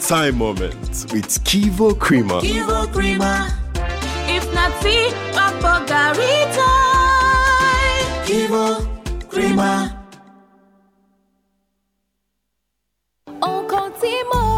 time moment with Kivo Creamer. Kivo Creamer. If not see Papa Garita. Kivo Creamer. Uncle Timo.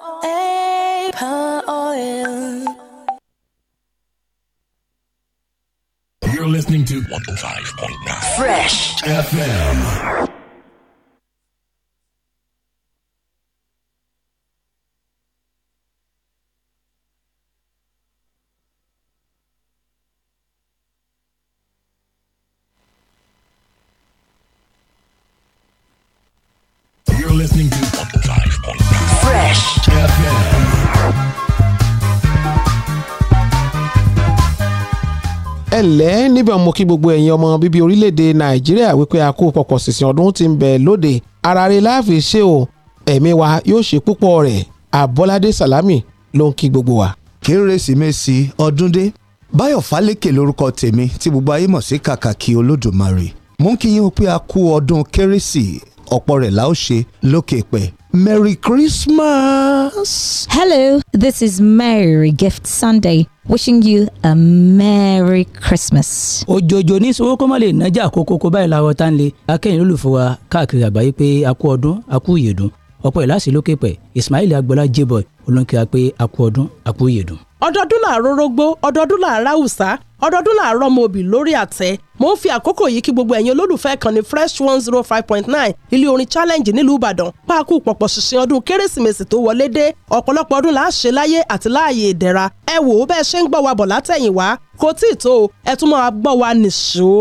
oil. You're listening to 105.9 Fresh FM. ẹ̀lẹ́ níbẹ̀ mo kí gbogbo ẹ̀yin ọmọ bíbí orílẹ̀-èdè nàìjíríà wípé a kú pọ̀pọ̀ sísìn ọdún tí ń bẹ lóde ara rẹ̀ láàfin ṣe o ẹ̀mí wa yóò ṣe púpọ̀ rẹ̀ àbọ́ládé sàlámì ló ń kí gbogbo wa. kérésìmesì ọdún dé báyọ̀ fálékè lórúkọ tèmi tí gbogbo ayé mọ̀ sí kàkàkí olódùmarè mú kí yín ó pé a kú ọdún kérésì ọ̀pọ̀ rẹ̀ la ṣe lókè pẹ̀ Merry Christmas! Hello, this is Merry Gift Sunday wishing you a Merry Christmas. òjòjò ní sọ́wọ́ kọ́ má lè nájà kókó kó báyìí le akẹ́yìn ta n le akeyin káàkiri àgbáyé pé a kú ọdún a kú ìyèdún ọ̀pọ̀ ìlàsì lókè pẹ̀ Ismail Agboola Jboy olóńkìá pé akú ọdún akú yèdùn. ọdọọdún làárọ̀ rógbó ọdọọdún làárọ̀ àwùsá ọdọọdún làárọ̀ mọ̀ọ́bì lórí àtẹ mo ń fi àkókò yìí kí gbogbo ẹ̀yin olólùfẹ́ kan ní fresh one zero five point nine ilé orin challenge nílùú ìbàdàn páàkù pọ̀pọ̀ ṣinṣin ọdún kérésìmesì tó wọlé dé ọ̀pọ̀lọpọ̀ ọdún là á ṣe láyé àti láàyè ìdẹ̀ra ẹ wò ó bẹ́ẹ̀ ṣe ń gbọ́ wa bọ̀ látẹ̀yìn wá kò tí ì tó ẹ tún máa gbọ́ wa nìṣó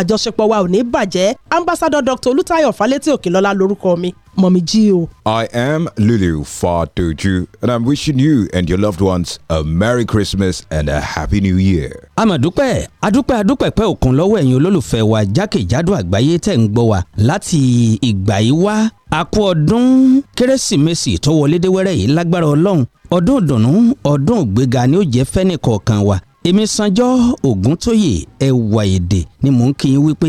àjọṣepọ̀ wa ò ní bàjẹ́ ambassador dr olùtayọ̀ falẹ́tì òkèlọ́lá lórúkọ mi Mommy Gio. I am Lulu Fatuju, and I'm wishing you and your loved ones a Merry Christmas and a Happy New Year. Àmàdúpẹ́, àdúpẹ́ àdúpẹ́ pẹ́ òkun lọ́wọ́ ẹ̀yin olólùfẹ́ wa jákèjádò àgbáyé tẹ̀ ń gbọ́ wa láti ìgbà yìí wá. A kú ọdún kérésìmesì tó wọlé dé wẹ́rẹ́ yìí lágbára Ọlọ́run. Ọdún ìdùnnú, ọdún ìgbéga ni ó jẹ́ fẹ́nìkọ̀ọ̀kan wa èmi Sanjọ́ Ògúntóyè ẹwà èdè ni mò ń kí yín wípé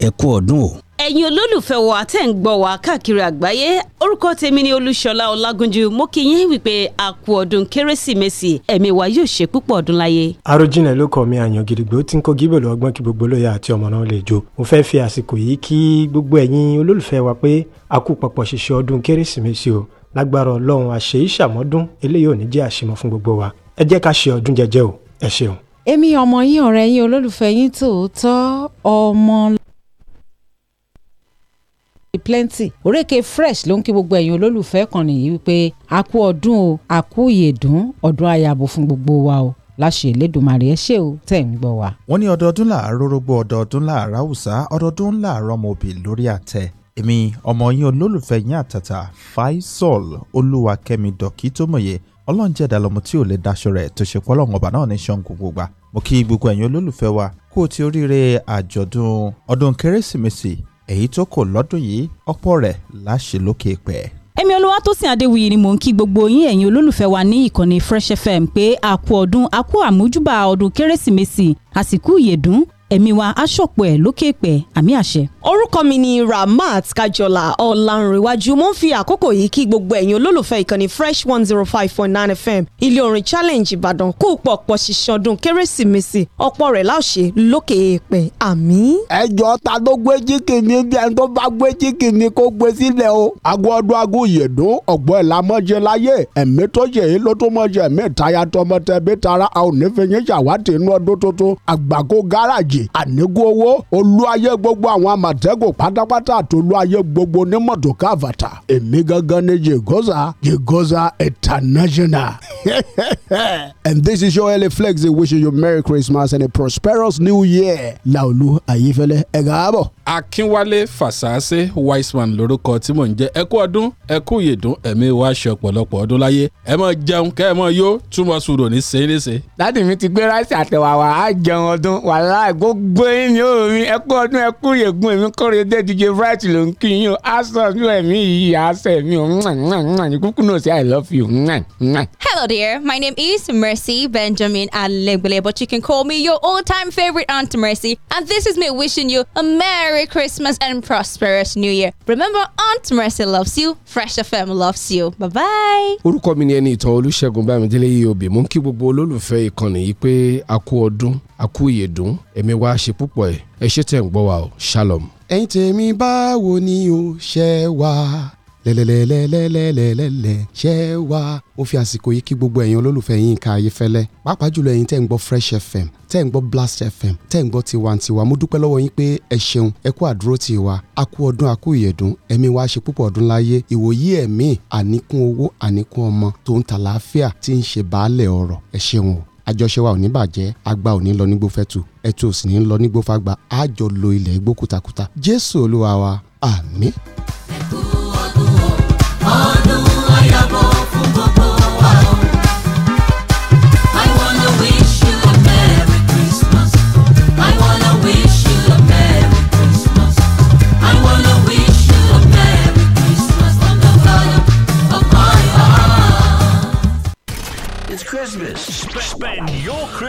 ẹ kú ọdún o ẹ̀yin olólùfẹ́ wa tẹ́ ń gbọ́ wa káàkiri àgbáyé orúkọ tèmi ni olúṣọlá ọlágúnjú mo kí yín wípé a kú ọdún kérésìmesì ẹ̀mí wa yóò ṣe púpọ̀ ọdún láyé. àròjinlẹ̀ ló kọ́ mi àyàn gidigbo tí ń kó gíbèlú ọgbọ́n kí gbogbo lóye àti ọmọ náà lè jó mo fẹ́ fi àsìkò yìí kí gbogbo ẹ̀yin olólùfẹ́ wa pé a pọ̀pọ̀ ṣiṣẹ́ ọdún kérésìmesì o lágbára ọlọ́run àṣeyíṣàmọ́dún eléyìí plenty òrèké fresh ló ń kí gbogbo ẹ̀yin olólùfẹ́ kan nìyí wípé a kú ọdún o a kú ìyèdún ọdún àyàbò fún gbogbo wa o láṣẹ Elédùmarè ẹ ṣé o tẹ̀ ń gbọ́ wa. wọ́n ní ọdọọdún làárọ̀ rogbo ọdọọdún làárọ̀ haúsá ọdọọdún làárọ̀ ọmọbì lórí àtẹ èmi ọmọ yín olólùfẹ́ yín àtàtà Faisal Olúwakẹ́mi Dọ̀kítọ́mọ̀yẹ ọlọ́njẹ̀dá lọmọ tí ò lè daṣọ rẹ̀ tó ṣe pọ́lọ́ ọba náà ní ṣan gbogbo mo kí gbogbo ẹ̀yin olólùfẹ́ wa kú ti oríire àjọ̀dún ọdún kérésìmesì èyí tó kò lọ́dún yìí ọ̀pọ̀ rẹ̀ láṣẹ lókè pẹ̀. èmi olúwatósìn adéwìyí ni mò ń kí gbogbo yín ẹ̀yin olólùfẹ́ wa ní ìkànnì fresh fm pé a kú ọdún a kú àmójúbà ọdún kérésìmesì àsìkò ìyèdún ẹ̀mí wa aṣọ̀pọ̀ ẹ̀ lókè pẹ̀ àmì àṣẹ. orúkọ mi ni Ramat Kájọlá Ọlánrewájú mo ń fi àkókò yìí kí gbogbo ẹ̀yin olólùfẹ́ ìkànnì fresh one zero five point nine fm ilé orin challenge Ìbàdàn kú pọ̀ pọ̀ ṣiṣan ọdún kérésìmesì ọ̀pọ̀ rẹ̀ láòṣe lókè pẹ̀ àmì. ẹ jọ ta ló gbé chicken ní bí ẹni tó bá gbé chicken ní kó gbé sílẹ̀ o. ago ọdún ago yèdún ọ̀gbọ́n ẹ̀ la mọ́jẹ láyé ẹ̀mí méjèèjì ànígún owó olúayé gbogbo àwọn àmọ̀tẹ́kùn pátápátá àti olúayé gbogbo onímọ̀tòkà àbàtà èmi gangan ni jìgọ́sà jìgọ́sà international. and this is your early flex day wishing you merry christmas and a prosperous new year laolu ayefẹlẹ ẹ káàbọ̀. akínwálé fàṣàṣe wiseman lórúkọ tí mò ń jẹ ẹ kú ọdún ẹ kú ìyèdún wa ṣe ọ̀pọ̀lọpọ̀ ọdún láyé ẹ máa jẹun kẹ́ ẹ máa yó túmọ̀ sùúrù ní sẹ́yìn léṣe. láti mi ti gbé ráìsì àtẹ̀wà wá á jẹun ọdún wàhálà ẹ̀gbọ́n gbogbo yín ni ẹkú ọdún ẹkú yègùn èmi kọrin dé dj bright ló ń kí yín o aṣọ ní ẹ̀mí yìí àṣẹ mi ò ní kúkú náà say i love you. hello dear my name is mercy benjamin alegbele but you can call me your all-time favorite aunt mercy and this is me wishing you a merry christmas and prosperous new year remember aunt mercy loves you fresh fm loves you bye bye. orúkọ mi ni ẹni ìtàn olùṣègùn bámidélé yìí òbí mú kí gbogbo olólùfẹ́ ìkànnì yìí pé a kú ọdún àkú ìyèdùn ẹ̀mí wa ṣe púpọ̀ ẹ̀ ẹ ṣé tẹ̀ ń gbọ́ wa o shalom. ẹ̀yin tèmi báwo ni o ṣe wà lẹ́lẹ́lẹ́lẹ́lẹ́lẹ́lẹ́ ṣe wà mo fi àsìkò yìí kí gbogbo ẹ̀yin olólùfẹ́ yín ká ayé fẹ́lẹ́ pàápàá jùlọ ẹ̀yin tẹ́ ń gbọ́ fresh fm tẹ́ ń gbọ́ blast fm tẹ́ ń gbọ́ tiwantiwa mo dúpẹ́ lọ́wọ́ yín pé ẹ ṣeun ẹ kú àdúró tì wá a kú ọdún a kú ìyẹ̀dún ẹ̀mí wa ṣe púpọ̀ ọdún láyé ìwòyí ẹ̀mí àníkún owó àníkún ọmọ tó ń ta láàfíà tí ń ṣe baálẹ̀ ọ̀rọ̀ ẹ ṣeun o àjọṣe wa ò ní bàjẹ́ àgbà ò ní lọ nígbó fẹ́tù ẹ̀tù ò sì ní lọ nígbó fágbà àjọ lo ilẹ̀ igbó jésù olúwa wa àmín.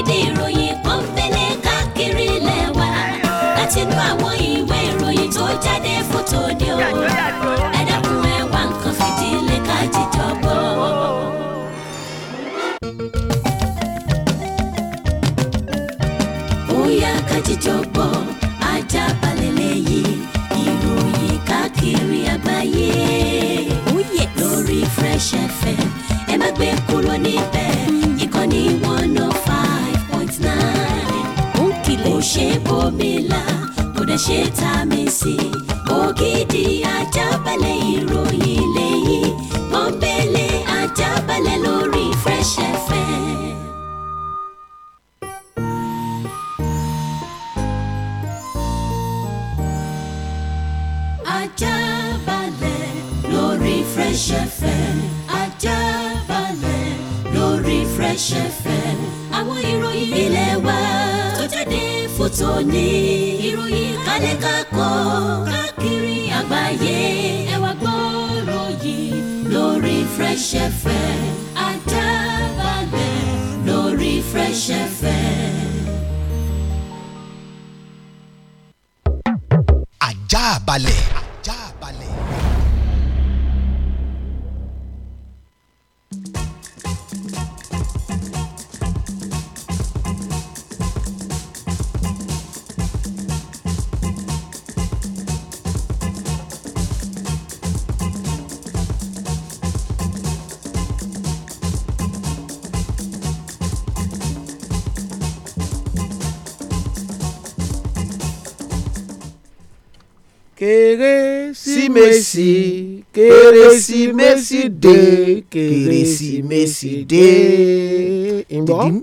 ìkéde ìròyìn kan fẹlẹ̀ káàkiri ilẹ̀ wa láti inú àwọn ìwé ìròyìn tó jáde fótó ni o ẹ dákun ẹ wá nǹkan fìdílé ká jíjọ gbọ́. bóyá ká jíjọ gbọ́ ajá balẹ̀ lẹ́yìn ìròyìn káàkiri àgbáyé oh, lórí Fresh FM ẹ má gbé kúrò níbẹ̀ ìkànnì one oh five ṣe bòmílà kò dẹ̀ ṣe ta mi sí ògidì ajábalẹ̀ ìròyìn lẹ́yìn pọ́npẹ́lẹ́ ajábalẹ̀ lórí Fresh FM. Ajábalẹ̀ lórí Fresh FM Ajábalẹ̀ lórí Fresh FM àwọn ìròyìn ilé wa jáde fún tòní ìròyìn kálẹ̀ kákọ́ káàkiri àgbáyé ẹ wá gbọ́rọ̀ yìí lórí Fresh FM Ajaabale lórí Fresh FM. Ajaabale. Messi. kérésìmesì dé kérésìmesì dé ìgbọ́n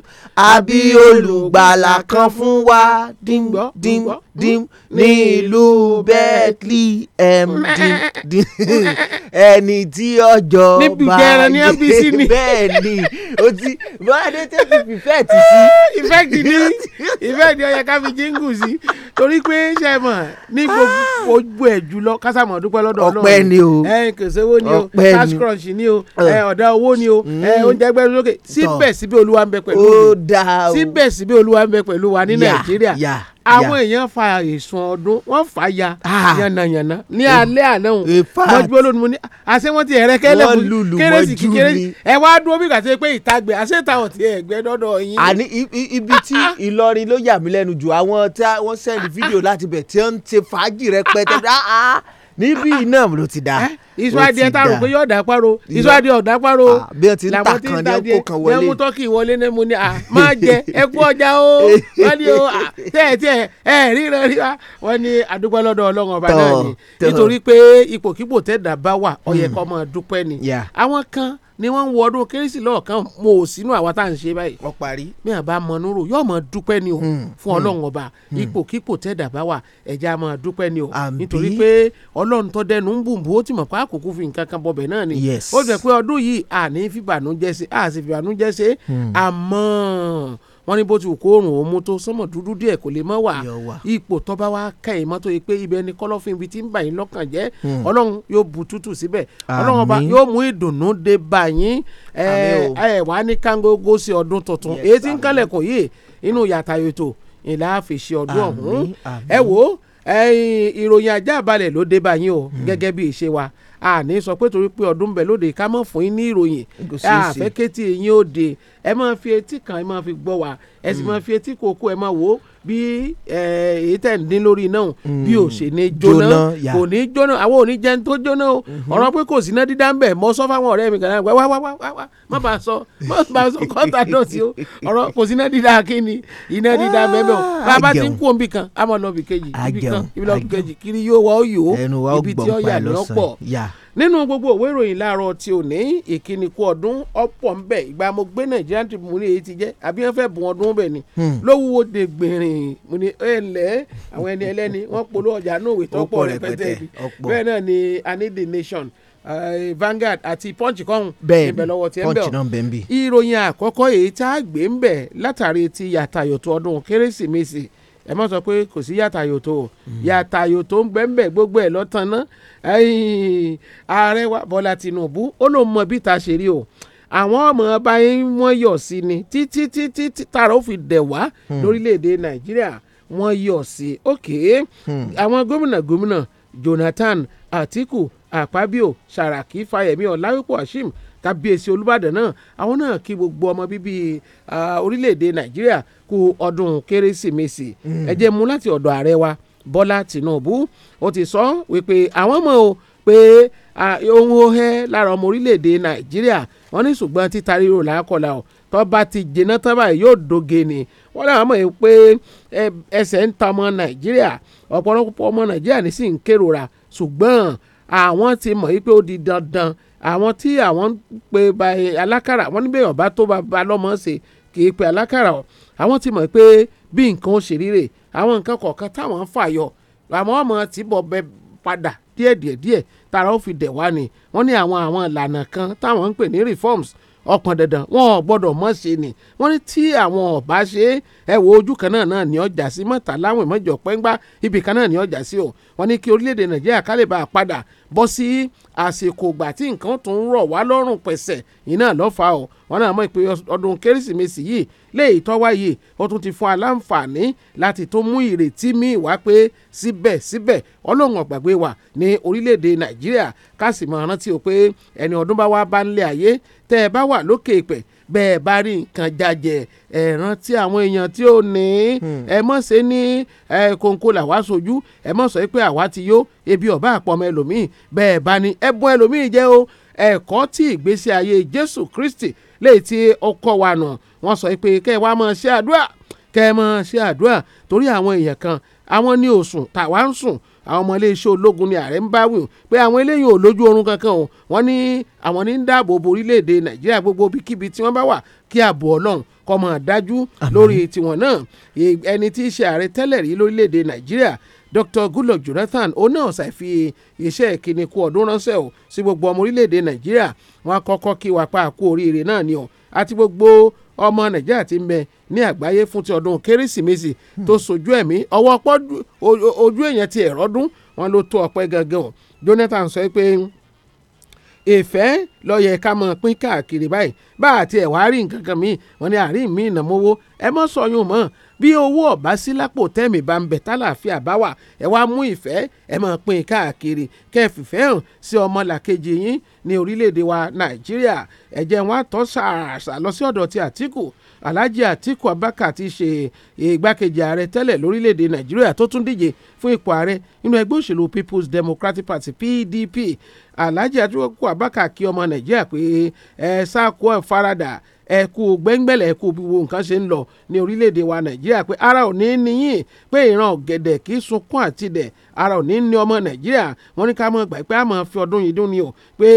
àbí olùgbàlà kan fún wa dim dim dim ní ìlú Bethlehem dim dim ẹni tí ọjọ́ bá dé bẹ́ẹ̀ ni o ti bọ́ládé tó ti fìfẹ́ ti sí. ìfẹ́ ti ìfẹ́ ni ó yẹ ká sí torí pé ṣe mọ̀ ní gbogbo ah. ẹ̀ jùlọ kásámọ̀ dúpẹ́ lọ́dọ̀ Ọlọ́run ọpẹ́ ni o kèsè owó ni o cash crunch ni o ah. ọ̀dà owó ni o hmm. oúnjẹ gbẹ́rù lókè síbẹ̀síbẹ̀ olúwa ń bẹ pẹ̀lú wa síbẹ̀síbẹ̀ olúwa ń bẹ pẹ̀lú wa ní nàìjíríà àwọn èèyàn fa èsùn ọdún wọ́n fà ya ah. yànnàyànnà ní eh, alẹ́ àná o wọ́n dúró lónìí mo ní àṣẹ wọ́n ti ẹ̀rẹ́ kẹ́lẹ́ mu kérésì kí kérésì ẹ wá dúró bí kàṣẹ pé ìtagbẹ̀ àṣẹ táwọn ti ẹ̀gbẹ́ dọ́dọ̀ yín. àní ibi tí ah, Ìlọrin ló yà mí lẹ́nu jù àwọn tí wọ́n sẹ́ndì fídíò láti bẹ̀ tí wọ́n ń ṣe fàájì rẹpẹtẹ níbí iná ah, ah. ló ti da. iṣu eh, adìẹ ta rò pé yóò dá páro iṣu adìẹ ò dá páro. Ah, bí wọn ti ń ta kan ní tọ́kì wọlé ní mu ni à máa jẹ ẹ kú ọjà o wọ́n ní o tẹ́ẹ̀ tẹ́ẹ̀ ẹ ríran ríra wọ́n ní àdúgbò lọ́dọ̀ ọlọ́run ọba náà ni nítorí pé ipòkípò tẹ́ẹ̀dá bá wà ó yẹ hmm. kó máa dúpẹ́ ni àwọn kan ni wọ́n ń wọ ọdún kérésì lọ́ọ̀kan mo ò sínú àwa tá à ń ṣe báyìí. wọ́n parí. mi àbá mọ nírò yóò mọ dúpẹ́ ni o hmm, fún hmm, ọlọ́run ọba hmm. ipò kíkò tẹ́dà bá wà ẹ̀já mọ dúpẹ́ ni o nítorí pé ọlọ́run tó dẹnu ń bùnbùn ó ti mọ̀ pé àkókò fi nǹkan kan bọ̀bẹ̀ náà ni. ó jẹ́ pé ọdún yìí àní fìbànújẹ́ ṣe àmọ́ wọ́n ní bó ti wù kó oòrùn òmu tó sánmọ̀ dúdú díẹ̀ kò lè mọ́ wà ipò tó bá wá ká ẹ̀ mọ́ tó yẹ pé ibẹ̀ ni kọ́lọ́fín ibi tí ń bà yín lọ́kàn jẹ́ hmm. ọlọ́run yóò bu tútù síbẹ̀ ọlọ́run ọba yóò mú ìdùnnú dé bá ẹ wà ní kángogo sí ọdún tuntun èyí tí ń kálẹ̀kùn yìí inú yàtà ètò ìlà àfẹsẹ̀ ọdún ọ̀hún ẹ wo ìròyìn ajá balẹ̀ ló dé bá yín o hmm. gẹ́gẹ́ bí ìṣe wa àní sọ pé torí pé ọdún bẹ̀ lóde ká mọ̀ fún yín ní ìròyìn àfẹ́kẹ́tì yín ó de ẹ máa fi etí kan ẹ máa fi gbọ́ wa ẹ sì mm. máa fi etí kòkó ẹ máa wò ó bí èyí tẹ̀ ń dín lórí náà mm. bí ò ṣe ní jóná kò ní jóná àwọn ò ní jẹun tó jóná o mm-hmm. ọ̀rọ̀ pé kò sí iná dídá ń bẹ̀ mọ́ sọ fáwọn ọ̀rẹ́ mi kàdá wá wá wá wá má bàa sọ má bàa sọ kọ́ńtà náà sí o ọ̀rọ̀ kò sí iná dídá kí ni iná dídá bẹ́ẹ̀ o bàbá ah! ti ń kú omi kan a máa kejì ibì kan ibì lọ kejì kiri yóò wá ó yòó ibi tí ó yà lọ́pọ̀ nínú gbogbo òwe ìròyìn láàárọ̀ tí ò ní ìkíni kú ọdún ọ̀pọ̀ ń bẹ ìgbà mo gbé nàìjíríà tí mo ní èyí ti jẹ́ àbí wọ́n fẹ́ bùn ọdún bẹ̀ ni hmm. lówó de gbìnrín mo ní ẹ lẹ́ àwọn ẹni ẹlẹ́ni wọ́n polówó ọjà náà òwe tọ́pọ̀ rẹpẹtẹ bẹ́ẹ̀ náà ni i need the nation Uh, Vanguard àti Punch kọ́hún ibẹ̀ lọ́wọ́ tiẹ̀ ń bẹ̀ ọ́ ìròyìn àkọ́kọ́ èyí tá a gbé ń bẹ̀ látàrí ti yàtàyòtò ọdún kérésìmesì ẹ mọ̀ sọ pé kò sí yàtà yòtò mm. yàtà yòtò ń bẹ́ẹ̀ gbogbo ẹ̀ lọ́tàn ná ààrẹ wa Bọ́lá Tinubu ó lóun mọ bí ta ṣe rí o àwọn ọmọ ọba yín wọ́n yọ̀ sí ni títí títí tààrà ó fi dẹ̀ wá hmm. lórílẹ̀‐èdè Nàìjíríà wọ́n yọ̀ sí òkè hmm. àwọn gómìnà gómìnà Jonathan Atiku Akpabio Saraki Fáyẹ̀mí Ọláyípo Ashim kábíyèsí olùbàdàn náà àwọn náà kí gbogbo ọmọ bíbí orílẹ̀-èdè nàìjíríà kú ọdún kérésìmesì mm. ẹ jẹ́ mú láti ọ̀dọ̀ ààrẹ wa bọ́lá tìǹbù ó ti sọ wípé àwọn mọ̀ o pé ohun ohẹ́ lára ọmọ orílẹ̀-èdè nàìjíríà wọ́n ní ṣùgbọ́n títa ríro làákọ̀lá o tó bá ti jìnnà tán báyìí yóò doge ni wọ́n làwọn mọ̀ pé ẹsẹ̀ ń ta ọmọ nàìjíríà ọ̀pọ̀lọpọ̀ ọmọ nàìjíríà ní sì ń kérora ṣùgbọ́n àwọn ti mọ̀ wípé ó di dandan àwọn tí àwọn ń pe alákàrà wọ́n ní bẹ́ẹ̀ ọ̀bá tó bàbá lọ́mọ ṣe kì í pe alákàrà ọ̀ àwọn ti mọ̀ pé bí nǹkan ó ṣe ríre àwọn nǹkan kọ̀ọ̀kan táwọn ń fàyọ àwọn ọmọ tí bọ̀ bẹ padà díẹ̀díẹ̀díẹ̀ tara ó fi dẹ̀ wá ni wọ́n ní àwọn àwọn ìlànà kan táwọn ń pè ní reforms ọ̀pọ̀ dandan wọn ò gbọ́dọ̀ mọ̀ ṣe ni wọ́n ní tí àwọn ọ̀bá ṣe é ẹ wo ojú kan náà náà ní ọjà sí mọ́ta láwọn ìmọ̀jọ pẹ́ńgbá ibì kan náà ní ọjà sí o wọ́n ní kí orílẹ̀-èdè nàìjíríà ká lè bá a padà bọ́ sí àsìkò ìgbà tí nǹkan tún rọ̀ wá lọ́rùn pẹ̀sẹ̀ yìí náà lọ́fà o wọn náà mọ̀ pé ọdún kérésìmesì yìí léyìí tọ́wá yìí ó tún ti fún aláǹfààní láti tó mú ìrètí míì wá pé síbẹ̀síbẹ̀ ọlọ́run ọ̀gbàgbé wà ní orílẹ̀-èdè nàìjíríà ká rántí o pé ẹni ọdún bá wá bá ń lé ayé tẹ́ ẹ bá wà lókè ìpẹ́ bẹ́ẹ̀ bá rí nǹkan jàjẹ́ ẹ rántí àwọn èèyàn tí ó ní hmm. ẹ mọ̀ ṣe ní kòńkó làwa sojú ẹ mọ̀ sọ pé àwa ti yó ebi ọ̀bá àpọ̀mọ ẹlòmíì bẹ́ẹ̀ bá ní ẹbùn ẹlòmíì jẹ́ o ẹ̀kọ́ tí ìgbésí ayé Jésù Kristi léyìí tí ó kọ́ wa nù wọ́n sọ pé kẹ́ ẹ wá máa ṣe àdúrà kẹ́ ẹ máa ṣe àdúrà torí àwọn èèyàn kan àwọn ní òsùn tàwa ń sùn àwọn ọmọ iléeṣẹ́ ológun ni ààrẹ ń bá wí pé àwọn eléyìí ò lójú oorun kankan o wọ́n ní àwọn ní ń dáàbò bo orílẹ̀-èdè nàìjíríà gbogbo bíkíbi tí wọ́n bá wà kí ààbò ọlọ́run kó máa dájú lórí tiwọn náà ẹni tí í ṣe ààrẹ tẹ́lẹ̀ rí lórílẹ̀-èdè nàìjíríà Dr Goodluck Jonathan ó náà ṣàfi iṣẹ́ ìkíni kú ọdún ránṣẹ́ o sí gbogbo ọmọ orílẹ̀-èdè nàìjíríà wọ́n á kọ́kọ́ kí wa pa àkú oríire náà ni o àti gbogbo ọmọ nàìjíríà ti ń bẹ ní àgbáyé fún ti ọdún kérésìmesì tó hmm. sojú ẹ̀mí ọwọ́ ọpọ́ ojú èèyàn ti ẹ̀rọ dún wọn ló tó ọpẹ́ gangan o Jonathan sọ pé ìfẹ́ lọ́yẹ ká mọ̀ pín káàkiri báyìí bá àti ẹ̀wá rí nǹkan kan míì wọ́n ní àárín míì nàmówó ẹ mọ́ sọyún mọ́ bí owó ọ̀bá sí lápò tẹ́mi bá ń bẹ̀ tálàáfíà bá wà ẹ wá mú ìfẹ́ ẹ máa pín káàkiri kẹfìfẹ́ hàn sí ọmọlàkejì yín ní orílẹ̀-èdè wa nàìjíríà ẹ̀jẹ̀ wọn àtọ́ sàràsà lọ sí ọ̀dọ̀ ti àtìkù alhaji atiku abubakar ti ṣe igbákejì ààrẹ tẹ́lẹ̀ lórílẹ̀‐èdè nàìjíríà tó tún díje fún ipò ààrẹ nínú ẹgbẹ́ òṣèlú people's democratic party pdp alhaji atiku abubakar kí ọmọ nàìjíríà pé ẹ sáà kó ẹ faradà ẹ̀kú gbẹ́ngbẹ̀lẹ̀ ẹ̀kú bí wo nǹkan ṣe ń lọ ní orílẹ̀-èdè wa nàìjíríà pé ara ò ní níyìn pé ìran ọ̀gẹ̀dẹ̀ kì í sunkún àti dẹ̀ ara ò ní ní ọmọ nàìjíríà wọn ní ká mọ̀ gbà pé a máa fi ọdún yìí dún ni o pé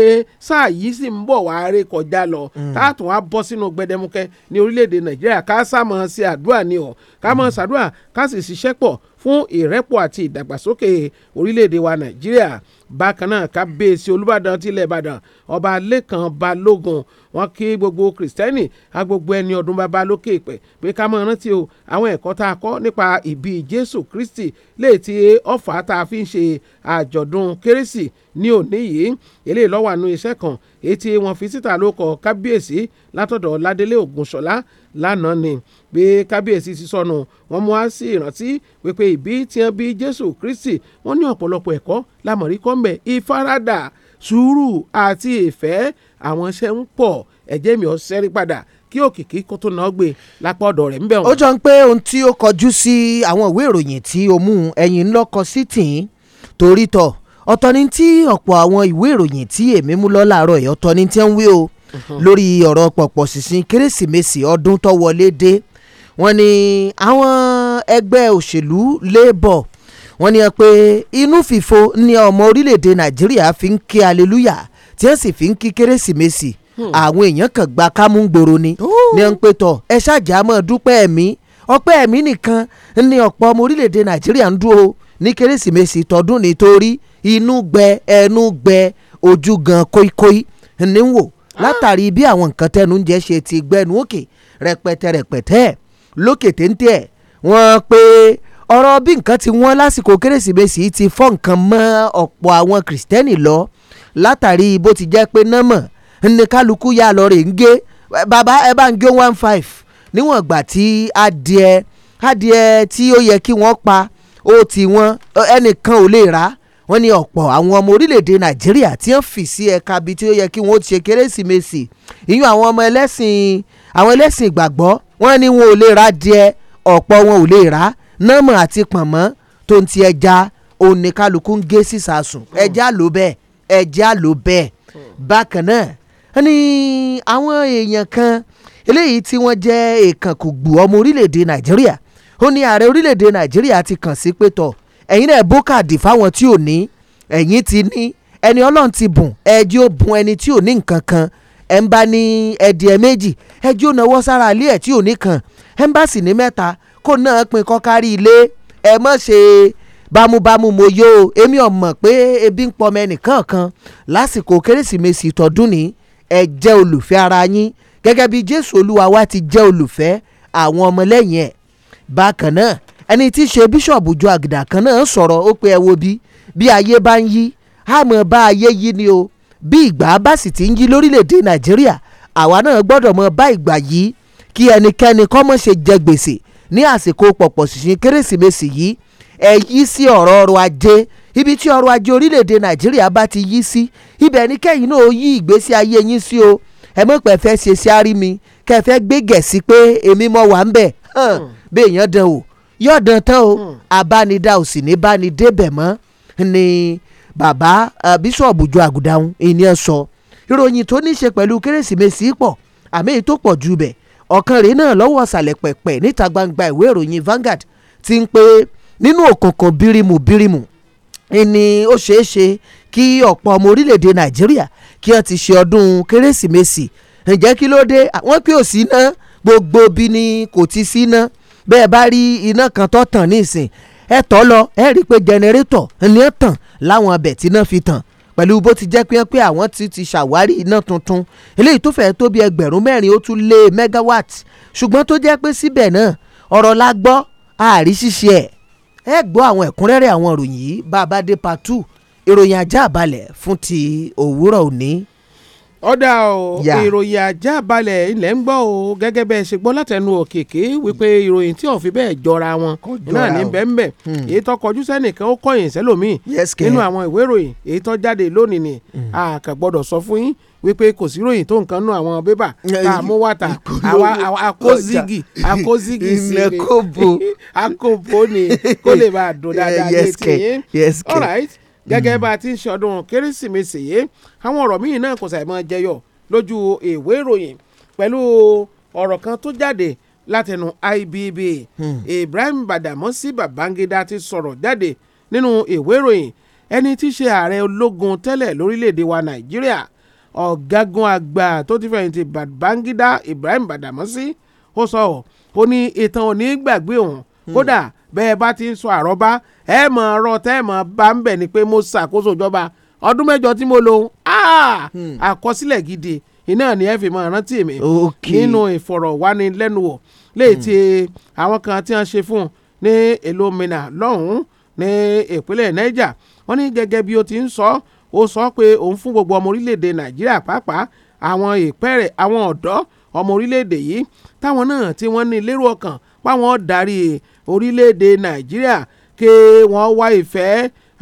sáà yìí sì ń bọ̀ wá ré kọjá lọ mm. táàtùn á bọ́ sínú gbẹdẹmukẹ ní orílẹ̀-èdè nàìjíríà ká sàmọ̀ sí àdúrà ni o ká mọ̀ sàdúrà mm. ká sì ṣiṣẹ́ pọ̀ fún ìrẹ́pọ̀ àti ìdàgbàsókè orílẹ̀-èdè wa nàìjíríà bákan náà kábíyèsí olùbàdàn tilẹ̀ ìbàdàn ọba lẹ́kàn balógun wọn kí gbogbo kìrìsìtẹ́nì a gbogbo ẹni ọdún bàbá lókè pẹ̀ pé ká máa rántí o àwọn ẹ̀kọ́ tá a kọ́ nípa ìbí jésù kristi léè tí ọ̀fà tá a fi ń ṣe àjọ̀dún kérésì ní òní yìí eléyìí lọ́wọ́ àánú iṣẹ́ kan èyí tí fi síta ló kọ kábíyèsí látọ̀dọ̀ ládélé ògúnṣọlá lánàá ni bí kábíyèsí ti sọnù wọ́n mú wá sí ìrántí wípé ìbí tí wọ́n bí jésù kristi wọ́n ní ọ̀pọ̀lọpọ̀ ẹ̀kọ́ lámọ̀rí kọ́ bẹ̀ ìfaradà sùúrù àti ìfẹ́ àwọn iṣẹ́ ń pọ̀ ẹ̀jẹ̀ mi ò sẹ́rí padà kí òkìkí kó tó náà gbé lápá ọ̀dọ̀ rẹ̀ ń bẹ̀ ó jọ ń pé ohun tí ó kọjú sí àwọn ìwé ìròyìn tí o mú ẹ̀yìn lọ́kọ sí tìǹ torí tọ̀ ọ̀tọ̀ ni tí ọ̀pọ̀ àwọn ìwé ìròyìn tí èmi mú lọ láàárọ̀ yìí ọ̀tọ̀ ni tí ń wí o uh-huh. lórí ọ̀rọ̀ pọ̀pọ̀ sísìn kérésìmesì ọdún tó wọlé dé wọ́n ní àwọn ẹgbẹ́ òṣèlú labour wọ́n ní ẹ pé inú fìfo ni ọmọ orílẹ̀-èdè nàìjíríà fi ń ké aleluya tí ẹ sì fi ń kí kérésìmesì hmm. àwọn èèyàn kan gba kámúngboro ni ní ẹ ń pè tọ ẹ ṣáàjà mọ́ dúpẹ́ ẹ̀mí ọpẹ́ ẹ̀mí nìkan ni ọ̀pọ̀ ọmọ orílẹ̀-èdè nàìjíríà ń dúró ní kérésìmesì tọdún nítorí inú gbẹ ẹnu gbẹ ojú gan kóíkóí ní ah. látàrí bí àwọn nǹkan tẹnu ń jẹ ṣe ti gbẹnu òkè rẹpẹtẹ rẹpẹtẹ lókè téńté ẹ wọ́n pé ọ̀rọ̀ bí nǹkan ti wọ́n lásìkò kérésìmesì ti fọ́ nǹkan mọ́ ọ̀pọ̀ àwọn kìrìsìtẹ́nì lọ látàrí bó ti jẹ́ pé nọ́mọ̀ ní kálukú yá lọ rè ń gé bàbá ẹ bá ń gé one five níwọ̀n ìgbà tí adìẹ adìẹ tí ó yẹ kí wọ́n pa ó ti wọ́n ẹnìkan ò lè rà wọ́n ní ọ̀pọ̀ àwọn ọmọ orílẹ̀-èdè nàìjíríà tí wọ́n fì sí ẹ̀ka bíi tí ó yẹ kí wọ́n ti ṣe kérésìmesì ìyún àwọn ọmọ ẹlẹ́sìn àwọn ẹlẹ́sìn ìgbàgbọ́ wọ́n ní wọn ò lè ra díẹ̀ ọ̀pọ̀ wọn ò lè rà námọ̀ àti pọ̀nmọ́ tó ń ti ẹja òun ni kálukú ń gé sísàsùn hmm. ẹja ló bẹ́ẹ̀ ẹja ló bẹ́ẹ̀ hmm. bákan náà ni àwọn èèyàn kan eléyìí tí wọ́n jẹ́ èkànkùgbù ọmọ orílẹ̀-èdè nàìjíríà ó ní ààrẹ orílẹ̀-èdè nàìjíríà ti kàn sí pé tọ̀ ẹ̀yin náà bó káàdì fáwọn tí ò ní ẹ̀yin ti ní ẹni ọlọ́run ti bùn ẹ̀ẹ́dì ó bùn ẹni tí ò ní nǹkan kan ẹ̀ ń bá ní ẹ̀dì ẹ̀ méjì ẹ̀ẹ́dì ó náwó sára ilé ẹ̀ tí ò ní kan ẹ̀ ń bá sì ní mẹ́ta kó náà pin kọ́ kárí ilé ẹ mọ̀ ṣe bámúbámú mo yó o èmi ò mọ̀ pé ebi ń pọmọ ẹnìkan kan lásìkò kérésìmesì tọdún ni ẹ jẹ́ olùfẹ́ ara yín gẹ́gẹ́ bí jésù olúwa wa ti jẹ́ olùfẹ́ àwọn ọmọlẹ́yìn ẹ̀ bákan náà ẹni tí í ṣe bíṣọ̀bù jọ àgìdà kan náà sọ̀rọ̀ ó pé ẹ wo bí bí ayé bá ń yí àmọ́ bá ayé yí ni o bí ìgbà bá sì ti ń yí lórílẹ̀‐èdè nàìjíríà àwa náà gbọ́dọ̀ mọ bá ìgbà yí kí ẹnikẹ́ni kọ́mọ̀ ṣe jẹ gbèsè ní àsìkò pọ̀pọ̀ ṣìnṣìn kérésìmesì yìí ẹ yí sí ọ̀rọ̀ ọrọ̀ ajé ibi tí ọrọ̀ ajé orílẹ̀-èdè nàìjíríà bá ti yí sí ibẹ̀ ní kẹ́yìn náà ó yí ìgbésí ayé yín sí o ẹ mọ̀ pé fẹ́ ṣe sáárì mi kẹ́ fẹ́ gbé gẹ̀ẹ́sì pé èmi mọ̀ wà ń bẹ̀ bí èèyàn dán o yóò dán tán o hmm. abánidá ò sì ní báni débẹ̀ mọ́ ni bàbá eh, bíṣọ̀bù ju àgùdà ìyẹn sọ ìròyìn tó ní í ṣe pẹ̀lú kérésìmesì pọ̀ àmì èyí tó pọ̀ jù bẹ́ẹ̀ ọ̀kan rèé náà lọ́wọ́ ọ̀sàlẹ̀ pẹ̀pẹ̀ níta gbangba ìwé ìròyìn Vanguard ti ń pé nínú òkùnkùn bírímù bírímù ni ó ṣeé ṣe kí ọ̀pọ̀ ọmọ orílẹ̀-èdè Nàìjíríà kí wọ́n ti ṣe ọdún kérésìmesì ǹjẹ́ kí ló dé wọ́n pé ò sí iná gbogbo bí ni kò ti sí iná bẹ́ẹ̀ bá rí iná kan tó tàn nísìn ẹ tọ́ lọ ẹ rí i pé jẹnẹrétọ̀ ni ó tàn láwọn abẹ̀ tí iná fi tàn pẹ̀lú bó ti jẹ́ pé pé àwọn ti ti ṣàwárí iná tuntun eléyìí tó fẹ́ẹ́ tó bí ẹgbẹ̀rún mẹ́rin ó tún lé megawatt ṣùgbọ́n tó jẹ́ pé síbẹ̀ náà ọ̀rọ̀ la gbọ́ àárí ṣíṣe ẹ̀ ẹ gbọ́ àwọn ẹ̀kúnrẹ́rẹ́ àwọn ìròyìn yìí bá a bá dé part two ìròyìn ajá àbálẹ̀ fún ti òwúrọ̀ òní ọ̀dà o ìròyìn ajá balẹ̀ ilẹ̀ ń gbọ́ o gẹ́gẹ́ bẹ́ẹ̀ ṣe gbọ́ látẹnu òkèké wípé ìròyìn tí ò fi bẹ́ẹ̀ jọra wọn náà ní bẹ́ẹ̀nbẹ́ hmm. èyí tó kọjú sẹ́nìkan ó kọ̀yìn sẹ́lòmíì nínú àwọn ìwé ìròyìn èyí tó jáde lónìí ni hmm. a kàn gbọ́dọ̀ sọ fún yín wípé kò sí ròyìn tó nǹkan nú àwọn bébà eh, tá a mú wàtà àkózigi àkózigi sí i àkóbó ni kó lè bá a dùn eh, dáadáa létí yín all right gẹ́gẹ́ hmm. bá a ti ń ṣọdún kérésìmesì yìí àwọn ọ̀rọ̀ míì náà kò sàìmọ̀ jẹyọ lójú ìwé ìròyìn pẹ̀lú ọ̀rọ̀ kan tó jáde látẹnu IBB hmm. Ibrahim Badamasi Babangida ti sọ̀rọ̀ jáde nínú ìwé ìròyìn ẹni tí í ṣe ààrẹ ológun tẹ́lẹ̀ lórílẹ̀‐èdè wa Nàìjíríà ọ̀gágun àgbà tó ti fẹ̀yìntì Babangida Ibrahim Badamasi ó sọ ọ́ ó ní ìtàn ò ní gbàgbé òun hmm. kódà bẹ́ẹ̀ bá ti ń sọ àrọ́bá ẹ mọ̀ ọ̀rọ̀ tẹ́ mọ̀ bá ń bẹ̀ ni pé mo ṣàkóso ìjọba ọdún mẹ́jọ tí mo lò ah! hmm. àkọsílẹ̀ gidi iná ni ẹ fi máa rántí mi nínú ìfọ̀rọ̀wánilẹ́nuwò léyìí hmm. tí àwọn kan tí wọ́n ṣe fún ní èlò mina lọ́hùn-ún ní ìpínlẹ̀ Niger wọ́n ní gẹ́gẹ́ bí ó ti ń sọ ó sọ pé òun fún gbogbo ọmọ orílẹ̀-èdè Nàìjíríà pàápàá àwọn ìpẹ́rẹ̀ àwọn ọ̀dọ́ ọmọ orílẹ̀-èdè yìí táwọn náà tí wọ́n ní lérò ọkàn páwọn darí orílẹ̀-èdè nàìjíríà kí wọ́n wá ìfẹ́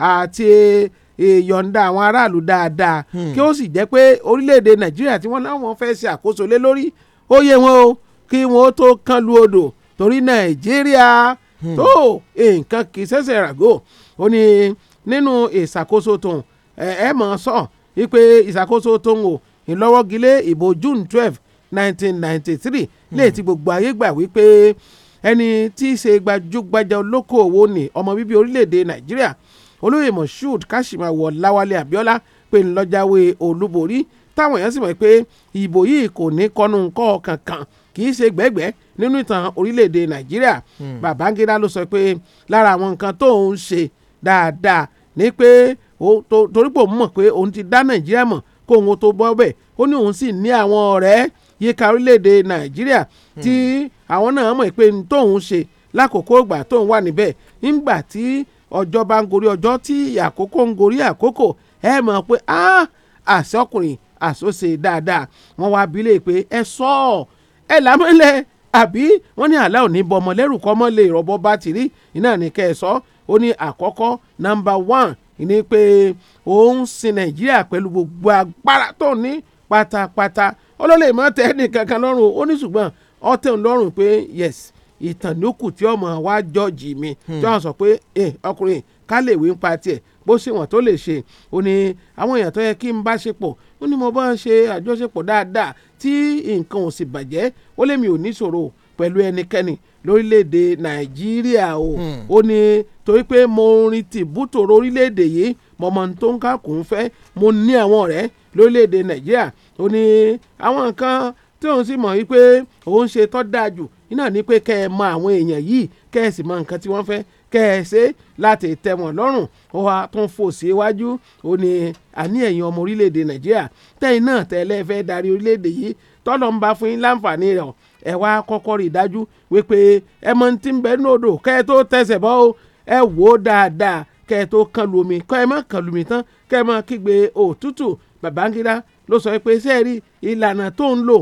àti e, ìyọ̀ǹda àwọn aráàlú dáadáa hmm. kí ó sì jẹ́ pé orílẹ̀-èdè nàìjíríà tí wọ́n láwọn fẹ́ ṣe àkóso lé lórí ó yẹ wọn o kí wọn ó tó kán lu odò torí nàìjíríà hmm. tó nǹkan kì í ṣẹ̀ṣẹ̀ ràgó ó ní nínú ìṣàkóso tòun ẹ mọ̀ ọ́ sọ wípé ìṣàkóso tòun o ìlọ́wọ́gilé ìbò June twelve nineteen ninety three hmm. lè ti gbogbo ayé gbà wípé ẹni tí í ṣe gbajúgbajà olókoòwò ní ọmọ bíbí orílẹ̀-èdè nàìjíríà olóyè moshood kashimawo láwálé abiola pé ńlọjàwé olúborí táwọn èèyàn sì mọ̀ pé ìbò yìí kò ní kọnu nǹkan kankan kì í ṣe gbẹ́gbẹ́ nínú ìtàn orílẹ̀-èdè nàìjíríà hmm. babangida ló sọ pé lára àwọn nǹkan tó ń ṣe dáadáa ni pé torípò mọ̀ pé òun ti dá nàìjíríà mọ̀ kó òun tó bọ́ bẹ́ẹ̀ ó ní òun sì ní àwọn ọ̀rẹ́ yíká orílẹ̀-èdè nàìjíríà hmm. tí àwọn náà mọ̀ pé tóun ṣe lákòókò ìgbà tóun wà níbẹ̀ nígbà tí ọjọ́ bá ń gorí ọjọ́ tí àkókò ń gorí àkókò ẹ mọ̀ pé àṣọkùnrin àṣọṣe dáadáa wọ́n wá abilé pé ẹ sọ ọ ẹ lámọ́lẹ̀ àbí wọ́n ní àlá òní bọmọ lẹ́rù kọ́mọ lè rọ̀bọ bá ti rí iná ní kẹ́ ẹ sọ ó ní àkọ́kọ́ nọ́mbà one ní pé òun sin nàìjíríà pẹ̀lú gbogbo agbára tó ní pátápátá ọlọ́lẹ̀ mọ́ tẹ́ ẹnìkankan lọ́rùn ó ní ṣùgbọ́n ọ̀tẹ̀ ń lọ́rùn pé yes ìtàn ló kù tí ọmọ wa jọ́ọ̀jì mi hmm. tí wọ́n sọ pé eh, ọkùnrin ká lè wí ń pa tiẹ̀ bó ṣe wọ́n tó lè ṣe O ní àwọn èèyàn tó yẹ kí n bá ṣe pọ̀ ó ní mo bá ń ṣe àjọṣepọ̀ dáadáa tí nǹkan ò sì bàjẹ́ ó lé mi ò ní ṣòro pẹ̀lú ẹnikẹ́ni lórílẹ̀‐èdè nàìjíríà o hmm. ó ní torí pé mo rin tìbútò orílẹ̀‐èdè yìí mọ̀mọ́ tó ń kákùn fẹ́ mo ní àwọn ọ̀rẹ́ lórílẹ̀‐èdè nàìjíríà ó ní àwọn nǹkan tí òun sì mọ̀ wípé òun ṣe tọ́ dáa jù iná ní pé kẹ́ ẹ mọ àwọn èèyàn yìí kẹ́ ẹ sì mọ nǹkan tí wọ́n fẹ́ kẹ́ ẹ ṣe láti tẹ́ wọn lọ́rùn ó wá tún fò síwájú ó ní àní ẹ̀yin ọmọ orílẹ̀‐èdè nàìjíríà tẹ́yìn náà tẹ́lẹ̀ fẹ́ darí orílẹ̀‐èdè yìí tọ́lọ́ ń bá fún yín láǹfààní rẹ̀ ẹ wá kọ́kọ́ rí i dájú wípé ẹ mọ ti ń bẹ ní odò kẹ́ ẹ tó tẹsẹ̀ bọ́ o ẹ wò ó dáadáa kẹ́ ẹ tó kan lu omi kọ́ ẹ má kan lu omi tán kẹ́ ẹ má kígbe òtútù Babangida ló sọ pé ṣé ẹ rí ìlànà tó ń lò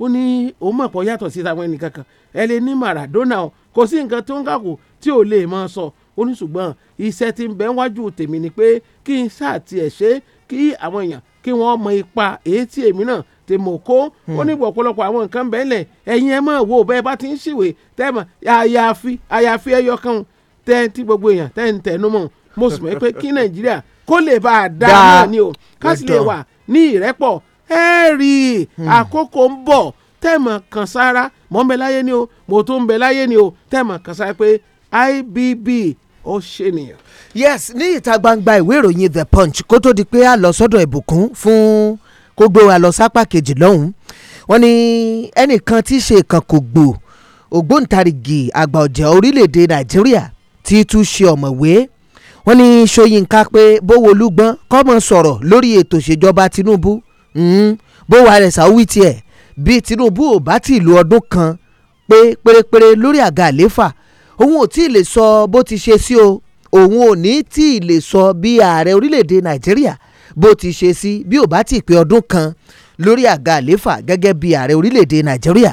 ó ní òun mọ̀ pọ̀ yàtọ̀ sí àwọn ẹnìkan kan ẹ lè ní Maradona o kò sí nǹkan tó ń kàkó tí ò lè máa sọ ó ní ṣùgbọ́n iṣẹ́ tí ń bẹ wájú tèmi ni pé kí n sáà tiẹ̀ ṣe kí àwọn èèyàn kí wọ́n mọ ipa èyí tí èmi náà tí mo kó hmm. ó ní ọ̀pọ̀lọpọ̀ àwọn nǹkan bẹ́ẹ̀ lẹ̀ ẹ̀yin ẹ̀ mọ̀ wò bẹ́ẹ̀ bá ti ń ṣìwé tẹ́mọ̀ àyàfi àyàfi ẹyọ kan tẹ́ tí gbogbo èèyàn tẹ́ ń tẹnu mọ́ mo sì mọ̀ pé kí Nàìjíríà kó lè bá a dá náà ni o ká sì lè wà ní ìrẹ́pọ̀ ẹ rí i hmm. àkókò ń bọ̀ tẹ̀mọ̀ kan sára mọ̀ ń bẹ láyé ni o mo tó ń bẹ láyé ni o tẹ̀mọ̀ kan sára pé IBB ó ṣe nìyẹn. yes ní ìta gbangba ìwé ìròyìn the punch kó tó di pé a lọ sọ́dọ̀ ìbùkún fún kó gbé wa lọ sápá kejì lọ́hùn-ún wọ́n ní ẹnìkan tí í ṣe ìkànkògbò ògbóǹtarìgì àgbà ọ̀jẹ̀ orílẹ̀-èdè nàìjíríà ti tún ṣe ọ̀mọ̀wé wọ́n ní Ṣóyínká pé bówolú gbọ́n kọ́mọ sọ̀rọ̀ lórí ètò ìṣèjọba Tinubu hmm. bówà rẹ̀ sáwí tiẹ̀ bí Tinubu ò bá ti lo ọdún kan pé pérépéré lórí àga àléfà òun ò tí ì lè sọ bó ti ṣe sí o òun ò ní tí ì lè sọ bí ààrẹ orílẹ̀-èdè Nàìjíríà bó ti ṣe sí bí ò bá ti pé ọdún kan lórí àga àléfà gẹ́gẹ́ bí ààrẹ orílẹ̀-èdè Nàìjíríà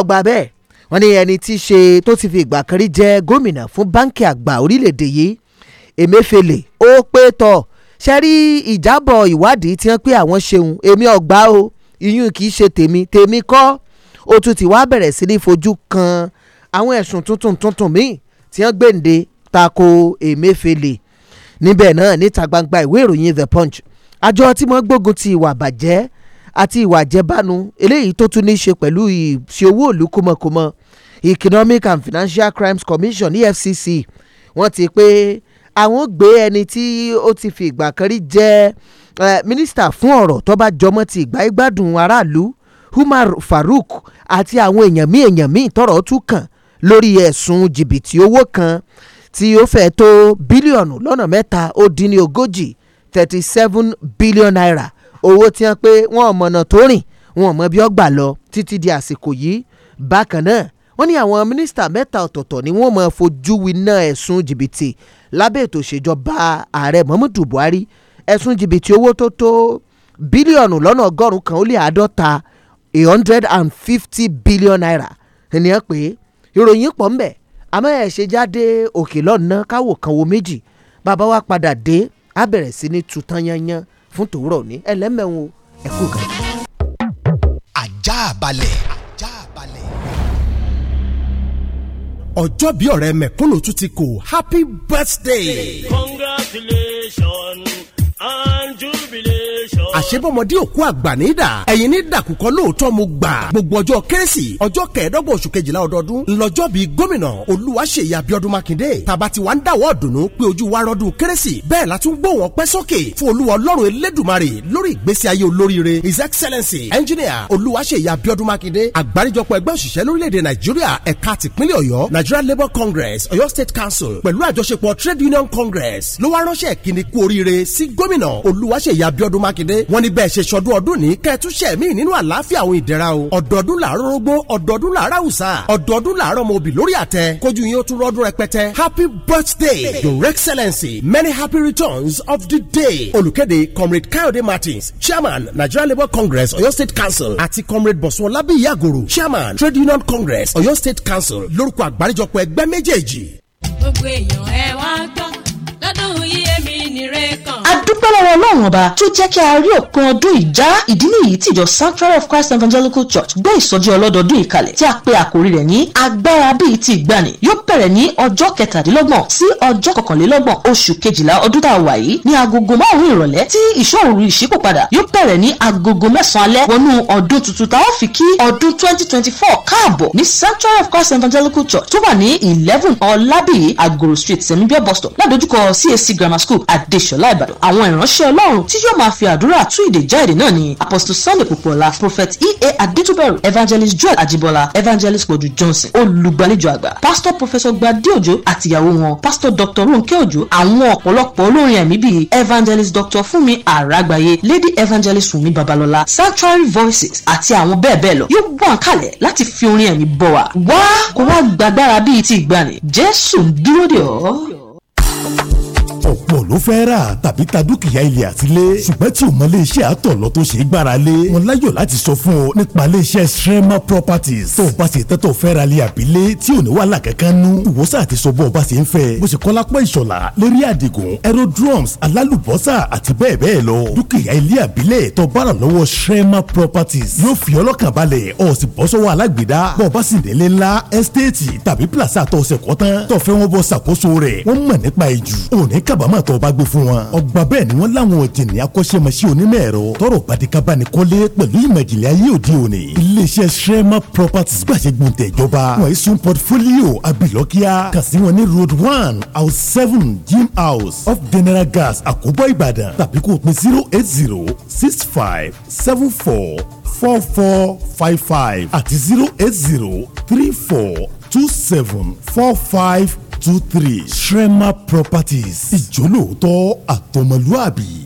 ọgbà bẹ́ẹ̀ wọ́n ní ẹni tí í ṣe tó ti fi ìgbà kan rí jẹ́ gómìnà fún báńkì àgbà orílẹ̀-èdè yìí Emefele, ó pé tọ̀ ṣe rí ìjábọ̀ ìwádìí tí wọ́n pé àwọn ṣeun èmi ọ̀gbá o ìyún kì í ṣe tèmi tèmi kọ́ ó tún ti wá bẹ̀rẹ̀ sí ní fojú kan àwọn ẹ̀sùn tuntun tuntun míì tí wọ́n gbèǹde tako Emefiele níbẹ̀ náà níta gbangba ìwé ìròyìn The Punch àjọ tí wọ́n gbógun ti ìwà bàjẹ́ àti ìwà àjẹbánu eléyìí tó tún ní í ṣe pẹ̀lú ìṣe owó ìlú kúmọkúmọ Economic and Financial Crimes Commission EFCC wọ́n ti pé àwọn gbé ẹni tí ó ti fi ìgbà kan rí jẹ́ mínísítà fún ọ̀rọ̀ tó bá jọmọ́ ti ìgbà ìgbádùn aráàlú Umar Farouk àti àwọn èèyàn míì èèyàn míì tọ̀rọ̀ tún kàn lórí ẹ̀sùn jìbìtì owó kan tí ó fẹ́ tó bílíọ̀nù lọ́nà mẹ́ta ó dín ní ogójì thirty seven billion naira owó tí wọ́n pé wọ́n mọ̀nà tó rìn wọ́n mọ̀ bí ó lọ títí di àsìkò yìí bákan náà wọ́n ní àwọn mínísítà mẹ́ta ọ̀tọ̀ọ̀tọ̀ ni wọ́n máa fojú winá ẹ̀sùn jìbìtì lábẹ́ ètò ìṣèjọba ààrẹ Muhammadu Buhari ẹ̀sùn jìbìtì owó tó tó bílíọ̀nù lọ́nà ọgọ́rùn-ún kan ó lé àádọ́ta eight hundred and fifty billion naira ènìyàn pé ìròyìn pọ̀ ńbẹ̀ àmọ́ ẹ̀ ṣe jáde òkè lọ́nà káwò kan wo méjì bàbá wa padà dé á bẹ̀rẹ̀ sí ní tuntun yanyan fún tòwúrọ̀ ní ẹlẹ́mẹ̀wọ̀n ẹ̀kú kan. àjàbalẹ̀ ọjọ́bí ọ̀rẹ́ mẹ̀kúnnù tún ti kò happy birthday. congratulations and jubilee àṣebọ́mọdé òkú àgbà ní dà ẹ̀yin ní dàkúkọ lóòótọ́ mo gbà gbogbo ọjọ́ kérésì ọjọ́ kẹẹ̀ẹ́dọ́gbọ̀n oṣù kejìlá ọdọọdún ńlọjọ́ bíi gómìnà olúwaṣeyí abíọ́dún mákindé tàbá ti wá ń dáwọ́ ọ̀dùnnú pé ojú wa rọ́dún kérésì bẹ́ẹ̀ la tún gbóhùn ọpẹ́ sókè fún olúwa ọlọ́run elédùmarè lórí ìgbésí ayé olóríire his excellency engineer olúwaṣeyí abíọ́dún mákindé àgbáríjọpọ̀ ẹgbẹ́ òṣìṣẹ́ lórílẹ̀‐èdè nàìjíríà ẹ̀ka tìpínlẹ̀ ọ̀yọ́ nigeria labour congress ọ̀yọ́ state council pẹ̀lú àjọṣepọ̀ trade union congress ló wá ránṣẹ́ ìkíni kú oríire sí gómìnà olúwaṣeyí wọ́n ní bẹ́ẹ̀ ṣe ṣọdún ọdún ní kẹtúṣẹ́ mi nínú àlàáfíà òun ìdẹ̀ra o ọ̀dọ́dún làárọ̀ rógbó ọ̀dọ́dún làárọ̀ hùsà ọ̀dọ́dún làárọ̀ ọmọ òbí lórí àtẹ kójú yín ó tún rọ́dún rẹpẹtẹ happy birthday your excellency many happy returns of the day olùkéde comrade Kayode Martins chairman Nigeria Labour Congress Oyo State Council àti comrade Bọ̀sùn Ọlábíyí Àgòrò chairman Trade Union Congress Oyo State Council lórúkọ àgbáríjọpọ̀ ẹgbẹ́ méjèèjì. gbogbo èèyàn ẹ wá gbọ́ lọ́dún yìí èmi nìre dúpẹ́ lọ́wọ́ ọlọ́run ọba tó jẹ́ kí a rí òpin ọdún ìjà ìdí nìyí tìjọ sanctuary of christ evangelical church gbé ìsọjí ọlọ́dọọdún ìkàlẹ̀ tí a pe àkórí rẹ̀ ní agbára bíi ti ìgbàanì yóò bẹ̀rẹ̀ ní ọjọ́ kẹtàdínlọ́gbọ̀n sí ọjọ́ kọkànlélọ́gbọ̀n oṣù kejìlá ọdún tá a wà yìí ní agogo márùn-ún ìrọ̀lẹ́ tí ìṣòro ìṣípòpadà yóò bẹ̀rẹ̀ ní agogo mẹ́sàn-án alẹ́ wọnú ọdún sanctuary of christ evangelical church tó wà ní eleven ọlábìyí agoro street sẹ́mibíọ́ bus stop ládojúkọ cac grammar school adéṣọlá ìbàdàn àwọn ìr ìránṣẹ́ ọlọ́run tí yóò máa fi àdúrà tú ìdèjà èdè náà ni apostle sunday popoola prophet ea adetuberu evangelist joel ajibola evangelist pọ̀jù johnson olùgbàlejò àgbà pastor professor gbadé òjò àtìyàwó wọn pastor dr ronke òjò àwọn ọ̀pọ̀lọpọ̀ olórin ẹ̀mí bíi evangelist dr fúnmi Aragbaye. lady evangelist wunmi babalọla sanctuary voices àti àwọn bẹ́ẹ̀ bẹ́ẹ̀ lọ yóò wà kálẹ̀ láti fi orin ẹ̀mí bọ̀ wá wá kó wá gbàgbára bíi ti ìgbàanì jésù ń dúró dè ọ́ ọ̀pọ̀ ló fẹ́ rà tàbí ta dúkìá ilẹ̀ àtìlé ṣùgbọ́n tí o mọ iléeṣẹ́ àtọ̀lọ́ tó ṣe é gbára lé wọn láyọ̀ láti sọ fún ọ nípa iléeṣẹ́ Shrema Properties tó o bá ṣe tẹ́tọ̀ fẹ́ ra ilé àbílé tí ò ní wàhálà kankan nú ìwọ́sà ti sọ bọ́ ọ bá ṣe ń fẹ́ bó ṣe kọ́lápọ̀ ìṣọ̀lá lérí àdìgún aerodrums alálùbọ́sà àti bẹ́ẹ̀ bẹ́ẹ̀ lọ dúkìá ilé àbílẹ̀ tó bára lọ́wọ́ Shrema Properties yóò fi ọlọ́kàn balẹ̀ ọ̀ sì bọ́ sọ́wọ́ alágbèédá bọ́ ọ bá sì nílé ńlá ẹ́stéètì tàbí pílàsà tó ṣẹ̀kọ́ tán tó fẹ́ wọn jàmá tó bá gbé fún wọn. ọgbà bẹ́ẹ̀ ni wọ́n láwọn òjìní akọ́ṣẹ́mọṣẹ́ onímọ̀ ẹ̀rọ tọrọ bàdìkábàní kọ́lé pẹ̀lú ìmọ̀ ìjìnlẹ̀ ayé òde òní. iléeṣẹ́ sẹ́mà properties gbàṣẹ gbòǹtẹ̀ ìjọba wọ́n ìsun portfolio abilọ́kíá kà sí wọn ní road one house seven gym house of general gas àkóbọ̀ ìbàdàn tàbí kò pin zero eight zero six five seven four four four five five àti zero eight zero three four two seven four five two three Shrema Properties ìjólóòótọ́ àtọmọlúàbí.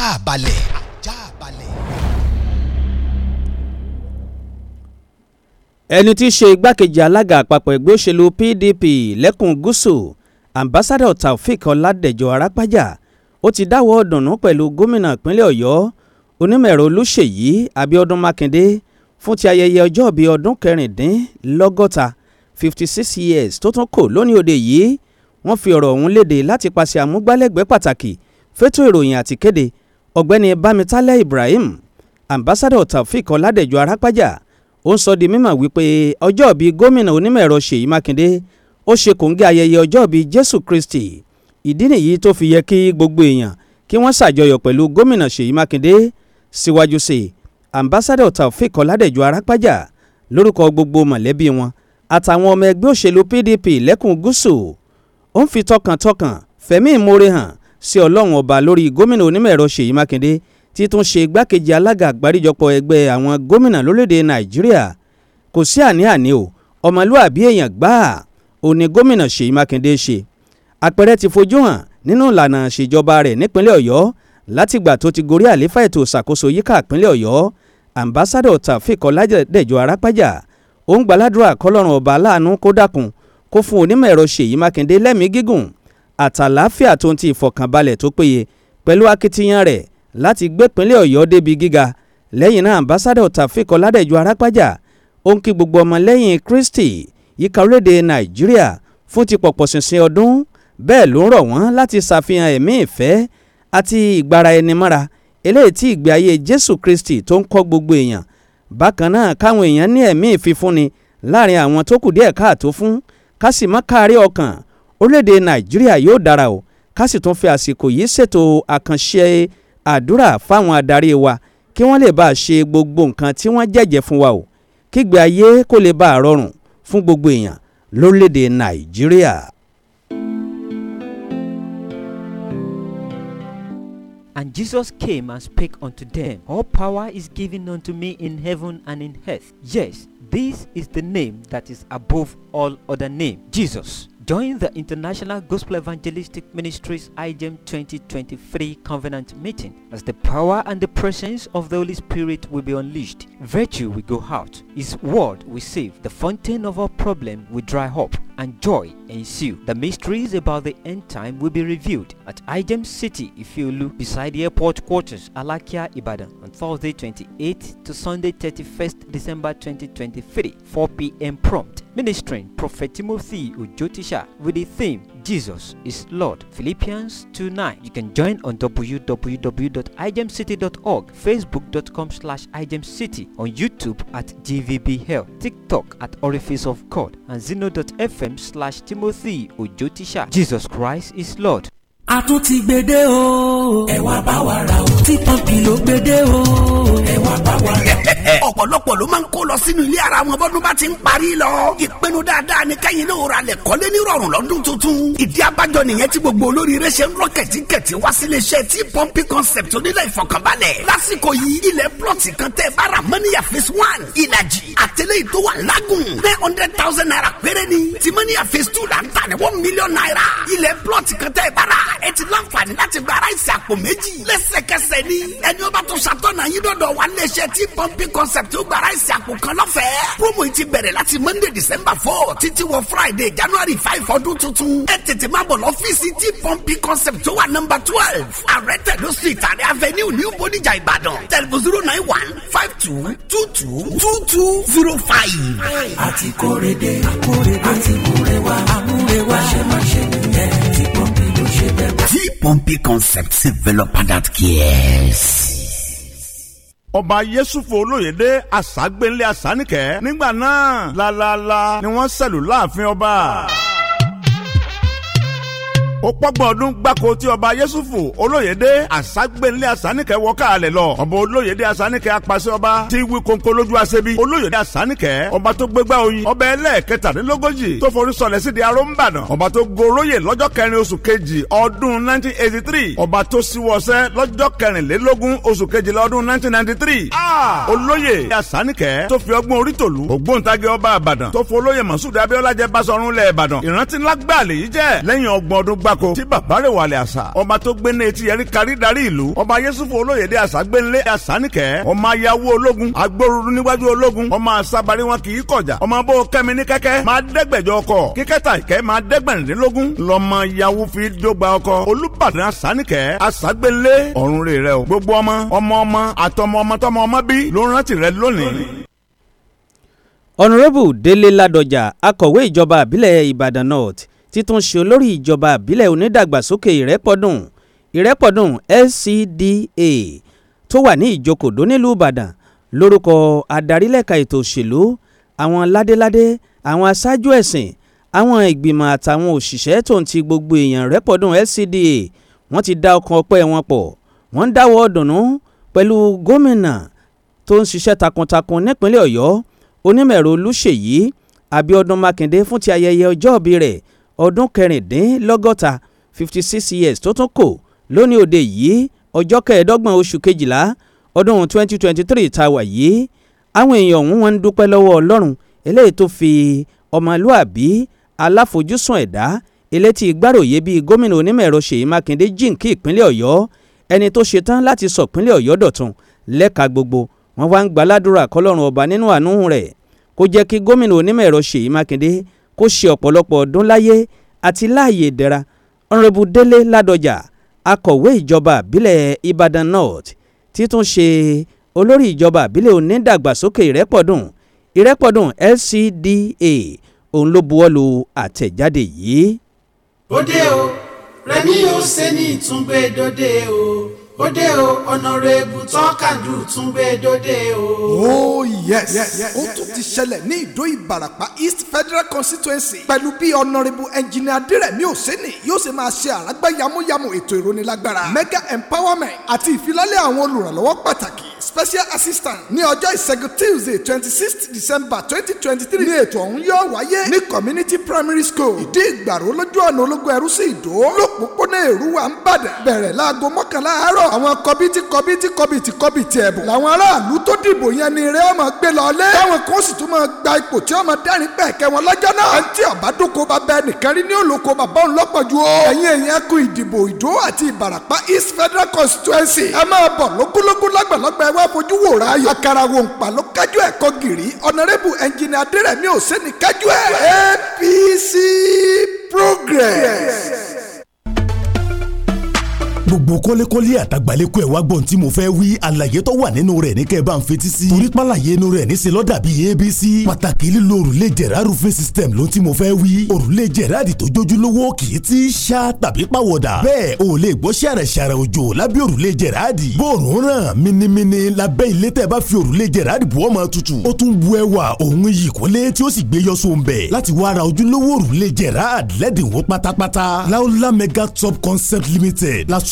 ajá balẹ̀. ajá balẹ̀. ẹni tí í ṣe igbákejì alága àpapọ̀ ẹgbẹ́ òṣèlú PDP lẹ́kùn gúúsù ambassadọ Taofik Ọládẹ̀jọ Arápájà ó ti dáwọ́ ọ̀dùnnú pẹ̀lú gómìnà ìpínlẹ̀ Ọ̀yọ́ onímọ̀ẹ̀rọ Olúṣèyí Abíọ́dún Mákindé fún ti ayẹyẹ ọjọ́bí ọdún kẹrìndínlọ́gọ́ta fifty six years tó tún kò lónìí òde yìí wọ́n fi ọ̀rọ̀ ọ̀hún léde láti pàṣẹ àmúgbálẹ́gbẹ̀ẹ́ pàtàkì fétò ìròyìn àti kéde ọ̀gbẹ́ni bámitálẹ̀ ibrahim ambassadọ̀ taofik ọládẹ̀jọ arápájà ó ń sọ di mímọ̀ wípé ọjọ́ọ̀bí gómìnà onímọ̀ ẹ̀rọ ṣèyí mákindé ó ṣe kòńgẹ́ ayẹyẹ ọjọ́ọ̀bí jésù kristi ìdí nìyí tó fi yẹ kí gbogbo èèyàn kí wọ́n ṣàjọyọ̀ pẹ̀lú gómìnà ṣèyí mákindé síwájú sí i ambassadọ̀ taofik ọládẹ̀jọ arápájà lórúkọ gbogbo mọ̀lẹ́bí wọn àtàwọn ọmọ ẹgbẹ́ òṣèlú pdp lẹ́kùn gúúsù ó ń fi tọkàntọkàn fẹ̀mí ìmoore hàn sí ọlọ́run ọba lórí gómìnà onímọ̀ ẹ̀rọ Ṣèyí Mákindé tí tún ṣe igbákejì alága àgbáríjọpọ̀ ẹgbẹ́ àwọn gómìnà lórílẹ̀‐èdè Nàìjíríà kò sí àní-àní o ọmọlúàbí èèyàn gbáà ò ní gómìnà Ṣèyí Mákindé ṣe àpẹẹrẹ ti fojú hàn nínú ìlànà ìṣèjọba rẹ̀ nípínlẹ̀ Ọ̀yọ́ látìgbà tó ti gorí àlééfà ètò ìṣàkóso yíká ìpínlẹ̀ Ọ̀yọ́ ambassadọ Taofeek Ọládẹ̀jọ Arápájà ó ń gbàládùra kọ́lọ́run ọba aláàánú kó dákun kó fún onímọ̀ ẹ̀rọ Ṣèyí Mákindé lẹ́mìí gígùn àtàláfíà tó ń ti ìfọ̀kànbalẹ̀ tó péye pẹ̀lú akitiyan rẹ̀ láti gbépínlẹ̀ ọ̀yọ́ débi gíga lẹ́yìn náà ambassadọ̀ Taofeek Ọládẹ̀jọ Arápájà ó ń kí gbogbo ọmọlẹ́yìn Kristi yíká orílẹ̀-èdè Nàìjíríà fún ti pọ̀pọ̀ṣìnṣìn ọdún bẹ́ẹ̀ ló ń rọ̀ wọ́n láti ṣàfihàn ẹ̀mí ìfẹ́ àti ìgbara ẹni mọ́ra eléyìí tí ìgbé ayé Jésù Kristi tó ń kọ́ gbogbo èèyàn bákan náà káwọn èèyàn ní ẹ̀mí ìfifúnni láàrin àwọn tó kù díẹ̀ káàtó fún ká sì má káàárẹ̀ orílẹ̀-èdè nàìjíríà yóò dára o ká sì tún fi àsìkò yìí ṣètò àkànṣe àdúrà fáwọn adarí wa kí wọ́n lè bá a ṣe gbogbo nǹkan tí wọ́n jẹ̀jẹ̀ fún wa o kígbe ayé kó lè bá a rọrùn fún gbogbo èèyàn lórílẹ̀‐èdè nàìjíríà. And Jesus came and spake unto them, All power is given unto me in heaven and in earth. Yes, this is the name that is above all other name, Jesus. Join the International Gospel Evangelistic Ministries IGEM 2023 Covenant Meeting as the power and the presence of the Holy Spirit will be unleashed. Virtue will go out, His word will save, the fountain of our problem will dry up, and joy ensue. The mysteries about the end time will be revealed at Idem City, Ifeolu, beside the airport quarters, Alakia, Ibadan, on Thursday 28th to Sunday 31st December 2023, 4 p.m. prompt. Ministering Prophet Timothy Ojotisha with the theme Jesus is Lord. Philippians 2 9. You can join on www.igemcity.org, facebook.com slash igemcity, on YouTube at GVB Hell, TikTok at Orifice of God, and zeno.fm slash Timothy Ojotisha. Jesus Christ is Lord. o. ẹ wá bá wa ra o. tí pọ́ǹpì ló gbé dé o. ẹ wá bá wa ra o. ọ̀pọ̀lọpọ̀ ló máa ń kó lọ sínú ilé ara wọn bọ́dún bá ti ń parí lọ. ìpinnu dáadáa ni kẹ́yìn náà ra lẹ̀ kọ́lé ní rọ̀rùn lọ́dún tuntun. ìdí abájọ nìyẹn tí gbogbo olóríire ṣe ń rọ kẹ̀tíkẹ̀tí wá sílé iṣẹ́ tí pọ́ǹpì concept onílẹ̀ ìfọkànbalẹ̀. lásìkò yìí ilẹ̀ plọ̀tì kan tẹ́ bára mọ́níyà phase one ìlàjì àtẹlẹ́ ìtò wà lágùn nine hundred thousand naira péré ni ti mọ́níyà phase two là ń tà ní one million naira. ilẹ̀ plọ̀tì kan tẹ́ bára ẹ ti láǹfààní láti gba àpò méjì lẹ́sẹ̀kẹsẹ̀ ni ẹni ó bá tó ṣàtọ̀nà yín dọ̀dọ̀ wà léṣe tí pọ́ńpì concept ó gbàrà ìsìn àpò kan lọ́fẹ̀ẹ́ promo yìí ti bẹ̀rẹ̀ láti monday december four títí wọ friday january five ọdún tuntun ẹ tètè má bọ̀ lọ́fíìsì tí pọ́ńpì concept ó wà nọ́mbà twelve àrẹ tẹ̀lé street àrẹ avenue new bodijà ìbàdàn tẹlifù zero nine one five two two two two two zero five. àti kórede àkórede àti múrewa àmúrewa ṣe má ṣe nìyẹn. T-Pompey Concepts developer that cares. ọba yẹsùfù olóyèdè àṣàgbénlé àṣàníkẹ́ nígbà náà la la la ni wọ́n ṣẹ̀lù láàfin ọba ó pọ́gbọ̀n ọdún gbáko tí ọba yẹsùfù olóyèdè àságbénlé àsáníkẹ́ wọ́ká alẹ̀ lọ ọba olóyèdè àsáníkẹ́ apàṣẹ ọba tí wí kónkó lójú asebi olóyèdè àsáníkẹ́ ọba tó gbégbá oyin ọba ẹlẹ́ẹ̀kẹtàdínlógójì tó forí sọlẹ̀ sídìí aró ń ọba tó goróyè lọ́jọ́ kẹrin oṣù kejì ọdún 1983 ọba tó síwọ́sẹ́ lọ́jọ́ kẹrìnlélógún oṣù kejìlá ọdún 1993 olóyè àsáníkẹ́ tó fi ọgbọ́n orí tòlú ògbóǹtagì ọba àbàdàn tó fi olóyè mọ̀súdàbíọ́lá jẹ bá sọ̀rún lẹ̀ ìbàdàn ìrántí ńlá gbàlè yìí gbáko tí bàbá rẹ̀ wàlẹ̀ àṣà ọba tó gbé ní etí yẹrí kárí darí ìlú ọba yẹsùfù olóyèdè àṣà gbélé àṣànìkẹ́ ọmọ ayáwó ológun agbóruru níwájú ológun ọmọ àṣàbárí wọn kì í kọjá ọmọ bó kẹ́mi ní kẹ́kẹ́ máa dẹ́gbẹ̀jọ ọkọ kíkẹ́ta ìkẹ́ máa dẹ́gbẹ̀rìndínlógún lọ́mọ yahoo fi dọ́gba ọkọ olùbàdàn àṣànìkẹ́ délé ládọjà akọ̀wé ìjọba àbílẹ̀ ìbàdàn north títún ṣe olórí ìjọba àbílẹ̀ onídàgbàsókè ìrẹ́pọ̀dùn ìrẹ́pọ̀dùn LCDA tó wà ní ìjókòdó nílùú Ìbàdàn lórúkọ adarí lẹ́ka ètò òṣèlú àwọn ládéládé àwọn aṣáájú ẹ̀sìn àwọn ìgbìmọ̀ àtàwọn òṣìṣẹ́ tó ń ti gbogbo èèyàn rẹ́pọ̀dùn LCDA wọ́n ti dá ọkàn ọpẹ́ wọn pọ̀ wọ́n ń dáwọ́ dùnú pẹ̀lú gómìnà tó ń ṣiṣẹ́ takuntakun nípínlẹ̀ Ọ̀yọ́ onímọ̀ẹ̀rọ Olúṣèyí Abíọ́dún Mákindé fún ti ayẹyẹ ọjọ́òbí rẹ̀ ọdún kẹrìndínlọ́gọ́ta fifty six years tó tún kò lónìí òde yìí ọjọ́ kẹẹ̀ẹ́dọ́gbọ̀n oṣù kejìlá ọdún twenty twenty three tá a wà yìí àwọn èèyàn ọ̀hún wọn ń dúpẹ́ lọ́wọ́ ọlọ́run eléyìí tó fi ọmọlúàbí aláfojúsùn ẹ̀dá elétí gbàròyé bíi gómìnà onímọ̀ẹ̀rọ ṣèyí mákindé jíǹkí ìpínlẹ̀ ọ̀yọ́ ẹni tó ṣetán láti sọ ìpínlẹ̀ ọ̀yọ́ dọ̀tun lẹ́ka gbogbo wọn wá ń gbaládùra kọlọ́run ọba nínú àánú rẹ̀ kó jẹ́ kí gómìnà onímọ̀ẹ̀rọ ṣèyí mákindé kó ṣe ọ̀pọ̀lọpọ̀ ọdún láyé àti láàyè ìdẹ̀ra ọ̀rẹ́bù délé ládọjà akọ̀wé ìjọba àbílẹ̀ ìbàdàn north títún ṣe olórí ìjọba àbílẹ̀ onídàgbàsókè ìrẹ́pọ̀dùn ìrẹ́pọ̀dùn LCDA òun ló buwọ́lu àtẹ̀jáde yìí. ó dé o rẹmi yóò ṣe ní ìtúngbẹ dọdẹ o òde o ọ̀nàrẹ́bù tọ́kàdù tún gbé dóde o. oh yes ó tún ti ṣẹlẹ̀ ní ìdó ìbàràpá east federal constituency pẹ̀lú bí ọ̀nàrẹ́bù ẹnjìnìà adérẹ̀mí òsínì yóò ṣe máa ṣe àràgbá yamuyamu ètò ìrónilágbára mega empowerment àti ìfilálẹ̀ àwọn olùrànlọ́wọ́ pàtàkì special assistant ní ọjọ́ ìṣẹ́gun tuesday twenty sixth december twenty twenty three ní ètò ọ̀hún yóò wáyé ní community primary school ìdí ìgbàrò lójú ọ̀nà ológun ẹrú sí ìdó lópòpónà èrúwà ń bàdàn bẹ̀rẹ̀ láago mọ́kànlá àárọ̀ àwọn kọbítí kọbítí kọbítí kọbítí ẹ̀bùn làwọn aráàlú tó dìbò yẹn ni eré ọmọ gbé lọ lé táwọn kan sì tún máa gba ipò tí ọmọ dẹ́rìn pẹ̀kẹ́ wọn lọ́jọ́ náà àǹtí ọ̀bádókò bá bẹ nìkan rí ní olóko bàbá òun lọ́pọ̀ ju o ẹ̀yin èèyàn kú ìdìbò ìdó àti ìbàràpá east federal constituency ẹ máa bọ̀ lógúnlógún lágbàlagbà ẹ wá fojú wò ra ayọ̀ àkàrà wò ń pa ló progress. progress gbogbo kọ́lékọ́lé àtàgbàlékọ́ ẹ̀ wá gbọ́n tí mo fẹ́ wí àlàyé tó wà nínú rẹ̀ ní kẹ́ bá ń fetí sí. torí pàlàyé inú rẹ̀ níṣẹ́ lọ́dà bíi abc. pàtàkì lílo òrùlé jẹ̀rá roofing system ló tí mo fẹ́ wí. òrùlé jẹ̀rá àdì tó jójúlówó kì í ti ṣá tàbí pàwọ̀dà. bẹ́ẹ̀ o lè gbọ́ ṣàrẹ̀ṣàrẹ̀ òjò lábẹ́ òrùlé jẹ̀rá àdì. bóòrùn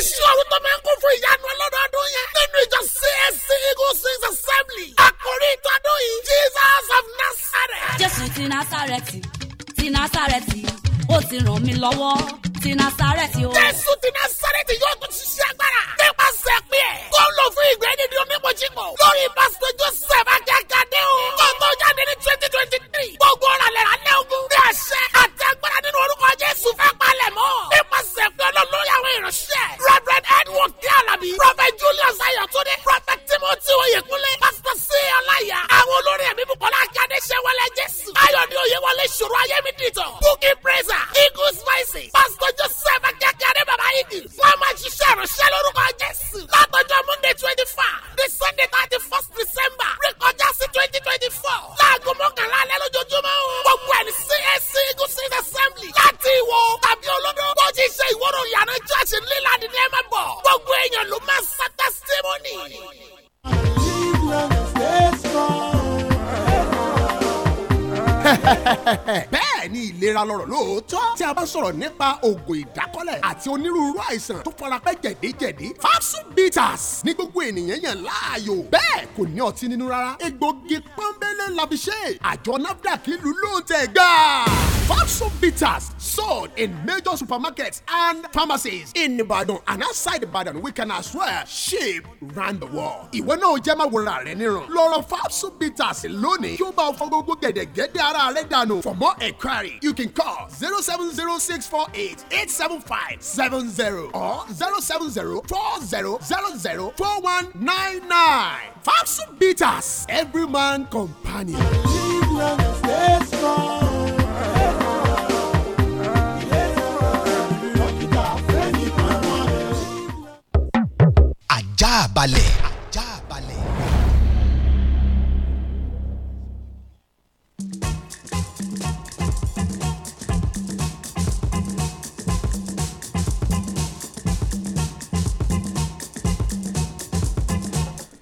iṣẹ́ ọ̀run tó máa ń kún fún ìyanu ọlọ́dọọdún yẹn nínú ìjọ CSC Eagle Sings Assembly àkórí ìtọ́dún yìí Jesus of Nazareth. Jésù ti Násárẹ́tì ti Násárẹ́tì ó ti ràn mí lọ́wọ́ ti Násárẹ́tì o. Jésù ti Násárẹ́tì yóò tún ṣiṣẹ́ agbára nípasẹ̀ pé kó lò fún ìgbẹ́ nídìí onímọ̀jìmọ̀ lórí pásítọ̀ Joseph akẹ́kọ̀ọ́. ìlera lọ̀rọ̀ lóòótọ́ tí a bá sọ̀rọ̀ nípa òògùn ìdákọ́lẹ̀ àti onírúurú àìsàn tó farapẹ́ jẹ̀díjẹ̀dí fapsu bitters ní gbogbo ènìyàn yàn láàyò bẹ́ẹ̀ kò ní ọtí nínú rárá egbògi pọ́nbélé lafiṣẹ́ àjọ nafdac ìlú tẹ̀ gbà fapsu bitters sold in major supermarkets and pharmacies in Ibadan and outside Ibadan. We can as well ship round the world. Ìwọ náà jẹ́ máa wòra rẹ̀ nírun. Lọ́rọ̀ Fapsu Bitters lónìí kí ó bá fọ gbogbo gẹ̀dẹ̀gẹ̀dẹ̀ ara rẹ̀ dànù. For more inquiry, you can call zero seven zero six four eight eight seven five seven zero or zero seven zero four zero zero zero four one nine nine. Fapsu Bitters, every man companion. Live long stay strong. ajá balẹ̀.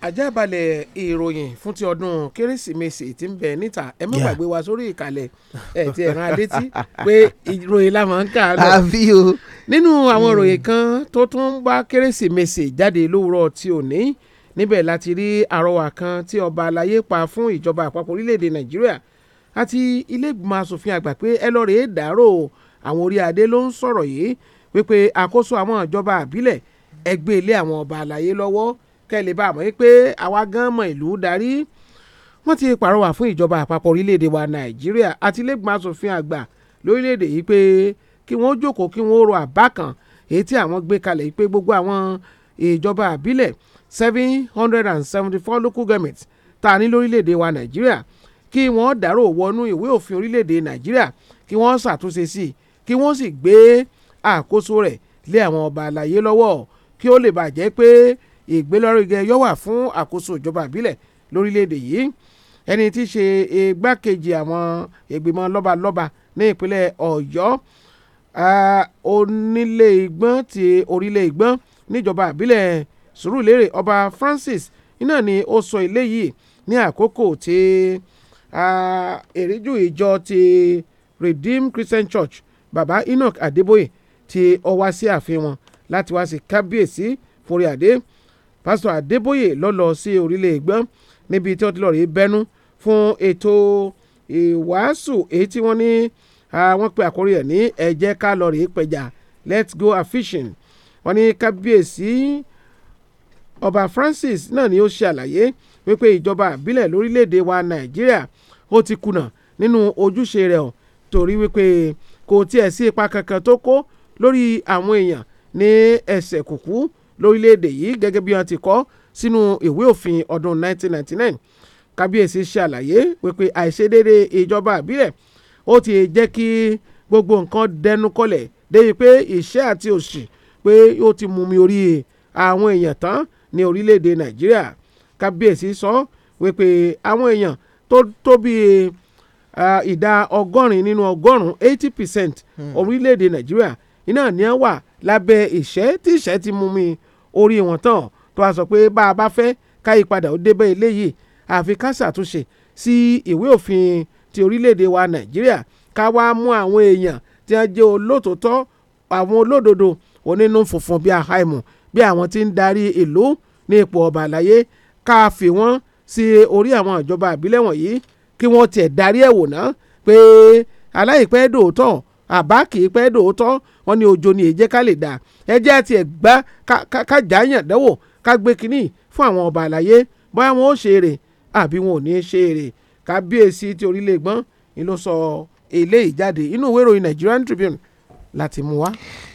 àjábalẹ̀ ìròyìn fún ti ọdún kérésìmesì ti ń bẹ níta ẹ má gbàgbé wa sórí ìkàlẹ̀ ẹ̀ ti ẹ̀ràn adétí pé ìròyìn la máa ń kà á lọ. àfi nínú àwọn hmm. ìròyìn kan tó tún ń bá kérésìmesì jáde lówùrọ̀ tí ò ní níbẹ̀ láti rí àrọwà kan tí ọba alayé pa fún ìjọba àpapọ̀ orílẹ̀-èdè nàìjíríà àti ilé-ìgbìmọ̀ asòfin àgbà pé ẹ lọ́ọ́ rèé dàárò àwọn orí adé ló ń sọ̀rọ̀ yìí wípé àkóso àwọn ìjọba àbílẹ̀ ẹgbẹ́ ilé àwọn ọba alayé lọ́wọ́ kẹ́lẹ́ bá a mọ̀ pé àwa gan mọ ìlú darí wọ́n ti pàrọwà fún ìjọba àpapọ̀ orílẹ̀-èdè wa nàìjíríà àti lẹ́gbọ̀n asòfin àgbà lórílẹ̀-èdè yìí pé kí wọ́n jókòó kí wọ́n ro àbá kan èyí tí àwọn gbé kalẹ̀ yìí pé gbogbo àwọn ìjọba àbílẹ̀ seven hundred and seventy four local governments tá a ní lórílẹ̀-èdè wa nàìjíríà kí wọ́n dárò wọnú ìwé òfin orílẹ̀-èdè nàìjíríà kí wọ́n ṣàtúnṣe sí i kí wọ́n sì gbé àkóso rẹ̀ lé àwọn ọba àlàyé lọ́wọ́ kí ó lè bàjẹ́ pé ìgbélárugẹ yóò wà fún àkóso ìjọba ìbílẹ̀ lórílẹ̀‐èdè yìí ẹni tí í ṣe igbákejì àwọn ìgbìmọ̀ lọ́balọ́ba ní ìpínlẹ̀ ọ̀yọ́ onílé igbọ́n ti orílẹ̀ igbọ́n níjọba ìbílẹ̀ sùúrùlérè ọba Francis iná ni ó sọ eléyìí ní àkókò tí èrìjú ìjọ ti redeem Christian Church baba Enoch Adeboye ti ó wá sí ààfin wọn láti wá sí kábíyèsí forí adé pásítọ̀ Adébóyè ló lọ sí orílẹ̀ ègbọ́n níbi tí wọ́n ti lọ rí bẹ́nu fún ètò ìwàásù èyí tí wọ́n ní àwọn pe àkórí ẹ̀ ní ẹ ká lọ rí pẹja let's go fishing wọ́n ní kábíyèsí ọba Francis náà ni ó ṣe àlàyé wípé ìjọba àbílẹ̀ lórílẹ̀‐èdè wa Nàìjíríà ó ti kùnà nínú ojúṣe rẹ̀ ọ̀ torí wípé kò tiẹ̀ sí ipa kankan tó kó lórí àwọn èèyàn ní ẹsẹ̀ kùkú lórílẹ̀‐èdè yìí gẹ́gẹ́ bí wọ́n ti kọ sínú ìwé òfin ọdún 1999 kábíyèsí ṣàlàyé wípé àìṣedéédé ìjọba àbílẹ̀ ó ti jẹ́ kí gbogbo nǹkan dẹnu kọlẹ̀ débi pé ìṣẹ́ àti òṣì pé ó ti mú mi orí àwọn èèyàn tán ní orílẹ̀‐èdè nàìjíríà kábíyèsí sọ wípé àwọn èèyàn tó tó bíi ìdá ọgọ́rin nínú ọgọ́rùn-ún eighty percent hmm. orílẹ̀-èdè nàìjíríà iná ni wọ́n wà lábẹ́ ìṣẹ́ tí ìṣẹ́ ti mú mi orí wọn tán tó a sọ pé bá a bá fẹ́ ká ìpadà ó débẹ̀ eléyìí àfi ká ṣàtúnṣe sí ìwé òfin ti orílẹ̀-èdè wa nàìjíríà ká wá mú àwọn èèyàn tí wọ́n jẹ́ olótòótọ́ àwọn olódodo onínú funfun bíi àhàìmù bí àwọn tí ń darí ìlú ní ipò ọba àlàyé ká fi wọ́n sí orí àwọn ìjọba ìbílẹ̀ wọ̀nyí kí wọ́n tiẹ̀ darí ẹ̀ wò ná pé aláìpẹ́ dòótọ́ àbá kì í pẹ́ dòótọ́ wọn ni òjò ni èjẹ́ ká lè dà ẹjẹ́ àti ẹ̀gbá kájáyàn dánwò ká gbé kínní fún àwọn ọba àlàyé bóyá wọn ò ṣe èrè àbí wọn ò ní ṣe èrè kábíyèsí ti orílẹ̀ ègbọ́n ni ló sọ eléyìí jáde inú ìwé ìròyìn Nigerian Tribune láti mú wá.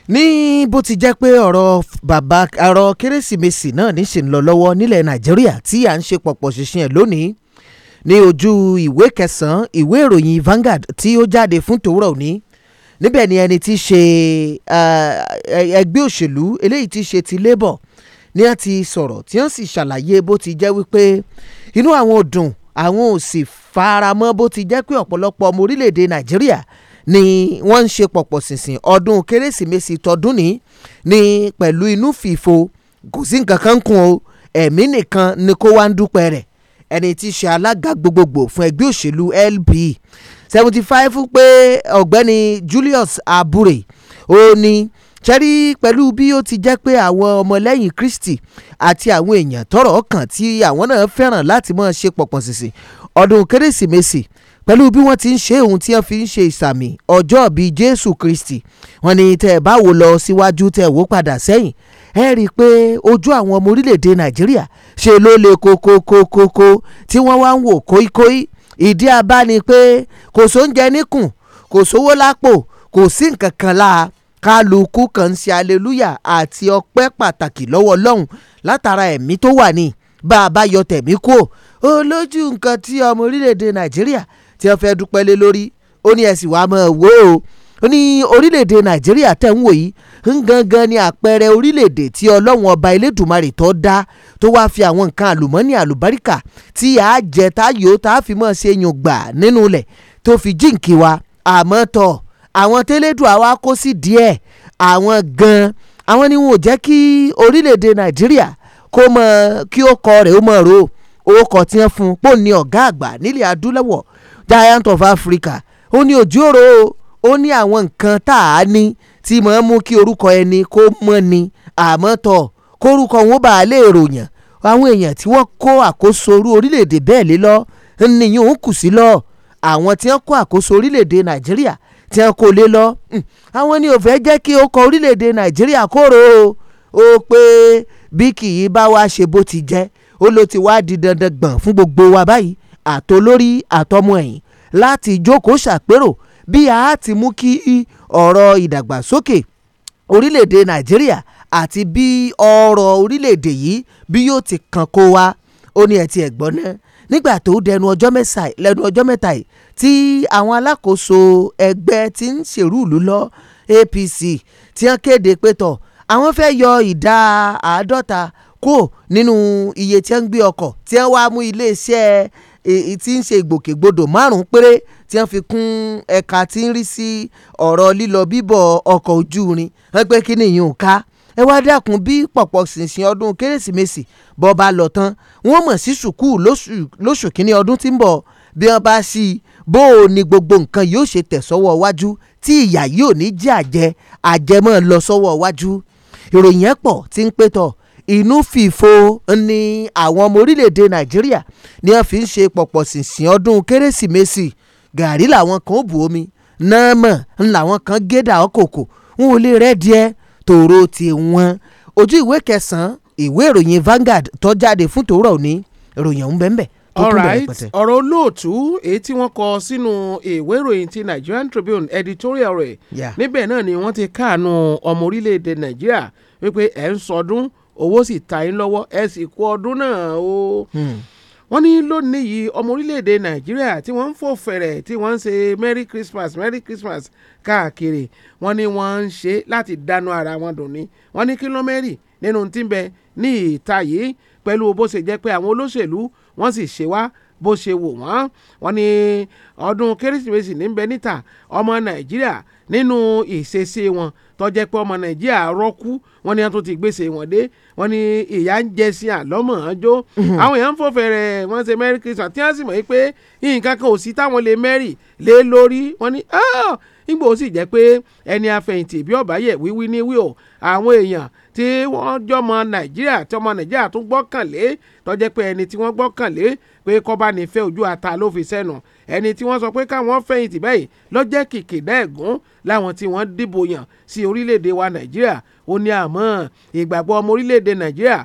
ní bó ti jẹ́ pé ọ̀rọ̀ bàbá ọ̀rọ̀ kérésìmesì náà ní ṣì ń lọ lọ́wọ́ nílẹ̀ nàìjíríà tí à ń ṣe pọ̀pọ̀ ṣìnṣìn ẹ̀ lónìí ní ojú ìwé kẹsàn-án ìwé ìròyìn Vanguard tí ó jáde fún tòwúrọ̀ òní níbẹ̀ ni ẹni tí í ṣe eh, eh, ẹgbẹ́ òṣèlú eléyìí tí ṣe ti labour ni a ti sọ̀rọ̀ tí wọ́n sì ṣàlàyé bó ti jẹ́ wípé inú àwọn ò dùn àwọn ò sì faramọ́ bó ti jẹ́ pé ọ̀pọ̀lọpọ̀ ọmọ orílẹ̀-èdè nàìjíríà ni wọ́n ń ṣe pọ̀pọ̀ ṣìnṣìn ọdún kérésìmesì tọdún ní ní pẹ̀lú inú fìfo kò sí nǹkan kan kún o ẹ̀mí nìkan ni kó wá ń dúpẹ́ rẹ̀ ẹni tí ṣe alága gbogbogbò fún ẹgbẹ́ òṣèlú LP seventy five pé ọ̀gbẹ́ni Julius Abure ó ní ṣẹ́rí pẹ̀lú bí ó ti jẹ́ pé àwọn ọmọlẹ́yìn Kristi àti àwọn èèyàn tọ́rọ̀ kàn tí àwọn náà fẹ́ràn láti máa ṣe pọ̀pọ̀ sìsì ọdún kérésìmesì pẹ̀lú bí wọ́n ti ń ṣe ohun tí wọ́n fi ń ṣe ìsàmì ọjọ́ bíi Jésù Kristi wọ́n ní tẹ́ ẹ bá wò lọ síwájú tẹ́ ẹ wò padà sẹ́yìn ẹ rí i pé ojú àwọn ọmọ orílẹ̀-èdè Nàìjíríà ṣe ló le kókókókókó tí wọ́n wá ń wò kóíkóí ìdí abá ni pé kò sóúnjẹ níkùn kò sówó lápò kò sí nǹkan kan láà kálukú kan ń ṣe aleluya àti ọpẹ́ pàtàkì lọ́wọ́ Ọlọ́run látara ẹ̀mí tó wà ní bá a bá yọ tẹ̀mí kú ó lójú nǹkan tí ọmọ orílẹ̀-èdè Nàìjíríà tí wọ́n fẹ́ dúpẹ́ lé lórí ó ní ẹ̀sìn wàá mọ̀ wò ó ó ní orílẹ̀-èdè Nàìjíríà tẹ̀ ń wò yìí ń gangan ni àpẹẹrẹ orílẹ̀-èdè tí ọlọ́run ọba elédùnmarè tó dá tó wáá fi àwọn nǹkan àlùmọ́nì àlùbáríkà tí a jẹ tá yòó tá a fi mọ̀ ṣe yùn gbà nínú ilẹ̀ tó fi jíǹkì wa àmọ́ tọ̀ àwọn tẹ́lẹ̀dù àwa kó sí díẹ̀ àwọn gan àwọn ni wọn ò jẹ́ kí orílẹ̀-èdè nàìjíríà kó mọ kí ó kọ rẹ̀ ó mọ̀ ro orúkọ tí wọ́n fún pò ní ọ̀gá àgbà nílẹ̀ adúláwọ̀ giant of africa ó ní òjòrò ó ní àwọn nǹkan tá a ní tí mọ̀ ń mú kí orúkọ ẹni kó mọ́ ni àmọ́ tọ̀ kórúkọ wọn bá a lè ròyìn àwọn èèyàn tí wọ́n kó àkóso orú orílẹ̀-èdè bẹ́ẹ̀ lé lọ nìyẹn òun kù sí lọ àwọn tí wọ́n kó àkóso orílẹ̀-èdè nàìjíríà tí wọ́n kó lé lọ hmm, àwọn ni ò fẹ́ jẹ́ kí ó kọ orílẹ̀-èdè nàìjíríà kóró o pé bí kì í bá wa ṣe bó ti jẹ́ ó ló ti wá di dandan gbọ̀n fún gbogbo wa báyìí àtolórí àtọmọ ẹ̀yìn láti jókòó ṣàpérò bí a ti mú kí ọ̀rọ̀ ìdàgbàsókè orílẹ̀-èdè nàìjíríà àti bí ọrọ̀ orílẹ̀-èdè yìí bí yóò ti kàn kó wa ó ní ẹ̀ ti ẹ̀gbọ́n náà nígbà tó dẹnu ọjọ́ mẹ́ta lẹ́nu ọjọ́ mẹ́ta yìí tí àwọn alákòóso ẹgbẹ́ tí ń ṣèrúùlú lọ APC tí wọ́n kéde pé tọ̀ àwọn fẹ́ yọ ìdá àádọ́ta kó nínú iye tí wọ́n ń gbé ọkọ̀ tí wọ́n wá mú iléeṣẹ́ tí ń ṣe ìgbòkègbodò márùn-ún péré tí wọ́n fi kún ẹ̀ka tí ń rí sí ọ̀rọ̀ lílọ bíbọ̀ ọkọ̀ ojú irin wọ́n pé kí nìyí ò ká ẹ wá dákun bí pọ̀pọ̀ ṣìnṣìn ọdún kérésìmesì bọ́ bá lọ tán wọ́n mọ̀ sí sùkúù lóṣù kínní ọdún tí ń bọ̀ bí wọ́n bá sí i bó o ní gbogbo nǹkan yóò ṣe tẹ̀ sọ́wọ́ iwájú tí ìyà yóò ní jẹ́ àjẹ àjẹmọ́ lọ sọ́wọ́ iwájú ìròyìn ẹ̀ pọ̀ tí ń pé tọ̀ inú fìfo ni àwọn ọmọ orílẹ̀-èdè nàìjíríà ni wọ́n fi ń ṣe pọ̀pọ̀ ṣìnṣìn ọdún kérésìmesì gàrí làwọn kan ó bu omi náà mọ̀ ń làwọn kan gédà ọkọ̀ọ̀kọ̀ ń wọlé rẹ̀ díẹ̀ tòró ti wọn ojú ìwé kẹsàn-án ìwé ìròyìn Vanguard tó jáde fún tòórọ̀ òní ìròyìn ọ̀hún bẹ́ẹ̀ alright ọ̀rọ̀ olóòtú èyí tí wọ́n kọ sínú ìwé ìròyìn ti Nigerian Tribune editorial rẹ̀ níbẹ̀ náà ni wọ́n ti káànú ọmọ orílẹ̀-èdè Nàìjíríà wípé ẹ̀ ń sọdún owó sì ta yín lọ́wọ́ ẹ sì kú ọdún náà o. Hmm. wọ́n ní lónìí yìí ọmọ orílẹ̀-èdè nàìjíríà tí wọ́n ń fò fẹ̀rẹ̀ tí wọ́n ń ṣe merry christmas merry christmas káàkiri wọ́n ní wọ́n ń ṣe láti dánú ara wọn dùn ni wọ́n ní kílọ́mẹ́rì nínú tí ń bẹ ní ìta yìí pẹ̀lú bó ṣe jẹ́ pé àwọn olóṣèlú wọ́n sì ṣe wá bó ṣe wò wọ́n wọ́n ní ọdún kérésìmesì níbẹ̀ níta ọmọ nàìjíríà nínú ìṣesí wọn tọ́jẹ́ pé ọmọ nàìjíríà rọ́kú wọ́n ní wọ́n tún ti gbèsè wọn dé wọ́n ní ìyá ń jẹ sí àlọ́mọ̀ ọ́n jó mhm. àwọn èèyàn ń fò fèrè wọ́n ṣe merry christmas tí wọ́n sì mọ̀ pé nǹkan kan ò sí táwọn lè merry lé lórí wọ́n ní nígbà ó sì jẹ́ pé ẹni afẹ̀yìntì bí ọ̀bá yẹ̀ wíwí ní wí o àwọn èèyàn tí wọ́n jọmọ nàìjíríà tí ọmọ nàìjíríà tún gbọ́kànlé tọ́jẹ́ pé ẹni tí wọ́n gbọ́kànlé pé kọ́ba nífẹ̀ẹ́ ojú ata ló fi sẹ́nu ẹni tí wọ́n sọ pé káwọn fẹ̀yìntì báyìí lọ́jẹ́ kìkìdá ẹ̀gún láwọn tí wọ́n dìbò yàn sí orílẹ̀-èdè wa nàìjíríà ó ní àmọ́ ìgbàgbọ́ ọmọ orílẹ̀-èdè nàìjíríà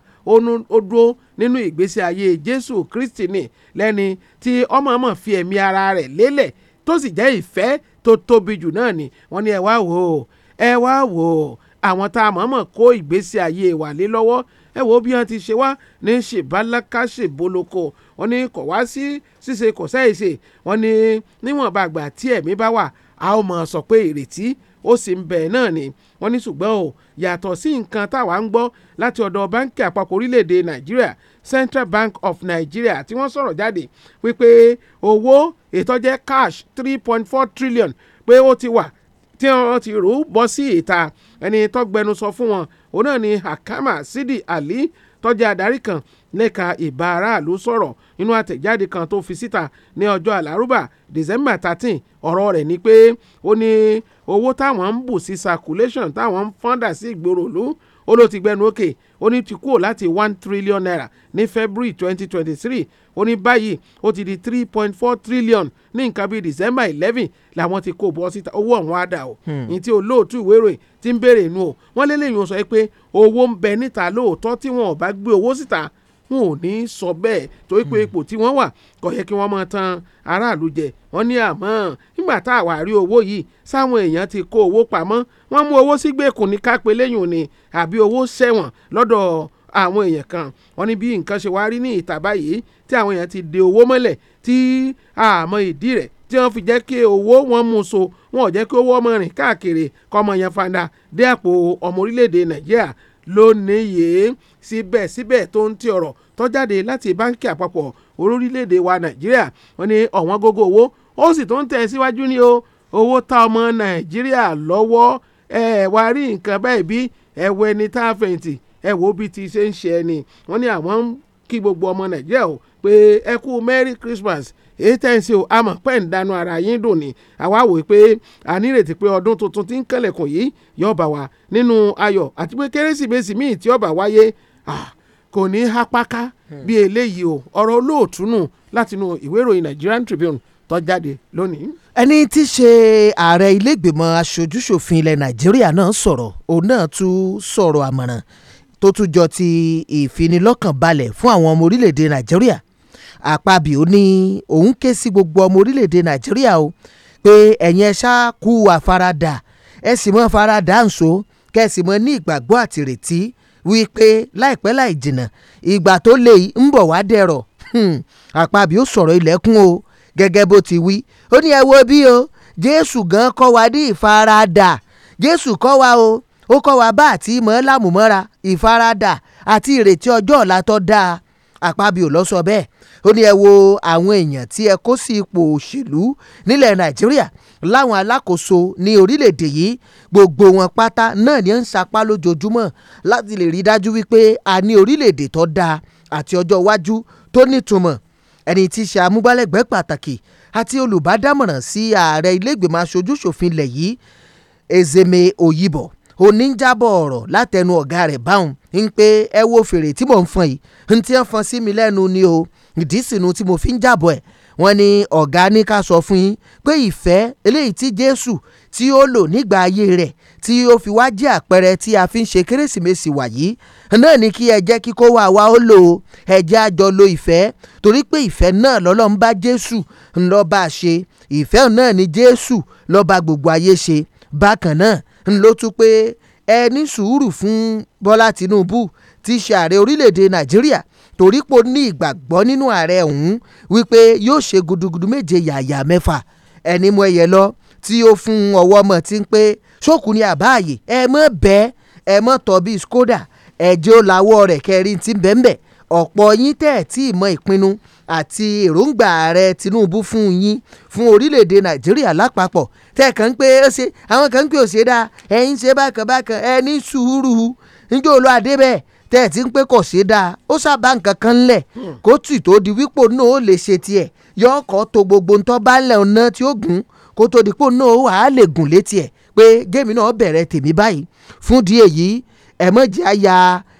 ó dúró nínú ìgbésí ayé jésù kristi ni lẹ́ni tí ọmọ ọmọ fi ẹ̀mí ara rẹ̀ lélẹ̀ tó sì jẹ́ ìfẹ́ tó tóbi jù náà ni wọ́n ní ẹ wá wò ó ẹ wá wò ó àwọn tá a mọ̀ọ́mọ̀ kó ìgbésí ayé wa lé lọ́wọ́ ẹ wo bí wọ́n ti ṣe wá ní ṣèbálákà ṣèbóloko wọ́n ní kò wá sí ṣíṣe kò sẹ́yìnṣe wọ́n ní níwọ̀nba àgbà tí ẹ̀mí bá wà a ó mọ̀ sọ pé ìrètí ó sì ń bẹ̀ náà ni wọ́n ní ṣùgbọ́n o yàtọ̀ sí nǹkan táwa ń gbọ́ láti ọ̀dọ̀ báńkì àpapọ̀ orílẹ̀-èdè nàìjíríà Central Bank of Nigeria tí wọ́n sọ̀rọ̀ jáde wípé owó ìtọ́jẹ́ cash three point four trillion pé ó ti wà tí wọ́n ti rò ó bọ́ sí ìta ẹni tó gbẹnusọ fún wọn òun náà ni Hakama Sidi Ali tó jẹ́ adarí kan lẹ́ka ìbá aráàlú sọ̀rọ̀ nínú àtẹ̀jáde kan tó fi síta ní ọjọ́ àlárúbà december thirteen ọ̀rọ̀ rẹ̀ ni pé ó ní owó táwọn ń bù sí circulation táwọn ń fọ́ndà sí ìgboro ìlú ó ló ti gbẹnu òkè ó ní ti kúrò láti one trillion naira ní February twenty twenty three ó ní báyìí ó ti di three point four trillion ní nǹkan bíi December eleven làwọn ti kó bọ́ síta owó ọ̀hún àdá o hmm. ní ti olóòtú ìwé ìròyìn ti ń béèrè inú o wọ́n lélẹ́yìn ó sọ pé owó ń bẹ níta lóòótọ́ tí wọn ò bá gbé owó síta wọn ò ní sọ bẹ́ẹ̀ torí pé hmm. ipò tí wọ́n wà kò yẹ kí wọ́n máa tan aráàlú jẹ wọ́n ní àmọ́ nígbà tá a wà rí owó yìí sáwọn èèyàn ti kó owó pamọ́ wọ́n mú owó sígbèkùn ní kápẹ́ lẹ́yìn ni àbí owó sẹ́wọ̀n lọ́dọ̀ àwọn èèyàn kan wọ́n ní bí nǹkan ṣe wá rí ní ìta báyìí tí àwọn èèyàn ti de owó mọ́lẹ̀ tí àmọ́ ìdí rẹ̀ tí wọ́n fi jẹ́ kí owó wọn mú so wọn ò jẹ́ kí owó ọmọ rìn káàkiri kọ́mọ yẹn fanda dé àpò ọmọ orílẹ̀ lónìí yìí síbẹ̀síbẹ̀ tó ń ti ọ̀rọ̀ tó jáde láti báńkì àpapọ̀ orílẹ̀-èdè wa nàìjíríà wọ́n ní ọ̀wọ́n gógó owó ó sì tó ń tẹ̀ síwájú ní o owó tá ọmọ nàìjíríà lọ́wọ́ ẹ̀ wá rí nǹkan báyìí bí ẹ̀wọ̀ ẹni tá a fẹ̀yìntì ẹ̀wọ̀ bí ti ṣe ń ṣe ẹni wọ́n ní àwọn kí gbogbo ọmọ nàìjíríà o pé ẹ kú merry christmas èyí tẹ́ ń ṣe o àmọ́ pẹ́ ń dànù ara yín dùn ni àwa wò pé a nírètí pé ọdún tuntun ti ń kẹlẹ̀kùn yìí yóò bá wa nínú ayọ̀ àti pé kérésìmesì míì tí ó wáyé kò ní í bí eléyìí o ọ̀rọ̀ olóòtú nù látinú ìwé ìròyìn Nigerian Tribune tó jáde lónìí. ẹni tí í ṣe ààrẹ ilégbèmọ̀ aṣojúṣòfin ilẹ̀ nàìjíríà náà sọ̀rọ̀ òun náà tún sọ̀rọ̀ àmọ̀ràn tó tún jọ ti ìfinilọ́kànbalẹ̀ fún àwọn ọmọ orílẹ̀ nàìjíríà Àpábíò ní òun ké sí gbogbo ọmọ orílẹ̀-èdè Nàìjíríà o pé ẹ̀yin ẹ ṣáà kú àfaradà ẹ sì mọ́ faradà ń so kẹ́ ẹ sì mọ́ ní ìgbàgbọ́ àtìrètí wípé láìpẹ́ láì jìnnà ìgbà tó lè ń bọ̀ wá dẹ̀rọ̀ hmm, Àpábíò sọ̀rọ̀ ilẹ̀kùn o gẹ́gẹ́ bó ti wí ó ní ẹ wo bí o Jésù gan kọ́ wa ní ìfaradà Jésù kọ́ wa o ó kọ́ wa bá àti mọ́ lámùmọ́ra ìfaradà àti ìrètí ọjọ́ ọ̀la tó dáa àpábíò ló sọ bẹ́ẹ̀ ó ní ẹ wo àwọn èèyàn tí ẹ kó sí ipò òṣèlú nílẹ̀ nàìjíríà láwọn alákòóso ní orílẹ̀-èdè yìí gbogbo wọn pátá náà ni ó ń sapá lójoojúmọ́ láti lè rí dájú wípé a ní orílẹ̀-èdè tó dáa àti ọjọ́ iwájú tó nítumọ̀ ẹni tí í ṣe amúgbálẹ́gbẹ̀ẹ́ pàtàkì àti olùbádámọ̀ràn sí ààrẹ ilé ìgbìmọ̀ aṣojú ṣòfin yìí Ezeme Oyibo oníjábọ̀ ọ̀rọ̀ látẹnu ọ̀gá rẹ̀ báwọn ń pé ẹ wo fèrè tí mò ń fọn yìí ń tí wọ́n fọn sí mi lẹ́nu ni o ìdí sínú tí mo fi ń jábọ̀ ẹ̀ wọ́n ní ọ̀gá ní ká sọ fún yín pé ìfẹ́ eléyìí tí Jésù tí ó lò nígbà ayé rẹ̀ tí ó fi wá jẹ́ àpẹẹrẹ tí a fi ń ṣe kérésìmesì wàyí náà ni kí ẹ jẹ́ kí kó wá wa ó lò ó ẹ jẹ́ lo ìfẹ́ torí pé ìfẹ́ náà lọ́lọ́run bá Jésù ńlọ ṣe ìfẹ́ náà ni Jésù ló gbogbo ayé ṣe bákan náà ńlọ tún pé ẹ ní sùúrù fún bọ́lá tìǹbù tí í ṣe ààrẹ orílẹ̀‐èdè nàìjíríà torí pò ní ìgbàgbọ́ nínú ààrẹ ọ̀hún wípé yóò ṣe gudugudu méje yàyà mẹ́fà ẹni mú ẹyẹ lọ tí ó fún ọwọ́ mọ̀ tí ń pé ṣókùn ní àbáàyè ẹ mọ̀ bẹ́ẹ̀ ẹ mọ̀ tọ́ bíi skoda ẹ̀jẹ̀ ó lawọ́ rẹ̀ kẹrin ti bẹ́ẹ̀ bẹ́ẹ̀ ọ̀pọ̀ yín tẹ́ tí ìmọ̀ mọ ìpinnu àti èròǹgbà ààrẹ Tinubu fún yín fún orílẹ̀-èdè Nàìjíríà lápapọ̀ tẹ́ kàn ń pé ó ṣe àwọn kan ń pè ó ṣe dáa ẹ̀yin ṣe bákan bákan tẹ́ ń pé kò ó sábà lẹ̀ kó tó di wípò ó lè ṣe yọ ọkọ̀ tó gbogbo ń tọ́ ọ̀nà tí ó gùn kó tó di pò náà gùn létí pé náà bẹ̀rẹ̀ tèmi báyìí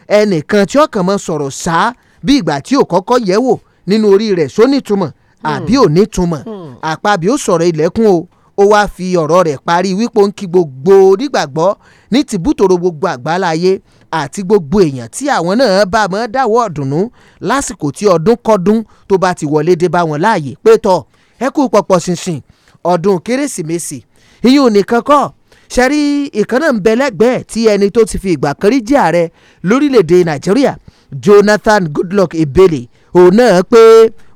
ẹnìkan tí ọkàn mọ sọ̀rọ̀ sá bí ìgbà tí ò kọ́kọ́ yẹ̀ wò nínú orí rẹ̀ sónítumọ̀ àbí ò nítumọ̀ hmm. hmm. àpábí ó sọ̀rọ̀ ilẹ̀kùn o ó wáá fi ọ̀rọ̀ rẹ̀ parí wípé ó ń kí gbogbo onígbàgbọ́ ní tìbútòrò gbogbo àgbáláyé àti gbogbo èèyàn tí àwọn náà bá mọ́ dáwọ́ ọ̀dùnnú lásìkò tí ọdún kọ́dún tó bá ti wọlé dé bá wọn láàyè pé tọ̀ ẹ kú pọ̀pọ̀ ọdún kérésìmesì ìyún nìkan kọ́ ṣẹ́rí ìkànnà ń bẹ lẹ́gbẹ̀ẹ́ tí ẹni tó ti fi ìgbà kan rí jẹ́ ààrẹ lórílẹ̀‐èdè nàìjíríà Jonathan Goodluck Ebele òun náà pé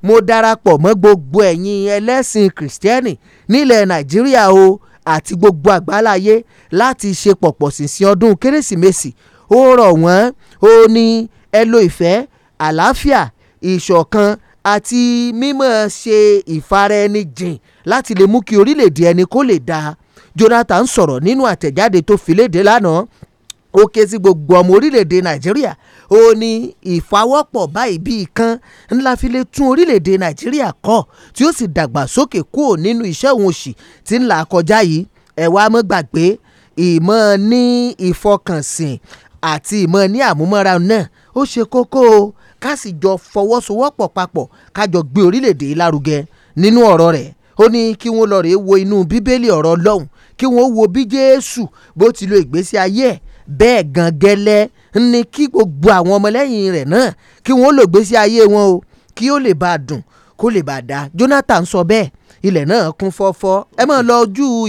mo darapọ̀ mọ́ gbogbo ẹ̀yin ẹlẹ́sìn kìrìsìtẹ́nì nílẹ̀ nàìjíríà o àti gbogbo àgbáláyé láti ṣe pọ̀pọ̀ ṣìnṣìn ọdún kérésìmesì ó rọ̀ wọ́n ó ní ẹ ìfẹ́ àlàáfíà ìṣọ̀kan àti mímọ̀ ṣe ìfaraẹnijìn láti lè mú kí orílẹ̀-èdè ẹni kó lè dáa Jonathan sọ̀rọ̀ nínú àtẹ̀jáde tó fi léde lánàá ó ké sí gbogbo ọmọ orílẹ̀-èdè nàìjíríà ó ní ìfawọ́pọ̀ báyìí bíi kan ńlá fi lè tún orílẹ̀-èdè nàìjíríà kọ́ tí ó sì dàgbà sókè kúrò nínú iṣẹ́ òun òṣì tí ńlá kọjá yìí ẹ wá mọ́ gbàgbé ìmọ̀ ní ìfọkànsìn àti ìmọ̀ ní àmúmọ́ra náà ó ṣe kókó o ká sì jọ fọwọ́sowọ́pọ̀ papọ̀ ká jọ gbé orílẹ̀-èdè lárugẹ nínú ọ̀rọ̀ rẹ̀ ó ní kí wọ́n lọ rèé wo inú bíbélì ọ̀rọ̀ ọlọ́run kí wọ́n wo bí Jésù bó ti lo ìgbésí ayé ẹ̀ bẹ́ẹ̀ gan gẹ́lẹ́ ni kí gbogbo àwọn ọmọlẹ́yìn rẹ̀ náà kí wọ́n lò gbésí ayé wọn o kí ó lè bá a dùn kó lè bá a dá Jonathan sọ bẹ́ẹ̀ ilẹ̀ náà kún fọ́fọ́ ẹ máa lọ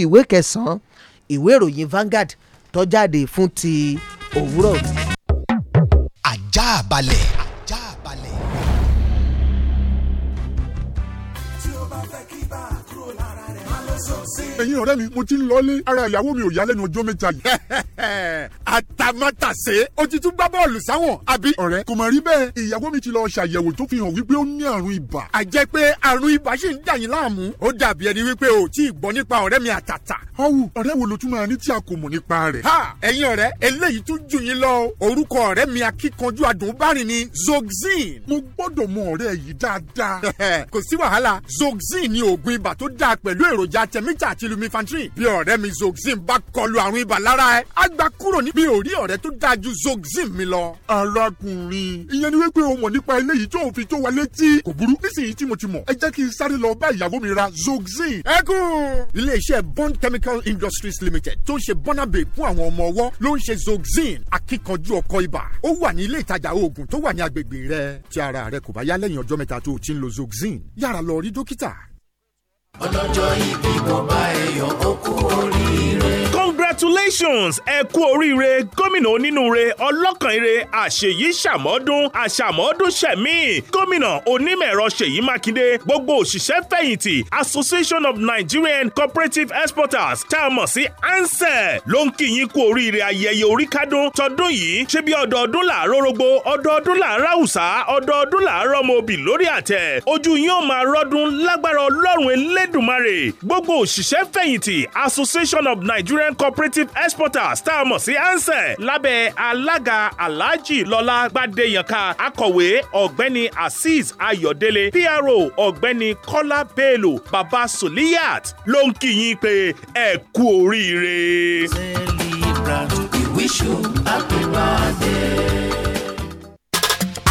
ìwé kẹsàn ìwé ìròyìn Vanguard tó fún ti òwúrọ̀. àjàbalẹ̀. ẹ̀yin ọ̀rẹ́ mi mo ti ń lọlé ara ìyàwó mi ò yá lẹ́nu ọjọ́ mẹ́ta yìí. àtàmátàsé ó ti tún gbá bọ́ọ̀lù sáwọn àbí. ọ̀rẹ́ kò mà rí bẹ́ẹ̀ ìyàwó mi ti lọ ṣàyẹ̀wò tó fi hàn wípé ó ní àrùn ibà. a jẹ́ pé àrùn ibà ṣì ń dà yín láàmú. ó dàbí ẹni wípé o tí ì gbọ́ nípa ọ̀rẹ́ mi àtàtà. ọ̀wù ọ̀rẹ́ wo ló tún máa ní tí a kò mọ̀ nípa rẹ̀. ha ẹ̀yin ọ̀rẹ́ eléyìí tún jù yín lọ orúkọ ọ̀rẹ́ mi akíkanjú adùnbárìn ni Zoxyn. mo gbọ́dọ̀ mọ ọ̀rẹ́ yìí dáadáa. kò sí wàhálà Zoxyn ni oògùn ibà tó dáa pẹ̀lú èròjà tẹ̀mítà àti lumifantrin bí ọ̀rẹ́ mi Zoxyn bá kọlu àrùn ibà lára ẹ á gbà kúrò níbi mi ò rí ọ̀rẹ́ tó dáa ju zoxyn mi lọ. arákùnrin ìyẹn ni wípé o mọ̀ nípa eléyìí tó o fi tó wa létí. kò burú nísìnyí tí mo ti mọ̀ ẹ jẹ́ kí n sáré lọ bá ìyàwó mi ra zoxyn. ẹ kún. iléeṣẹ́ bond chemical industries limited tó ń ṣe bọ́nàbè fún àwọn ọmọ ọwọ́ ló ń ṣe zoxyn akíkanjú ọkọ ibà. ó wà ní ilé ìtajà oògùn tó wà ní agbègbè rẹ. tí ara rẹ kò bá yá lẹ́yìn ọjọ́ mẹ́ta tó o ti ń lo zoxyn yára lọ rí dókítà ọlọ́jọ́ ibi kò bá èèyàn ó kú oríire congratulations ẹ kú oríire gómìnà onínúure ọlọ́kànire àṣeyí ṣàmọ́dún àṣàmọ́dún ṣẹ̀mí gómìnà onímọ̀ẹ̀rọ ṣèyí mákindé gbogbo òṣìṣẹ́ fẹ̀yìntì association of nigerian cooperative exporters tá a mọ̀ sí ansẹ̀ ló ń kí yín kú oríire ayẹyẹ oríkádún tọdún yìí ṣé bí ọdọọdún làárọ̀ rogbo ọdọọdún làárọ̀ àwùsá ọdọọdún làárọ̀ ọmọ òbí lórí àtẹ̀ ojú yín ó máa rọ́dún lágbára ọlọ́run elédùnmarè association of nigerian cooperative cooperative exporters tá a mọ̀ sí ansẹ̀ lábẹ́ alága alhaji lọ́lá gbadéyànká akọ̀wé ọ̀gbẹ́ni azeez ayọ̀délé pro ọ̀gbẹ́ni kọ́lá bello baba suliyat ló ń kí yín pé ẹ kú oríire. celebrate we wish you happy birthday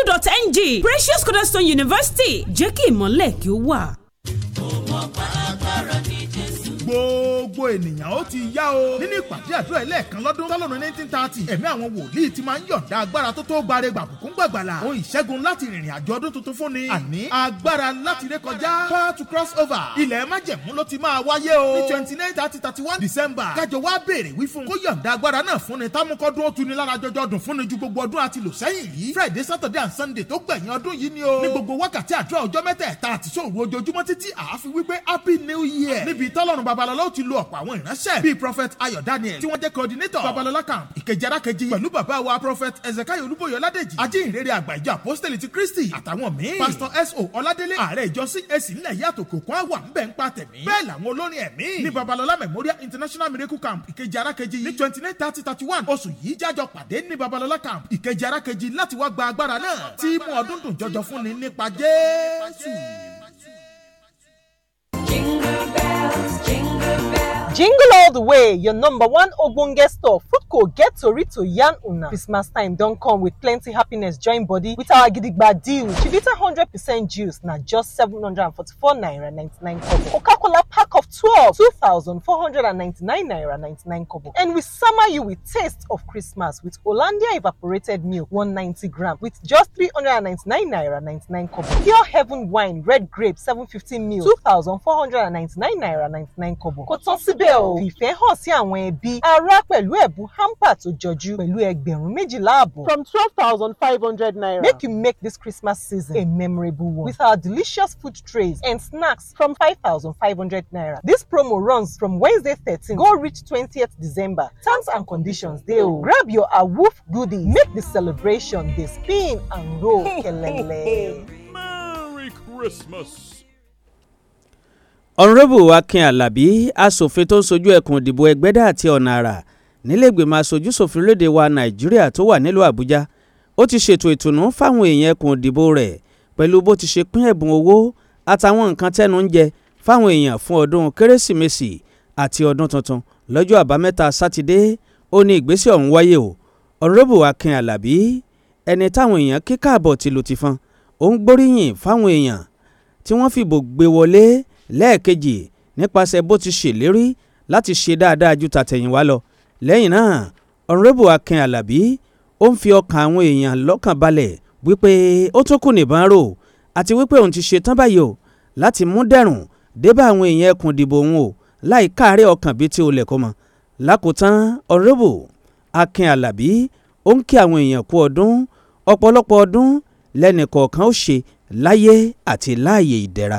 edu.ng Precious Cornerstone University jẹ́ kí ìmọ̀lẹ̀ kí ó wà. mo mọ̀ pálágbára ní Jésù gbogbo ènìyàn ó ti yá o. nínú ìpàdé àdúrà ẹlẹ́ẹ̀kan lọ́dún tọ́lọ́run nineteen thirty ẹ̀mí àwọn wòlíì ti máa ń yọ̀ǹda agbára tó tó gbare gbàbùkún gbàgbàlà ohun ìṣẹ́gun láti rìnrìn àjò ọdún tuntun fún ni àní agbára láti rékọjá power to cross over ilẹ̀ májẹ̀mú ló ti máa wáyé o ní twenty nine thirty thirty one december kájọ wá béèrè wí fún kó yọ̀ǹda agbára náà fún ni támúkọ́dún ó tuni ní gbogbo ọ̀pọ̀ àwọn ìránṣẹ́ bíi prophet ayo daniel tí wọ́n jẹ́ coordinator babalọlá camp ìkejì arákejì pẹ̀lú bàbá wa prophet ezekiel olúbọyọ ládèjì ajínrere àgbà ìjọ apostoli ti kristi àtàwọn míì pastor so ọládélé ààrẹ ìjọ cac nílẹ̀ yàtọ̀ kòkó àwà ń bẹ̀ ń pa tẹ̀mí bẹ́ẹ̀ làwọn olórin ẹ̀mí ní babalọlá memorial international miracle camp ìkejì arákejì ní twenty nine thirty thirty one oṣù yìí jájọ pàdé ní babalọlá camp ìkejì arákejì láti wá gba agbára náà tí mú ọdún dùn jọjọ fún ni nípa jésù. jingle bells jingle jingle all the way your number one ogbonge store foodco get tori to yarn una christmas time don't come with plenty happiness join body with our gidigba deal chivita 100% juice now just 744 naira 99 kobo coca-cola pack of 12, 2,499 naira 99 kobo and we summer you with taste of christmas with hollandia evaporated milk 190 gram with just 399 naira 99 kobo pure heaven wine red grape 750 fifty mil two naira 99 kobo kò níbẹ̀ ò ìfẹ́ hàn sí àwọn ẹbí ará pẹ̀lú ẹ̀bùn hamper tó jọjú pẹ̀lú ẹgbẹ̀rún méjìlá àbọ̀. from twelve thousand five hundred naira. make you make this Christmas season a memorable one with our delicious food trays and snacks from five thousand five hundred naira. this promo runs from Wednesday thirteen go reach twentieth December terms and conditions dey o. grab your awoof goodies make the celebration dey spin and roll kelele. Merry Christmas. ọ̀nrẹ́bù akin alábí asòfin tó ń sojú ẹkùn ìdìbò ẹgbẹ́dá àti ọ̀nà àrà nílẹ̀gbìmọ̀ aṣojú ṣòfin lóde wa nàìjíríà tó wà nílùú àbújá ó ti ṣètò ìtùnú fáwọn èèyàn ẹkùn ìdìbò rẹ̀ pẹ̀lú bó ti ṣe pín ẹ̀bùn owó àtàwọn nǹkan tẹ́nu ń jẹ fáwọn èèyàn fún ọdún kérésìmesì àti ọdún tuntun lọ́jọ́ àbámẹ́ta sátidé ó ní ìgbésẹ̀ ọ̀hún wáyé o ọ̀nrẹ́bù akin alábí ẹni táwọn èèyàn kí káàbọ̀ tìlù tìfọn ó ń gbóríyìn fáwọn èèyàn tí wọ́n fìbò gbé wọlé lẹ́ẹ̀kejì nípasẹ̀ bó ti ṣèlérí láti ṣe dáadáa ju tàtẹ̀yìnwá lọ lẹ́yìn náà ọ̀nrẹ́bù akin alábí ó ń fi ọkàn àwọn èèyàn lọ́kàn balẹ̀ wípé ó tún kù nìbọn rò àti wípé òun ti ṣe tán báyìí o láti mú dẹ̀rùn débà àwọn èèyàn ẹkùn ìdìbò òun o láì káàárẹ̀ ọkàn bíi tí olè kọ́ mọ́ lákòótán ọ̀nrẹ́bù akin alábí ó ń kí àwọn èèyàn kú ọdún ọ̀pọ̀lọpọ̀ ọdún lẹ́nìkọ̀ọ̀kan ó ṣe láyé àti láàyè ìdẹ̀ra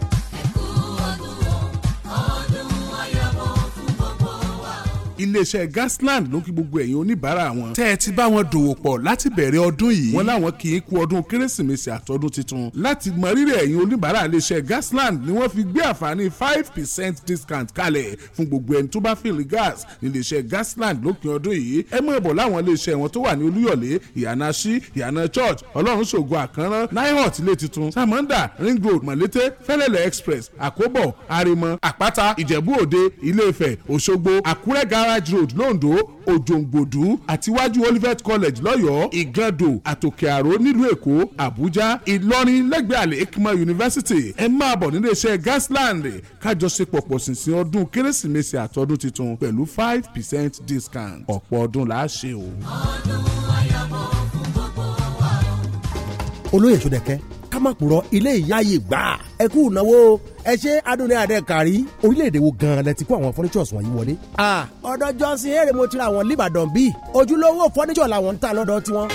iléeṣẹ́ Gasland ló kí gbogbo ẹ̀yin oníbàárà wọn tẹ́ ẹ ti bá wọn dòwò pọ̀ láti bẹ̀rẹ̀ ọdún yìí wọn láwọn kì í ku ọdún kérésìmesì àtọdún tuntun láti mọ rírì ẹ̀yin oníbàárà iléeṣẹ́ Gasland ni wọ́n fi gbé àǹfààní five percent discount kalẹ̀ fún gbogbo ẹni tó bá fìlì gas níléeṣẹ́ Gasland lópin ọdún yìí ẹ mọ̀ bọ̀ láwọn iléeṣẹ́ wọn tó wà ní Olúyọ̀lé ìyànà sí ìyànà church ọlọ́run ṣògo àkànrán nihot ilé tuntun samanda ring road mọ̀lété fẹ́lẹ́lẹ̀ express àkóbọ̀ àrèmọ àpáta ìjẹ̀bú òde ilé Ifẹ̀ òṣogbo àkúrẹ́ gara garage road londo òjòǹgbòdú àtiwájú olivet college lọ́yọ̀ọ́ ìgàndò àtòkè àró nílùú èkó àbújá ìlọrin lẹ́gbẹ̀ẹ́ àlè ekima university ẹ máa bọ̀ níléeṣẹ́ gasland kájọṣepọ̀ pọ̀ sísìn ọdún kérésìmesì àtọdún tuntun pẹ̀lú five percent discount ọ̀pọ̀ ọdún là á ṣe o. ọdún ayọ̀ olóyè sódẹ̀kẹ́ kámàkùrọ̀ ilé ìyáyè gbà ẹ kú ìnáwó ẹ ṣe adúlé adé kárí orílẹ̀-èdè wo gan-an lẹ ti kó àwọn fọ́nísọ̀s wọ̀nyí wọlé. Ah. ọ̀dọ̀ johnson eré mo ti ra àwọn líbàdàn bíi ojúlówó fọ́nísọ̀ làwọn ń ta lọ́dọ̀ tiwọn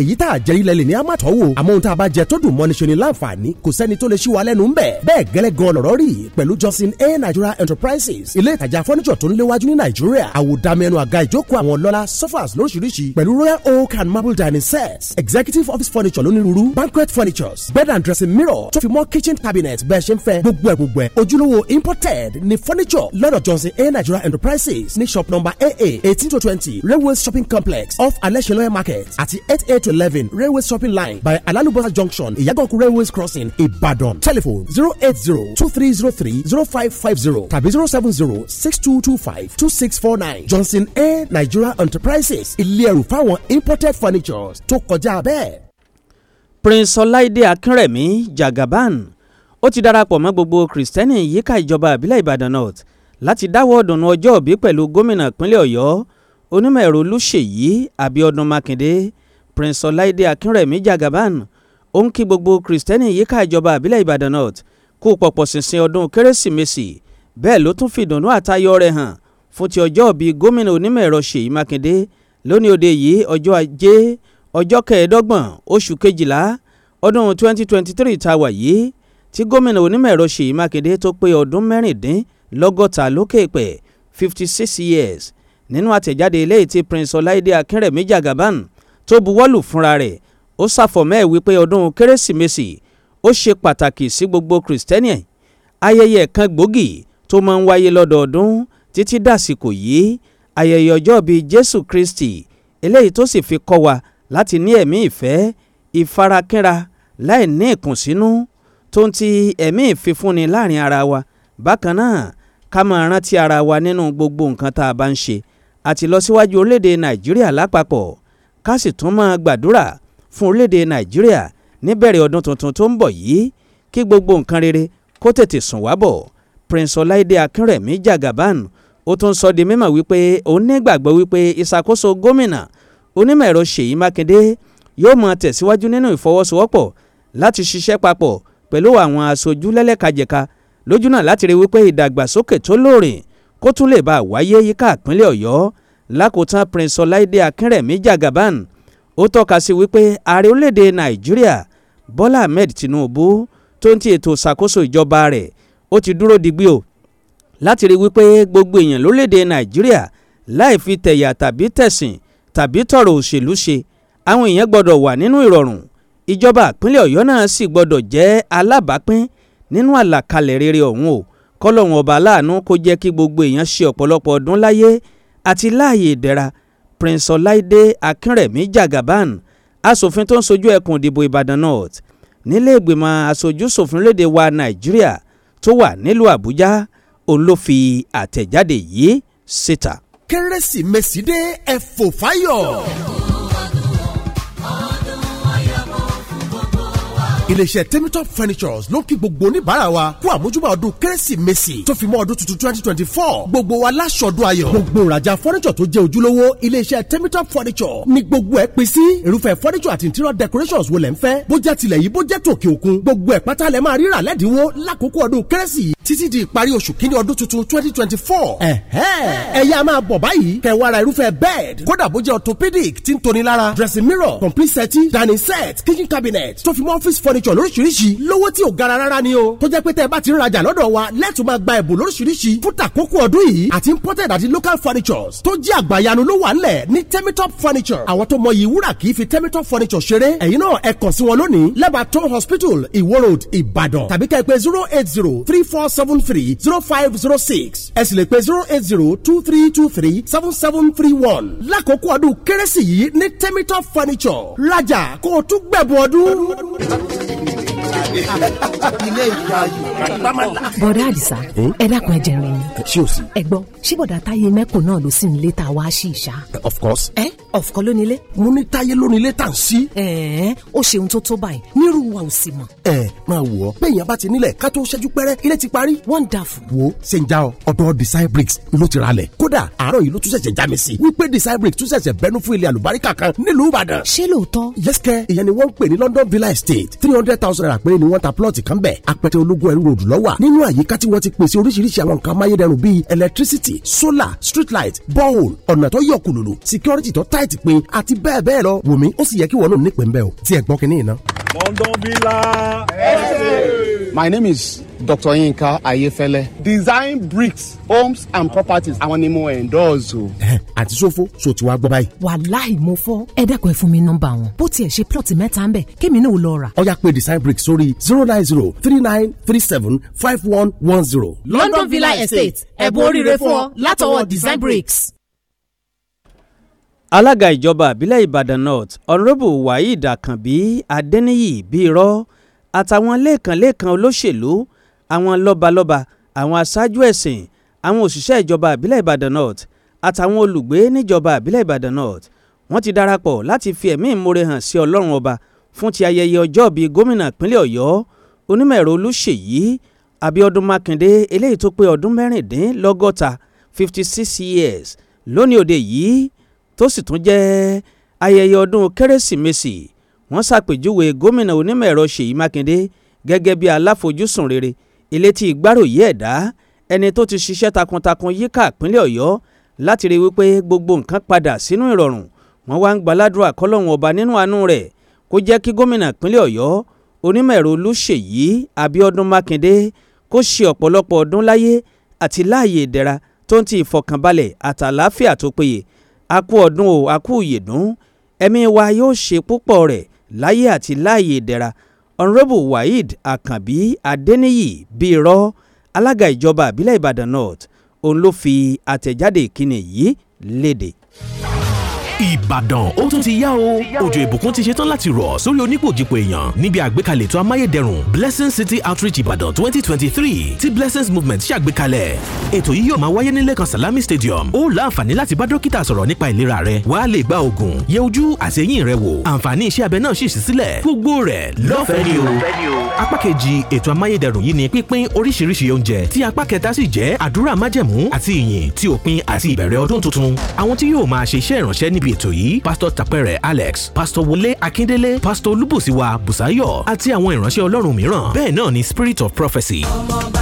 èyí tá a jẹ ilẹ̀ lè ní a má tọ́ wò àmọ́ ohun tá a bá jẹ tó dùn mọ́ni ṣe ni láǹfààní kò sẹ́ni tó lè ṣí wa lẹ́nu ń bẹ̀ bẹ́ẹ̀ gẹ́lẹ́ gan rí pẹ̀lú Johnson A Nigeria Enterprises ilé ìtajà fọ́nísọ̀ tó ń léwájú ní Nàìjíríà àwòdàmẹ́nu àga ìjókòó àwọn lọ́lá sofas lóríṣiríṣi pẹ̀lú royal oak and marble dining sets executive office furniture lónírúurú banquet furnitures bed and dressing mirror tó fi mọ́ kitchen cabinet bẹ́ẹ̀ ṣe ń fẹ́ gbogbo ẹ̀ gbogbo ẹ̀ ojúlówó imported ni furniture lọ́dọ̀ Nigeria Enterprises ní shop number AA eighteen eleven railway shopping line by Alalubasa junction Iyagoku railway crossing Ibadan telephone zero eight zero two three zero three zero five five zero tàbí zero seven zero six two two five two six four nine Johnson A Nigeria Enterprises ilé ẹrù fáwọn imported furnitures tó kọjá bẹ́ẹ̀. Prince Ọláìdé Akínrẹ̀mí Jagaban ó ti darapọ̀ mọ́ gbogbo Kristẹni yíká ìjọba ìbílẹ̀ Ìbàdàn North láti dáwọ́ ọ̀dùnnú ọjọ́ òbí pẹ̀lú gómìnà ìpínlẹ̀ Ọ̀yọ́ onímọ̀ ẹ̀rọ Olúṣèyí Abíọ́dún Mákindé prince ọláìdé akínrẹ̀mí jagaban ó ń kí gbogbo kristẹni yíká ìjọba àbílẹ̀ ìbàdàn north kú pọ̀pọ̀ ṣìnṣìn ọdún kérésìmesì bẹ́ẹ̀ ló tún fìdùnnú àtayọ̀ rẹ̀ hàn fún ti ọjọ́ bíi gómìnà onímọ̀ ṣèyí mákindé lónìí òde yìí ọjọ́ ajé ọjọ́ kẹẹ̀ẹ́dọ́gbọ̀n oṣù kejìlá ọdún 2023 tá wà yìí tí gómìnà onímọ̀ ẹ̀rọ ṣèyí mákindé tó pé ọdún mẹ́rìndínlọ́gọ́ta lókè 56 years nínú àtẹ̀jáde ilé ìtì prince ọláìdé akínrẹ̀mí jagaban tó buwọ́lù fúnra rẹ̀ ó ṣàfọ̀mọ́ ẹ̀ wípé ọdún kérésìmesì ó ṣe pàtàkì sí gbogbo kìrìsìtẹ́nì ayẹyẹ kan gbòógì tó máa ń wáyé lọ́dọọdún títí dàsìkò yìí ayẹyẹ ọjọ́ bíi Jésù Kristi eléyìí tó sì fi kọ́ wa láti ní ẹ̀mí ìfẹ́ ìfarakínra láì ní ìkùnsínú tó ń ti ẹ̀mí ìfifúnni láàrin ara wa bákan náà ká máa rántí ara wa nínú gbogbo nǹkan tá a bá ń ṣe àti lọ síwájú orílẹ̀-èdè Nàìjíríà lápapọ̀ ká sì tún máa gbàdúrà fún orílẹ̀-èdè nàìjíríà níbẹ̀rẹ̀ ọdún tuntun tó ń bọ̀ yìí kí gbogbo nǹkan rere kó tètè sùn wá bọ̀ prince ọláìdé akínrẹ̀mí jagaban ó tún sọ di mímọ̀ wípé òun nígbàgbọ́ wípé ìṣàkóso gómìnà onímọ̀ ẹ̀rọ ṣèyí mákindé yóò máa tẹ̀síwájú nínú ìfọwọ́sowọ́pọ̀ láti ṣiṣẹ́ papọ̀ pẹ̀lú àwọn aṣojú lẹ́lẹ́kajẹ̀ka lójúnà láti rí wípé ìdàgbàsókè tó lóòrìn kó tún lè bá wáyé yíká ìpínlẹ̀ ọ̀yọ́ lákòótán prince ọláìdé akínrẹ̀mí jagaban ó tọ́ka sí wípé ààrẹ orílẹ̀-èdè nàìjíríà bọ́lá ahmed tinubu tó ń ti ètò ìṣàkóso ìjọba rẹ̀ ó ti dúró digbí o láti rí wípé gbogbo èèyàn lórílẹ̀-èdè nàìjíríà láì fi tẹ̀yà tàbí tẹ̀sìn tàbí tọ̀rọ̀ òṣèlú ṣe àwọn èèyàn gbọ́dọ̀ wà nínú ìrọ̀rùn ìjọba ìpínlẹ̀ ọ̀yọ́ náà sì gbọ́dọ̀ jẹ́ alábàápín nínú àlàkalẹ̀ rere ọ̀hún o kọ́lọ́hún ọba aláàánú kó jẹ́ kí gbogbo èèyàn ṣe ọ̀pọ̀lọpọ̀ ọdún láyé àti láàyè ìdẹ̀ra Prince Ọláìdé Akínrẹ̀mí Jagaban asòfin tó ń sojú ẹkùn ìdìbò Ìbàdàn North nílé ìgbìmọ̀ aṣojú-ṣòfin léde wa Nàìjíríà tó wà nílùú Àbújá òun ló fi àtẹ̀jáde yìí síta. Kérésìmesì dé ẹ̀fọ́ fáyọ̀ iléeṣẹ́ temitop furnitures ló ń kí gbogbo oníbàárà wa kú àmójúbà ọdún kérésìmesì tó fi mọ́ ọdún tuntun twenty twenty four gbogbo wa láṣọdún ayọ̀ gbogbo ìrajà furniture tó jẹ́ ojúlówó iléeṣẹ́ temitop furniture ni gbogbo ẹ̀ pín sí irúfẹ́ furniture àti interior decorations wo lẹ̀ ń fẹ́ bó jẹ́ tilẹ̀ yìí bó jẹ́ tòkè òkun gbogbo ẹ̀ pátá lẹ máa ríra lẹ́dínwó lákòókò ọdún kérésì títí di ìparí oṣù kínní ọdún tuntun twenty twenty four. ẹ̀yà máa bọ̀ báyìí kẹwàá irúfẹ́ bed kódà bó jẹ́ orthopedic tí ń toni lára dressing mirror complete setting dining set kitchen cabinet tó fi mọ́ office furniture lóríṣiríṣi lówó tí ò gara rárá ni o tó jẹ́ pé tẹ́ ẹ bá ti ń rajà lọ́dọ̀ wa lẹ́tù máa gba ẹ̀bùn lóríṣiríṣi fún tàkókò ọdún yìí àti imported àti local furnitures tó jẹ́ àgbàyanu ló wà ńlẹ̀ ní temitop furniture àwọn tó mọyì wúrà kì í fi temitop furniture ṣeré ẹ̀yin náà ẹ kàn sí wọn town hospital ìwó road ìbàdàn tàbí kẹ́ ẹ zero eight zero three four seven three zero five zero six ẹ sì lè pe zero eight zero two three two three seven seven three one lákòókò ọdún kérésì yìí ní tẹ́mítọ́ furniture rajà kó o tún gbẹ̀bù ọdún ilé ìwà yìí. bọ̀dá àdìsá hmm? ẹ dákun ẹ jẹun ẹni. Eh, ṣé o sì. ẹ gbọ́ ṣé bọ̀dá táyé mẹ́kùn náà ló sì ń lé ta wá sí ìṣá. Eh, of course. ẹ of course lónìí lé. mo ní táyé lónìí lé tà ń sí. ẹ ẹ ó ṣe ohun tó tó báyìí nírú wa ò sì mọ. ẹ eh, máa wọ bẹ́ẹ̀yàn bá ti nílẹ̀ ká tó ṣẹ́jú pẹ́rẹ́ ilé ti parí. wonderful. wo ṣe ń já ọ ọ̀dọ̀ design bricks ló ti ralẹ̀ kódà àárọ̀ yìí ló tún ṣẹ̀ṣẹ̀ design bricks tún ṣẹ̀ṣẹ̀ bẹnu fún ilé àlùbáríkà kan nílùú ìbàdàn. ṣé lóòótọ́. yẹ́sìkẹ́ ìyẹn ni wọ́n ń pè London Villa Estate three hundred thousand naira péré ni wọ́n ta plọ́ọ̀tì kan bẹ̀ apẹtẹ ológun ẹ̀rú ròdù lọ́wà nínú àyíká tí wọ́n ti pèsè oríṣiríṣi àwọn nǹkan amáyédẹrùn bíi electricity solar street light borehole ọ̀nà tó yọ kùlùlù security tó tight pin àti bẹ́ẹ̀ bẹ́ẹ̀ lọ wùmí ó sì yẹ kí wọ́n lòun nípìn bẹ́ẹ̀ o tí ẹ gbọ́ kínní iná. London Villa estate My name is Dr. Yinka Ayefele. Design bricks, homes and properties. Àwọn ni mo endorse o. Àti Sofo so ti wá gbọ́ báyìí. Wàláì mo fọ́. Ẹ dẹ́kun ẹ fún mi nọ́mbà wọn. Bó tiẹ̀ ṣe plọ̀tì mẹ́ta ń bẹ̀, kémi náà lọ rà. Ọya pe Design bricks sórí zero nine zero three nine three seven five one one zero. London Villa Estate, ẹ̀bùn oríire fún ọ látọwọ́ Design bricks. Alága ìjọba àbílẹ̀ Ìbàdàn North, Honourable Waheed Akànbí Adéníyì Bírọ́ àtàwọn lẹ́ẹ̀kan-lẹ́ẹ̀kan olóṣèlú àwọn lọ́balọ́ba àwọn aṣáájú ẹ̀sìn àwọn òṣìṣẹ́ ìjọba ìbílẹ̀ Ìbàdàn North àtàwọn olùgbé níjọba ìbílẹ̀ Ìbàdàn North wọ́n ti darapọ̀ láti fi ẹ̀mí ìmoore hàn sí Ọlọ́run ọba fún ti ayẹyẹ ọjọ́bí gómìnà ìpínlẹ̀ Ọ̀yọ́ onímọ̀ẹ̀rọ Olúṣèyí Abíọ́dún Mákindé eléyìí tó pé ọdún mẹ́rìndínlọ́gọ́ta fifty six years lónìí òde yìí tó sì tún jẹ́ ayẹyẹ ọdún Kérésìmesì wọ́n ṣàpèjúwe gómìnà onímọ̀ ẹ̀rọ Ṣèyí Mákindé gẹ́gẹ́ bí aláfojúsùn rere elétí ìgbáròyé ẹ̀dá ẹni tó ti ṣiṣẹ́ takuntakun yíká ìpínlẹ̀ Ọ̀yọ́ láti rí wípé gbogbo nǹkan padà sínú ìrọ̀rùn wọ́n wá ń gbaládùn àkọlọ́hún ọba nínú àánú rẹ̀ kó jẹ́ kí gómìnà ìpínlẹ̀ Ọ̀yọ́ onímọ̀ ẹ̀rọ Olúṣèyí Abíọ́dún Mákindé kó ṣe ọ̀pọ̀lọpọ̀ ọdún láyé àti láàyè ìdẹ̀ra tó ń ti ìfọkànbalẹ̀ àtàláfíà tó péye a ọdún o a ìyèdún ẹ̀mí wa yóò ṣe púpọ̀ rẹ̀ láyé àti láàyè ìdẹ̀ra honourable waheed akànbí adẹniyí bírọ alága ìjọba àbílẹ̀ ìbàdàn north òun ló fi àtẹ̀jáde ìkíni yìí léde. Ìbàdàn ó tún ti yá o òjò ìbùkún ti ṣetán láti rọ̀ sórí onípòjìpò èèyàn níbi àgbékalẹ̀ ètò amáyédẹrùn Blessing City Outreach Ìbàdàn 2023 ti Blessings Movement ṣàgbékalẹ̀ ètò yìí yóò máa wáyé ní Lẹ́kan Salami Stadium ó láǹfààní láti bá dókítà sọ̀rọ̀ nípa ìlera rẹ wà á lè gba oògùn yẹ ojú àti eyín rẹ wò àǹfààní iṣẹ́ abẹ náà sì sí sílẹ̀ gbogbo rẹ̀ lọ́fẹ̀ẹ́ ni o apá kejì ètò amáyédẹrùn yìí ni pínpín oríṣiríṣi oúnjẹ tí apá kẹta sì jẹ́ àdúrà májẹ̀mú àti ìyìn tí òpin àti ìbẹ̀rẹ̀ ọdún tuntun àwọn tí yóò níbi ètò yìí pásítọ̀ Tapẹ́rẹ̀ Alex pásítọ̀ Wọlé Akíndélé pásítọ̀ Olúbùsíwà Bùsáyọ̀ àti àwọn ìránṣẹ́ Ọlọ́run mìíràn bẹ́ẹ̀ náà ni Spirit of Prophecy. ọmọ bá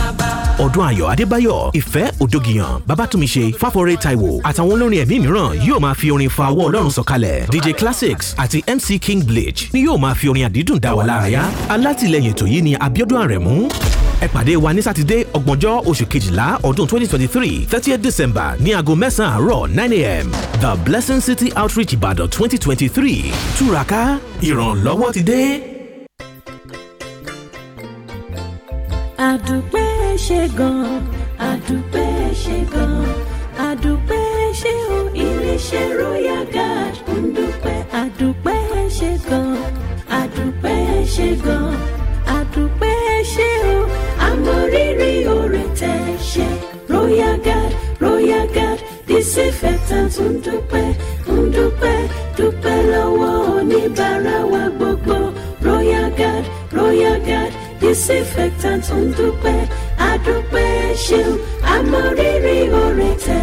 Ọdúnayọ̀ Adébáyọ̀ Ìfẹ́ Òdògìyàn Babatunmiṣe Fáforé Táíwò àtàwọn olórin ẹ̀mí mìíràn yóò máa fi orin fa ọwọ́ Ọlọ́run sọ̀kalẹ̀ DJ Classics àti MC King Bleach ni yóò máa fi orin àdídùn dá wa lárayá alátìlẹyìn ètò yìí ni Abíọ́dún Àrẹ̀mú ẹ pàdé wa ní sátidé ọgbọ̀njọ́ oṣù kejìlá ọdún 2023 30th December ní aago mẹ́sàn-án àárọ̀ 9am The Blessing City Outreach Ìbàdàn 2023 túraká ìrànlọ́wọ́ ti dé. àdùpẹ́ àdúpẹ́ ṣe gan-an àdúpẹ́ ṣe gan-an àdúpẹ́ ṣe o iléeṣẹ́ royal guard ń dúpẹ́ àdúpẹ́ ṣe gan-an ṣe gan-an ṣe o àmọ̀rírì oore tẹ̀ ṣe royal guard royal guard disinfectant ń dúpẹ́ ń dúpẹ́ dúpẹ́ lọ́wọ́ oníbàárà wa gbogbo royal guard royal guard disinfectant ń dúpẹ́ adúpẹ́ ṣeun àmọ́ rírì oore tẹ̀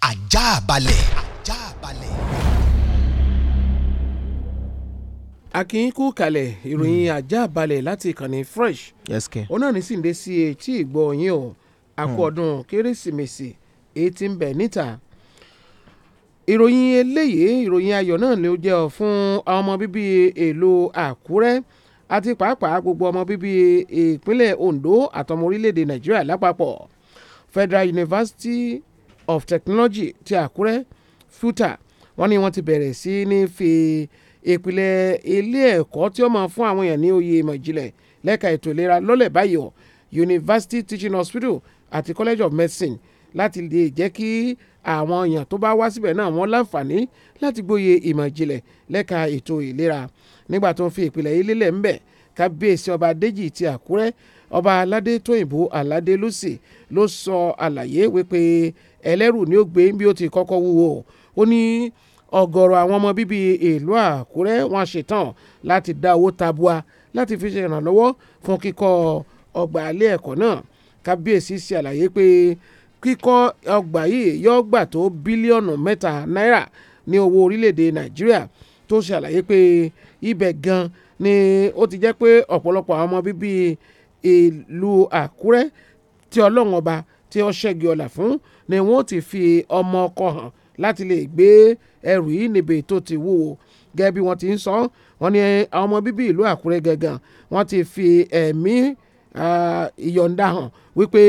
ajá balẹ̀. ajá balẹ̀. akínkù kalẹ̀ ìròyìn hmm. ajá balẹ̀ láti ìkànnì fresh. yẹ́sìkẹ́. ó náà ní sì ń dé sí etí ìgbọ́ yín o àkú hmm. ọdún kérésìmesì èyí tí ń bẹ níta. ìròyìn eléyìí ìròyìn ayọ̀ náà ló jẹ́ ọ fún ọmọ bíbí èlò àkúrẹ́ àti pàápàá gbogbo ọmọ bíbí ìpínlẹ̀ ondo àtọmọ orílẹ̀-èdè nàìjíríà lápapọ̀ federal university of Technology ti Àkúrẹ́ FUTA wọ́n ní wọ́n ti bẹ̀rẹ̀ sí ní fi ìpìlẹ̀ ilé ẹ̀kọ́ tí ó máa fún àwọn èèyàn ní oyè ìmọ̀ ìjìnlẹ̀ lẹ́ka ètò ìlera lọ́lẹ̀ báyìí University Teaching Hospital àti College of Medicine láti lè jẹ́ kí àwọn èèyàn tó bá wá síbẹ̀ náà wọ́n láǹfààní láti gbóye ìmọ̀ ìjìnlẹ̀ lẹ́ka ètò ìlera nígbà tó ń fi ìpìlẹ̀ yìí lélẹ̀ ńbẹ̀ kábíyèsí ọba Adéjì ti Àkúrẹ́ ọba aládé Tóyìnbó Aládé Lucy ló sọ àlàyé wípé ẹlẹ́rù ni ó gbé bí ó ti kọ́kọ́ wúwo ó ní ọ̀gọ̀rọ̀ àwọn ọmọ bíbí ìlú Àkúrẹ́ wọn ṣetán láti dá owó tabua láti fi ṣe ìrànlọ́wọ́ fún kíkọ́ ọgbà ilé ẹ̀kọ́ náà kábíyèsí ṣe àlàyé pé kíkọ́ ọgbà yìí yóò gbà tó bílíọ̀nù mẹ́ta náírà ní owó orílẹ̀-èdè Nàìjíríà tó ṣe àlàyé pé ibẹ̀ gan ni ó ti jẹ́ pé ọ̀pọ̀lọpọ̀ àwọn ọmọ bíbí ìlú Àkúrẹ́ tí Ọlọ́run ọba tí ó ṣẹ́gi ọlà fún ni wọ́n ti fi ọmọ ọkọ hàn láti lè gbé ẹrù yìí níbi tó ti wúwo gẹ́gẹ́ bí wọ́n ti ń sọ wọ́n ní ọmọ bíbí ìlú Àkúrẹ́ gangan wọ́n ti fi ẹ̀mí ìyọ̀ǹda hàn wípé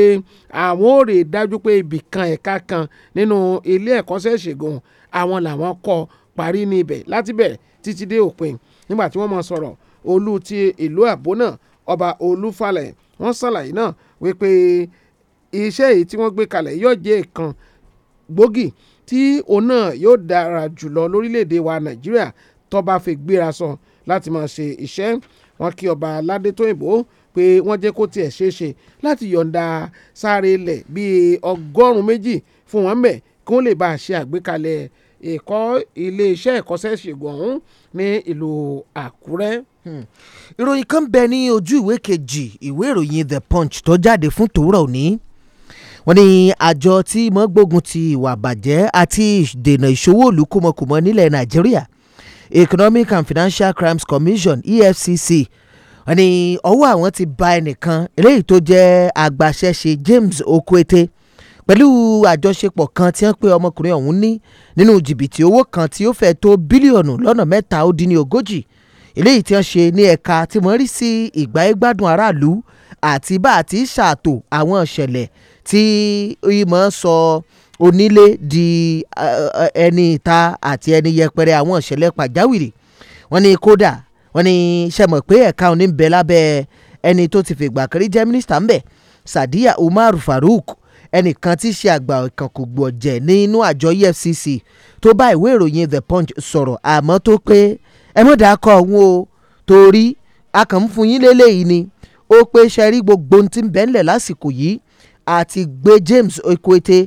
àwọn ò rè dájú pé ibìkan ẹ̀ka kan nínú ilé ẹ̀kọ́ṣẹ́ ìṣègùn àwọn làwọn kọ́ parí ní ibẹ̀ láti bẹ̀ títí dé òpin nígbà tí wọ́n mọ sọ̀rọ̀ olú ti ìlú àbó ọba olúfalẹ̀ wọ́n ṣàlàyé náà wípé iṣẹ́ èyí tí wọ́n gbé kalẹ̀ yóò jẹ́ ìkan gbòógì tí òun náà yóò dára jùlọ lórílẹ̀‐èdè wa nàìjíríà tó bá fi gbéra sọ láti máa ṣe iṣẹ́ wọn kí ọba aládé tóyìnbó pé wọ́n jẹ́ kó tiẹ̀ ṣeé ṣe láti yọ̀ǹda sáré ilẹ̀ bíi ọgọ́rùn-ún méjì fún wọn mẹ́ kí wọ́n lè bá a ṣe àgbékalẹ̀ ẹ̀kọ́ iléeṣẹ́ ẹ̀kọ́ṣẹ́ ṣègùn ọ̀hún ní ìlú àkúrẹ́. Hmm. ìròyìn kan bẹ ní ojú ìwé kejì ìwé ìròyìn the punch tó jáde fún tòwúrọ̀ òní wọ́n ní àjọ tí mọ́ gbógun ti ìwà bàjẹ́ àti ìdènà ìṣòwò ìlú kùmọ̀kùmọ̀ nílẹ̀ nàìjíríà economic and financial crimes commission efcc wọ́n ní ọwọ́ àwọn ti ba ẹnìkan eléyìí tó jẹ́ agbaṣẹ́ṣe james okwete pẹ̀lú àjọṣepọ̀ kan tí wọ́n pe ọmọkùnrin ọ̀hún ní nínú jìbìtì owó kan tí ó fẹ́ tó bílíọ̀nù lọ́nà mẹ́ta ó dín ní ogójì eléyìí tí wọ́n ṣe ní ẹ̀ka tí wọ́n rí sí ìgbáyégbádùn aráàlú àti bá àti ṣàtò àwọn ìṣẹ̀lẹ̀ tí ìmọ̀ sọ onílé di ẹni ìta àti ẹni yẹpẹrẹ àwọn ìṣẹ̀lẹ̀ pàjáwìrì wọ́n ní kódà wọ́n ní sẹ́mọ̀ pé ẹ̀ka òní ń bẹ lábẹ́ ẹni tó ti fìgbà kiri jẹ́ mínísítà ń bẹ Sadiya Umar Farouk ẹnìkan tí í ṣe àgbà ìkànkògbò ọ̀jẹ̀ nínú àjọ EFCC tó bá ìwé ìròyìn The Punch sọ̀rọ̀ àmọ́ tó pé ẹ mọ̀ dáa kọ́ òun o torí akànfún yín lélẹ́yìí ni ó pé ṣe gbogbo ohun tí ń bẹ lásìkò yìí àti gbé James Okoete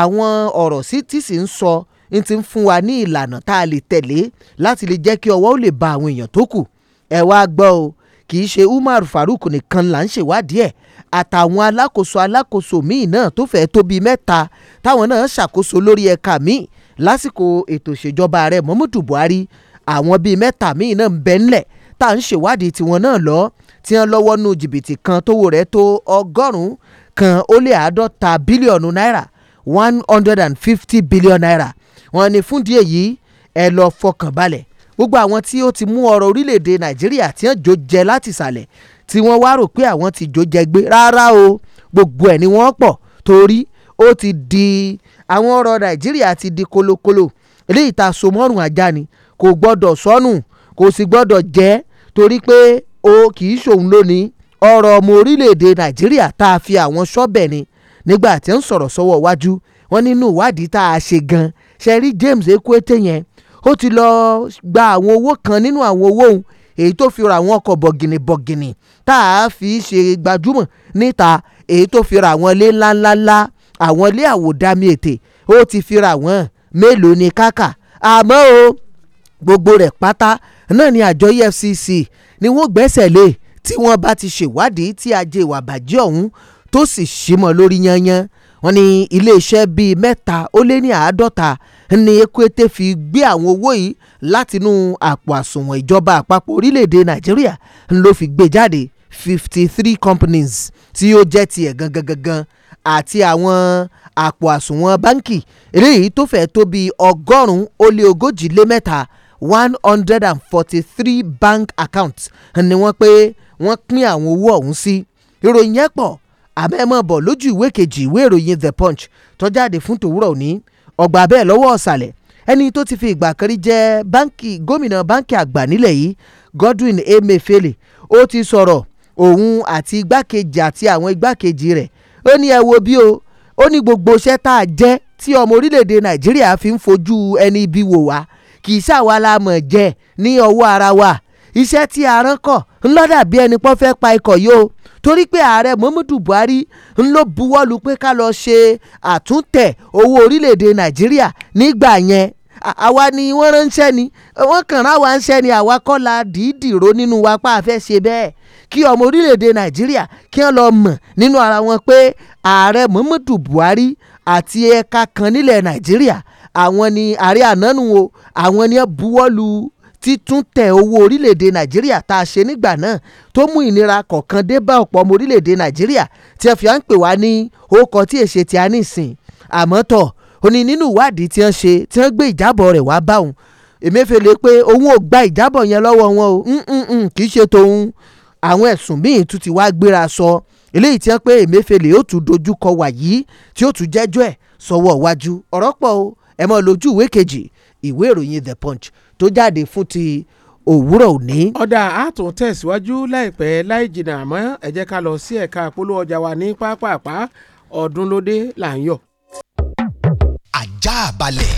àwọn ọ̀rọ̀ sí tí sì ń sọ ń ti fún wa ní ìlànà tá a lè tẹ̀lé láti lè jẹ́ kí ọwọ́ ó lè ba àwọn èèyàn tó kù ẹ wá gbọ́ o kì í ṣe Umar Farouk nìkan là ń ṣèwádìí ẹ̀ àtàwọn alákòóso alákòóso míì náà tó fẹ́ẹ́ tó bíi mẹ́ta táwọn náà ṣàkóso lórí ẹ̀ka míì lásìkò ètò ìṣèjọba ààrẹ Muhammadu Buhari àwọn bíi mẹ́ta míì náà ń bẹ ńlẹ̀ tá à ń ṣèwádìí tiwọn náà lọ tí wọ́n lọ́wọ́ nu jìbìtì kan tówó rẹ̀ tó ọgọ́rùn-ún kan ó lé àádọ́ta bílíọ̀nù náírà one hundred and fifty billion naira wọ́n ní fúndìí èyí ẹ lọ fọkàn balẹ̀ gbogbo àwọn tí ó ti mú ọrọ̀ orílẹ̀-èdè nàìjíríà tí wọ́n jò jẹ láti ìsàlẹ̀ tí wọ́n wá rò pé àwọn ti jò jẹ gbé rárá o gbogbo ẹ̀ ni wọ́n pọ̀ torí ó ti di àwọn ọrọ̀ nàìjíríà ti di kolokolo eléyìí ta somọ́rùn ajá ni kò gbọ́dọ̀ sọnù kò sì gbọ́dọ̀ jẹ́ torí pé o kì í ṣòun lónìí ọ̀rọ̀ ọmọ orílẹ̀-èdè nàìjíríà tá a fi àwọn sọ́bẹ̀ ni nígbà tí ń sọ̀rọ̀ sọ́wọ́ iwájú wọn nínú ìwádìí tá a ṣe gan ṣe James Ekwete yẹn ó ti lọ gba àwọn owó kan nínú àwọn owó òun èyí tó fi ra àwọn ọkọ̀ bọ̀gìnì bọ̀gìnì tá a fi ṣe gbajúmọ̀ níta èyí tó fi ra àwọn ilé ńláńláńlá àwọn ilé àwòdámi ètè ó ti fi ra àwọn mélòó ni kákà àmọ́ o gbogbo rẹ̀ pátá náà ni àjọ EFCC ni wọ́n gbẹ́sẹ̀ lé tí wọ́n bá ti ṣèwádìí tí ajé ìwà bàjẹ́ ọ̀hún tó sì símọ́ lórí yanyan wọ́n ní iléeṣẹ́ bíi mẹ́ta ó lé ní àádọ́ta ní Ekwete fi gbé àwọn owó yìí látinú àpò àsùnwọ̀n ìjọba àpapọ̀ orílẹ̀-èdè Nàìjíríà ló fi gbé jáde fifty three companies tí ó jẹ́ tiẹ̀ gangan gangan àti àwọn àpò àsùnwọ̀n báńkì eléyìí tó fẹ́ tó bíi ọgọ́rùn-ún ó lé ogójì lé mẹ́ta one hundred and forty three bank accounts ni wọ́n pé wọ́n pín àwọn owó ọ̀hún sí ìròyìn yẹn pọ̀ àmọ́ ẹ máa bọ̀ lójú ìwé kejì ìwé ìròyìn the punch tó jáde fún tòwúrọ̀ òní ọgbà bẹ́ẹ̀ lọ́wọ́ ọ̀sàlẹ̀ ẹni tó ti fi ìgbà kan rí jẹ́ báńkì gómìnà báńkì àgbà nílẹ̀ yìí Godwin Emefiele ó ti sọ̀rọ̀ òun àti igbákejì àti àwọn igbákejì rẹ̀ ó ní ẹ wo bí o ó ní gbogbo iṣẹ́ tá a jẹ́ tí ọmọ orílẹ̀-èdè Nàìjíríà fi ń fojú ẹni ibi wò wá kì í ṣàwa la mọ̀ jẹ́ ní ọwọ́ ara wa iṣẹ́ tí a rán kọ́ ńlọ́dà bí ẹni pọ́n fẹ́ pa ikọ̀ yìí o torí pé ààrẹ Muhammadu Buhari ń ló buwọ́lu pé ká lọ ṣe àtúntẹ̀ owó orílẹ̀-èdè Nàìjíríà nígbà yẹn àwa ni wọ́n ránṣẹ́ ni wọ́n kàn ráwa ránṣẹ́ ni àwa kọ́ la dìídì ró nínú wa pa àfẹ́ ṣe bẹ́ẹ̀ kí ọmọ orílẹ̀-èdè Nàìjíríà kí wọ́n lọ mọ̀ nínú ara wọn pé ààrẹ Muhammadu Buhari àti ẹ̀ka kan nílẹ̀ Nàìjíríà àwọn ni ààrẹ ànánu o àwọn ni buwọ́lu títúntẹ̀ owó orílẹ̀-èdè nàìjíríà tá a ṣe nígbà náà tó mú ìnira kọ̀ọ̀kan dé bá ọ̀pọ̀ ọmọ orílẹ̀-èdè nàìjíríà tí ẹ fi à ń pè wá ní orúkọ tí èṣe tí a nìsín àmọ́ tọ̀ ó ní nínú ìwádìí tí wọ́n ṣe tí wọ́n gbé ìjábọ̀ rẹ̀ wá bá òun Emefiele pé òun ò gba ìjábọ̀ yẹn lọ́wọ́ wọn o kì í ṣe tòun àwọn ẹ̀sùn míì tún ti wá gbéra sọ eléyìí tí wọ́n pé Emefiele ó tún dojúkọ wàyí tí ó tún jẹ́jọ́ ẹ̀ sọ́wọ́ iwájú ọ̀rọ̀ pọ̀ o ẹ mọ́ lójú ìwé kejì ìwé ìròyìn The Punch tó jáde fún ti òwúrọ̀ òní. ọ̀dà àtún tẹ̀síwájú láìpẹ́ láì jìnnà àmọ́ ẹ jẹ́ ká lọ sí ẹ̀ka polówó ọjà wa ní pápápá ọdúnlódé lóde là ń yọ̀. ajá balẹ̀.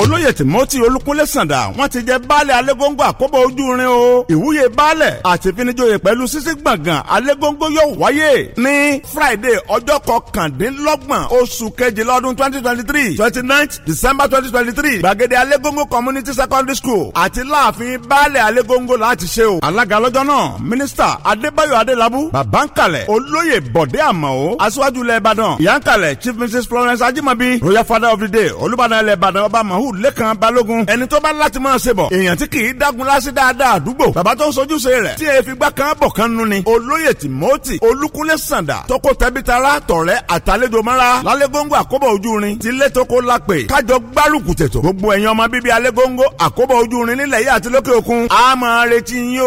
olóyè timothy olúkúnlé sàǹdà wọ́n ti jẹ baálẹ̀ alégóńgó àkóbọ̀ ojúrin o ìwúyè baálẹ̀ àti ìfinijoyè pẹ̀lú sísí gbọ̀ngàn alégóńgó yóò wáyé ní friday ọjọ́ kọkàndínlọ́gbọ̀n oṣù kejì lọ́dún twenty twenty three twenty nine december twenty twenty three gbàgede alégóńgó community secondary school àti láàfin baálẹ̀ alégóńgó láti ṣe o alága lọ́jọ́ náà mínísítà adébáyọ̀ adélábù babankalẹ̀ olóyè bọ̀dé àmọ́ aṣíwájú ilẹ̀ ìbàdàn chief mrs florence ajimabi royal father of the day olùbàdàn ilẹ̀ ìbàdàn ọba mahu yakubu lẹ́kan balógun ẹni tó bá láti máa ṣe bọ̀ èèyàn tí kì í dágun lásì dáadáa àdúgbò bàbá tó ń sojúṣe rẹ̀ tí èéfi gbá kan bọ̀ kan nu ni olóyè timothy olúkúnlé sàǹdà tọkọ tẹbitara tọ̀rẹ́ àtàlejò mọ́ra lálégóńgó ojúrin ti létoko lápè kájọ gbárùkù tètò gbogbo ẹ̀yin ọmọ bíbí alégóńgó àkóbọ̀ ojúrin nílẹ̀ yìí àti lókè òkun a máa retí yín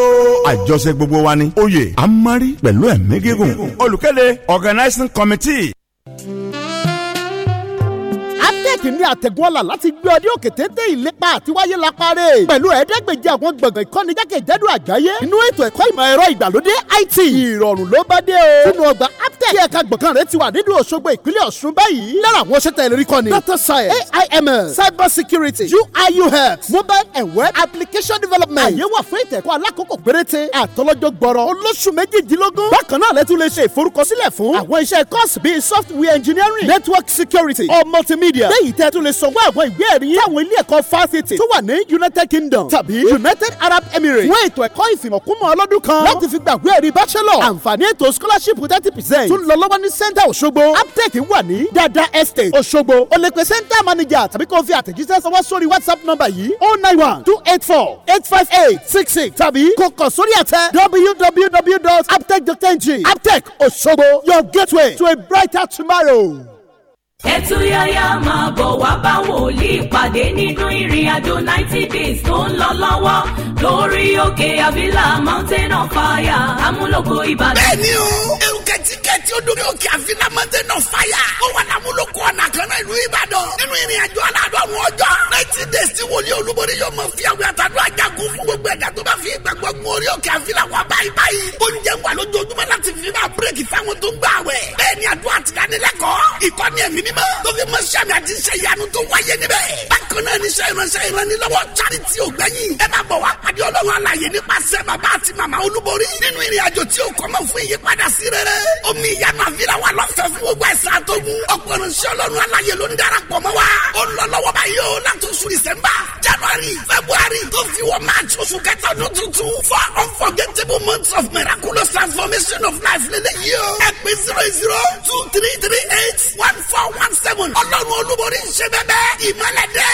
àjọṣe gbogbo wa ni oyè amari pẹ̀lú ẹ̀mí gígùn olùkéde organizing committee láìkì ní àtẹ̀gùn ọ̀la láti gbé ọdí òkè téńté ìlépa àti la parẹ́ pẹ̀lú ẹ̀ẹ́dẹ́gbèje àwọn gbọ̀ngàn ìkọ́ni jákèjádò àgbáyé nínú ètò ẹ̀kọ́ ìmọ̀ ẹ̀rọ ìgbàlódé IT ìrọ̀rùn ló bá dé o nínú ọgbà aptec tí ẹ̀ka gbọ̀ngàn rẹ̀ ti wà nínú Òṣogbo ìpínlẹ̀ Ọ̀ṣun báyìí lára àwọn ṣẹ́ta ìlérí kan ni data science AI, ML, cyber security UIUX e mobile and web application development àyè wà fún ìtẹ̀kọ́ alákòókò péréte àtọlọ́jọ́ gbọ́rọ̀ olóṣù méjìdínlógún bákan náà lẹ́tún lè ṣe ìforúkọsílẹ̀ fún àwọn iṣẹ́ kọ́ọ̀sì bíi software engineering network security or multimedia lẹ́yìn tẹ́ tún lè sanwó àwọn ìwé ẹ̀rí táwọn ilé ẹ̀kọ́ fásitì tó wà ní united kingdom tàbí united arab emirates fún ètò ẹ̀kọ́ ìfìmọ̀kúmọ̀ ọlọ́dún kan láti fi gbàgbé ẹ̀rí bachelor àǹfààní ètò scholarship thirty percent tún lọ lọ́wọ́ ní center òṣogbo aptec wà ní dada estate òṣogbo o center manager tàbí kó fi àtẹ̀jíṣẹ́ sanwó sórí whatsapp number yìí oh nine one two eight four eight five eight six six tàbí kó kàn sórí àtẹ www.aptec.ng aptec òṣogbo your gateway to a brighter tomorrow ẹtúyáyá máa bọ̀ wá bá wòlíì pàdé nínú ìrìn àjò ninety days tó ń lọ lọ́wọ́ lórí òkè àbílà mountain of fire amúlòkọ ìbàdàn. bẹ́ẹ̀ni o ẹrù kẹtíkẹtí ó dórí òkè àfínà mountain of fire ó wà lámúlòkọ ọ̀nà kan náà ìlú ìbàdàn nínú ìrìn àjò ninety days tí wòlíì olúborí yóò mọ fi àwọn àtàdúrà jagun fún gbogbo ẹ̀dá tó bá fi ìgbàgbọ́ gun orí òkè àfínà wà báyìí báyìí oúnjẹ wà lójoojúmọ́ láti fi máa bírèkì fáwọn tó ń gbà wẹ̀ bẹ́ẹ̀ni àdúrà tìdánilẹ́kọ̀ọ́ ìkọ́ni ẹ̀mí mímọ́ tó fi mọ sàmì àti iṣẹ́ ìyanu tó wáyé níbẹ̀. bákan náà ní iṣẹ́ ìránṣẹ́ ìrànlọ́wọ́ charity ògbẹ́yìn ẹ máa bọ̀ wá pàdé ọlọ́run alàyè nípasẹ̀ bàbá àti màmá olúborí nínú ìrìn àjò tí ó kọ́mọ fún ìyípadà sí rere. omi ìyanu àfihàn wa lọ́fẹ̀ẹ́ fún gbogbo ẹ̀sán àtọ́gun ọ̀pọ̀ ọlọ́run alàyè ló ń darapọ̀ one four one seven ọlọ́run olúborí ń ṣe bẹ́ẹ̀ bẹ́ẹ̀ ìmọ̀lẹ́dẹ́.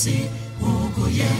sí ògo yẹ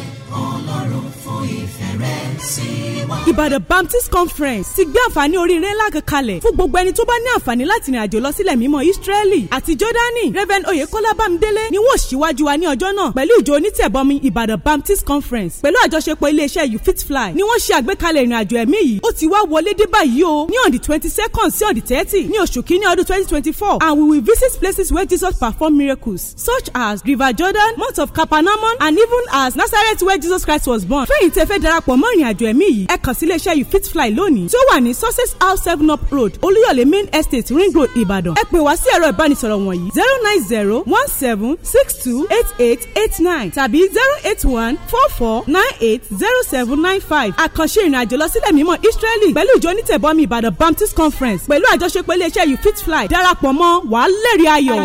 ọlọ́run fún ìfẹ́ rẹ̀ sí i. Ìbàdàn Baptist Conference ti gbé àǹfààní oríire ńlá kan kalẹ̀ fún gbogbo ẹni tó bá ní àǹfààní láti rìn àjò lọ sílẹ̀ mímọ́ Ísírẹ́lì àti Jọ́dánì Reverend Oyekola Bámidélé ni wọ́n ṣíwájú wa ní ọjọ́ náà pẹ̀lú ìjọ onítẹ̀bọmi Ìbàdàn Baptist Conference pẹ̀lú àjọṣepọ̀ iléeṣẹ́ you fit fly ni wọ́n ṣe àgbékalẹ̀ ìrìn àjò ẹ̀mí yìí ó ti wá wọlé dé báyìí o ní on the twenty second sí on the thirty ní oṣù kínní ọdún twenty twenty four and we will visit places where Jesus performed miracles such as River Jordan Mount of Capernaum and even as Nazareth where Jesus Christ was born fẹ́yìntẹ́fẹ́ darapọ̀ mọ́ ìrìn àjò ẹ̀mí yìí ẹ kàn sí iléeṣẹ́ you fit fly lónìí tí ó wà ní success house seven up road olúyọ̀lé main estate ring road ìbàdàn ẹ pè wá sí ẹ̀rọ ìbánisọ̀rọ̀ wọ̀nyí zero nine zero one seven six two eight eight eight nine tàbí zero eight one four four nine eight zero seven nine five àkànṣe ìrìnàjò lọ sílẹ̀ mímọ́ israeli pẹ̀lú ìjọ onítẹ̀bọmi ìbàdàn baptist conference pẹ̀lú àjọṣepọ̀ iléeṣẹ́ you fit fly darapọ̀ mọ́ wàá lẹ́rìí ayọ̀.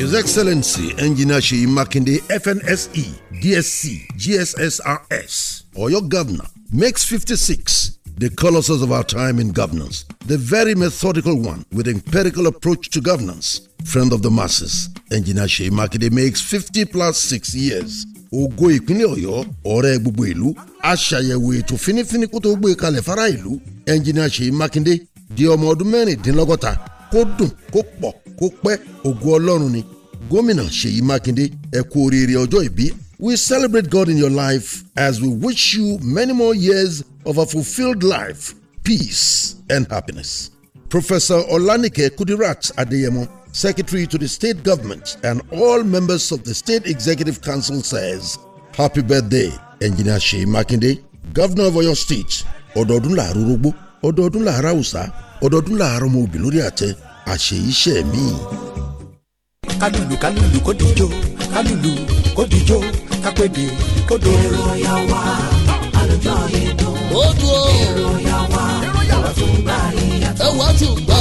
His Excellency Engineer Sheyi Makinde FNSE DSC, GSSRS, or your governor makes 56 the colossus of our time in governance, the very methodical one with empirical approach to governance, friend of the masses, engineer Shea Makinde makes 50 plus 6 years. Ogo ìpínlẹ̀ ọ̀yọ́ ọ̀rẹ́ gbogbo ìlú aṣàyẹ̀wò ètò fínífíní kó tó gbé e kalẹ̀ fara ìlú ẹnjìnìà Ṣèyí Mákindé di ọmọ ọdún mẹ́rìndínlọ́gọ́ta kó dùn kó pọ̀ kó pẹ́ ògo ọlọ́run ni gómìnà Ṣèyí Mákindé ẹ kú oríire ọjọ́ ìbí We celebrate God in your life as we wish you many more years of a fulfilled life, peace, and happiness. Professor Olanike Kudirat Adeyemo, Secretary to the State Government and all members of the State Executive Council says, Happy birthday, Engineer Shea Makinde, Governor of your State, ọdọọdún làárọ̀ rogbo ọdọọdún làárọ̀ àwùsá ọdọọdún làárọ̀ ọmọ òbí lórí àtẹ àṣeyíṣẹ́ mi. kálùlù kálùlù kò dijó kálùlù kò dijó kápẹ́dé kódò. èrò yà wá àlùjọ yìí dùn. ó dùn. èrò yà wá ọ̀rọ̀ tó ń gbà ìyàtọ̀. ẹ wá tí ò gbà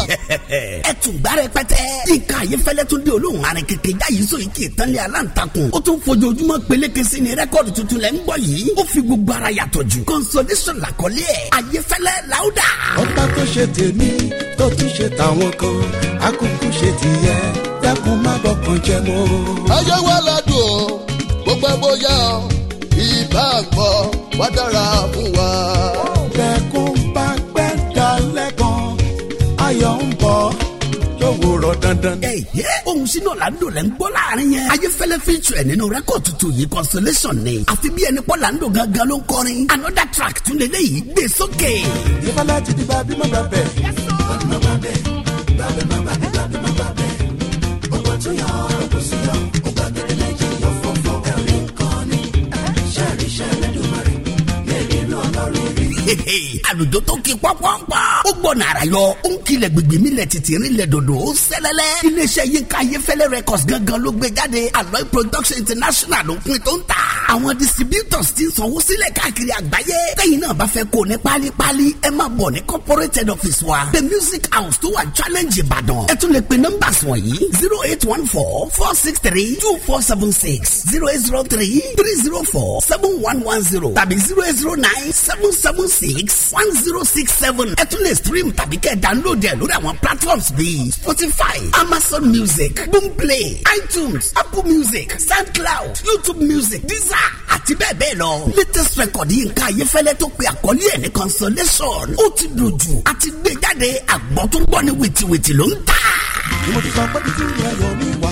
ẹ tún gbá rẹpẹtẹ. yínká ayéfẹ́lẹ́ tún dé olóhùn arin kékeré jáyé sóyè kì í lé aláǹtakùn. ó tún fojoojúmọ́ peléke sí ni rẹ́kọ̀dì tuntun lẹ́ ń bọ̀ yìí. ó fi gbogbo ara yàtọ̀ jù. consolation làkọlé ẹ̀ ayéfẹ́lẹ́ làwùdà. ọba tó ṣe tèmi tó tún ṣe tàwọn kan akókó ṣe tìyẹ dákun má bọ̀ kàn jẹ́ mọ́. ayé wa ládùn o pẹ́ bóyá ìbá gbọ́ wá dára fún wa. tẹkùn bá pẹ́ dalẹ́ kan ayọ̀ ń bọ̀ lówùrọ̀ dandan. ẹ ẹ ohun sínú ọ̀làǹdò rẹ̀ ń gbọ́ láàrin yẹn. ayéfẹ́lẹ́ fíjù ẹ̀ nínú rẹ́kọ̀d tuntun yìí consolation ni. àfi bí ẹni pọ́ làǹdò gangan ló ń kọrin. another track tún lè léyìí gbé sókè. ìfọlá ti di bá bí mo bá bẹ̀. bá bí mo bá bẹ̀ bá bí mo bá bẹ̀ bá bí mo bá bẹ̀ ọgbọ́n tó yàn án. àlùjọ tó ki pọ́npọ́npọ́ ó gbọ́ nàrà yọ ó ń kilẹ̀ gbègbè mi lẹ̀ tìtìrín lẹ̀ dòdò ó sẹ́lẹ̀lẹ̀ iléeṣẹ́ yínká ayéfẹ́lẹ́ records gangan ló gbé jáde aloe production international ló pin tó ń ta àwọn distributors ti ń sanwó sílẹ̀ káàkiri àgbáyé tẹ́yìn náà bá fẹ́ kó ní pálípálí ẹ má bọ̀ ní corporate office wa the music house tó wà challenge ìbàdàn ẹ tún lè pe numbers wọ̀nyí zero eight one four four six three two four seven six zero eight zero three three zero four seven one one zero tàbí zero eight zero nine seven seven six six one zero six seven ẹ tún lè stream tàbí kẹ́ ẹ download ẹ lórí àwọn platforms bíi spotify amazon music boomplay itunes apple music soundcloud youtube music deezer àti bẹ́ẹ̀ bẹ́ẹ̀ lọ. latest record yìí nǹkan ayéfẹ́lẹ́ tó pe àkọlé ẹ̀ ní consolation ó ti dojú àti gbé jáde àgbọ̀ tó ń gbọ́ ní wìtìwìtì ló ń tà. ìmọ̀ tó sọ pé kí ni ayọ̀ mi wá.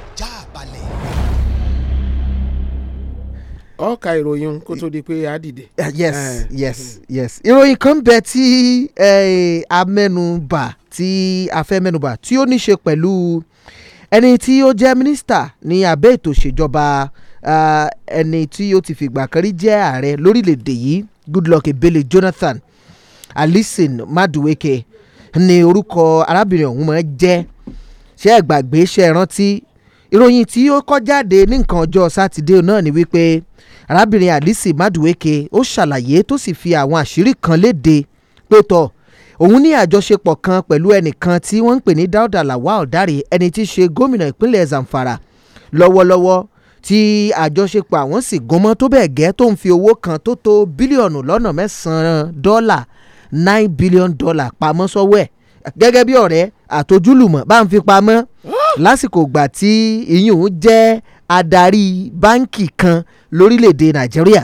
ọ̀ka ìròyìn kó tó di pé a dìde. Eh, yes eh. yes yes ìròyìn kan bẹ tí eh, amẹ́nubà tí a fẹ́ mẹ́nubà tí ó ní ṣe pẹ̀lú ẹni tí ó jẹ́ mínísítà ní abẹ́ ètò ìṣèjọba ẹni tí ó ti fìgbà kan rí jẹ́ ààrẹ lórílẹ̀‐èdè yìí Goodluck Ebele Jonathan Alison Maduweke ni orúkọ arábìnrin ọ̀hún máa jẹ́ ṣé ẹ gbàgbé ṣe é rántí ìròyìn tí ó kọ́ jáde ní nǹkan ọjọ́ sátidé náà ni wípé arábìnrin àdìsí maduweke ó ṣàlàyé tó sì fi àwọn àṣírí kan léde pé tọ̀ òun ní àjọṣepọ̀ kan pẹ̀lú ẹnìkan tí wọ́n ń pè ní Dauda Lawal Dare ẹni tí í ṣe gómìnà ìpínlẹ̀ Zamfara lọ́wọ́lọ́wọ́ tí àjọṣepọ̀ àwọn sì gúnmọ́ tó bẹ́ẹ̀ gẹ́ tó ń fi owó kan tó tó bílíọ̀nù lọ́nà mẹ́sàn-án dọ́là nine billion dollar pamọ́ sọ́wọ́ ẹ̀ gẹ́gẹ́ bí ọ̀rẹ́ àtojúlùmọ̀ bá ń fi pamọ́ lásìkò ìgbà tí iyún jẹ́ adarí báǹkì kan lórílẹ̀‐èdè nàìjíríà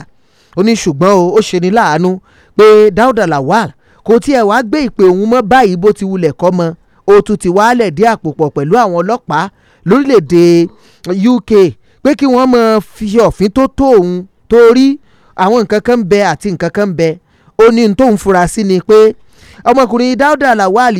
ó ní ṣùgbọ́n ó ṣeni láàánú pé dáúdà lawal kò tiẹ̀ wá gbé ìpè òun mọ́ báyìí bó ti wulẹ̀ kọ́ mọ́ ó tún ti wálẹ̀ dé àpò pọ̀ pẹ̀lú àwọn ọlọ́pàá lórílẹ̀‐èdè UK pé kí wọ́n mọ fi ọ̀fín tó tó òun torí àwọn nǹkan kan ń bẹ àti nǹkan kan ń bẹ ó ní tóun fura sí ni pé ọmọkùnrin dáúdà lawal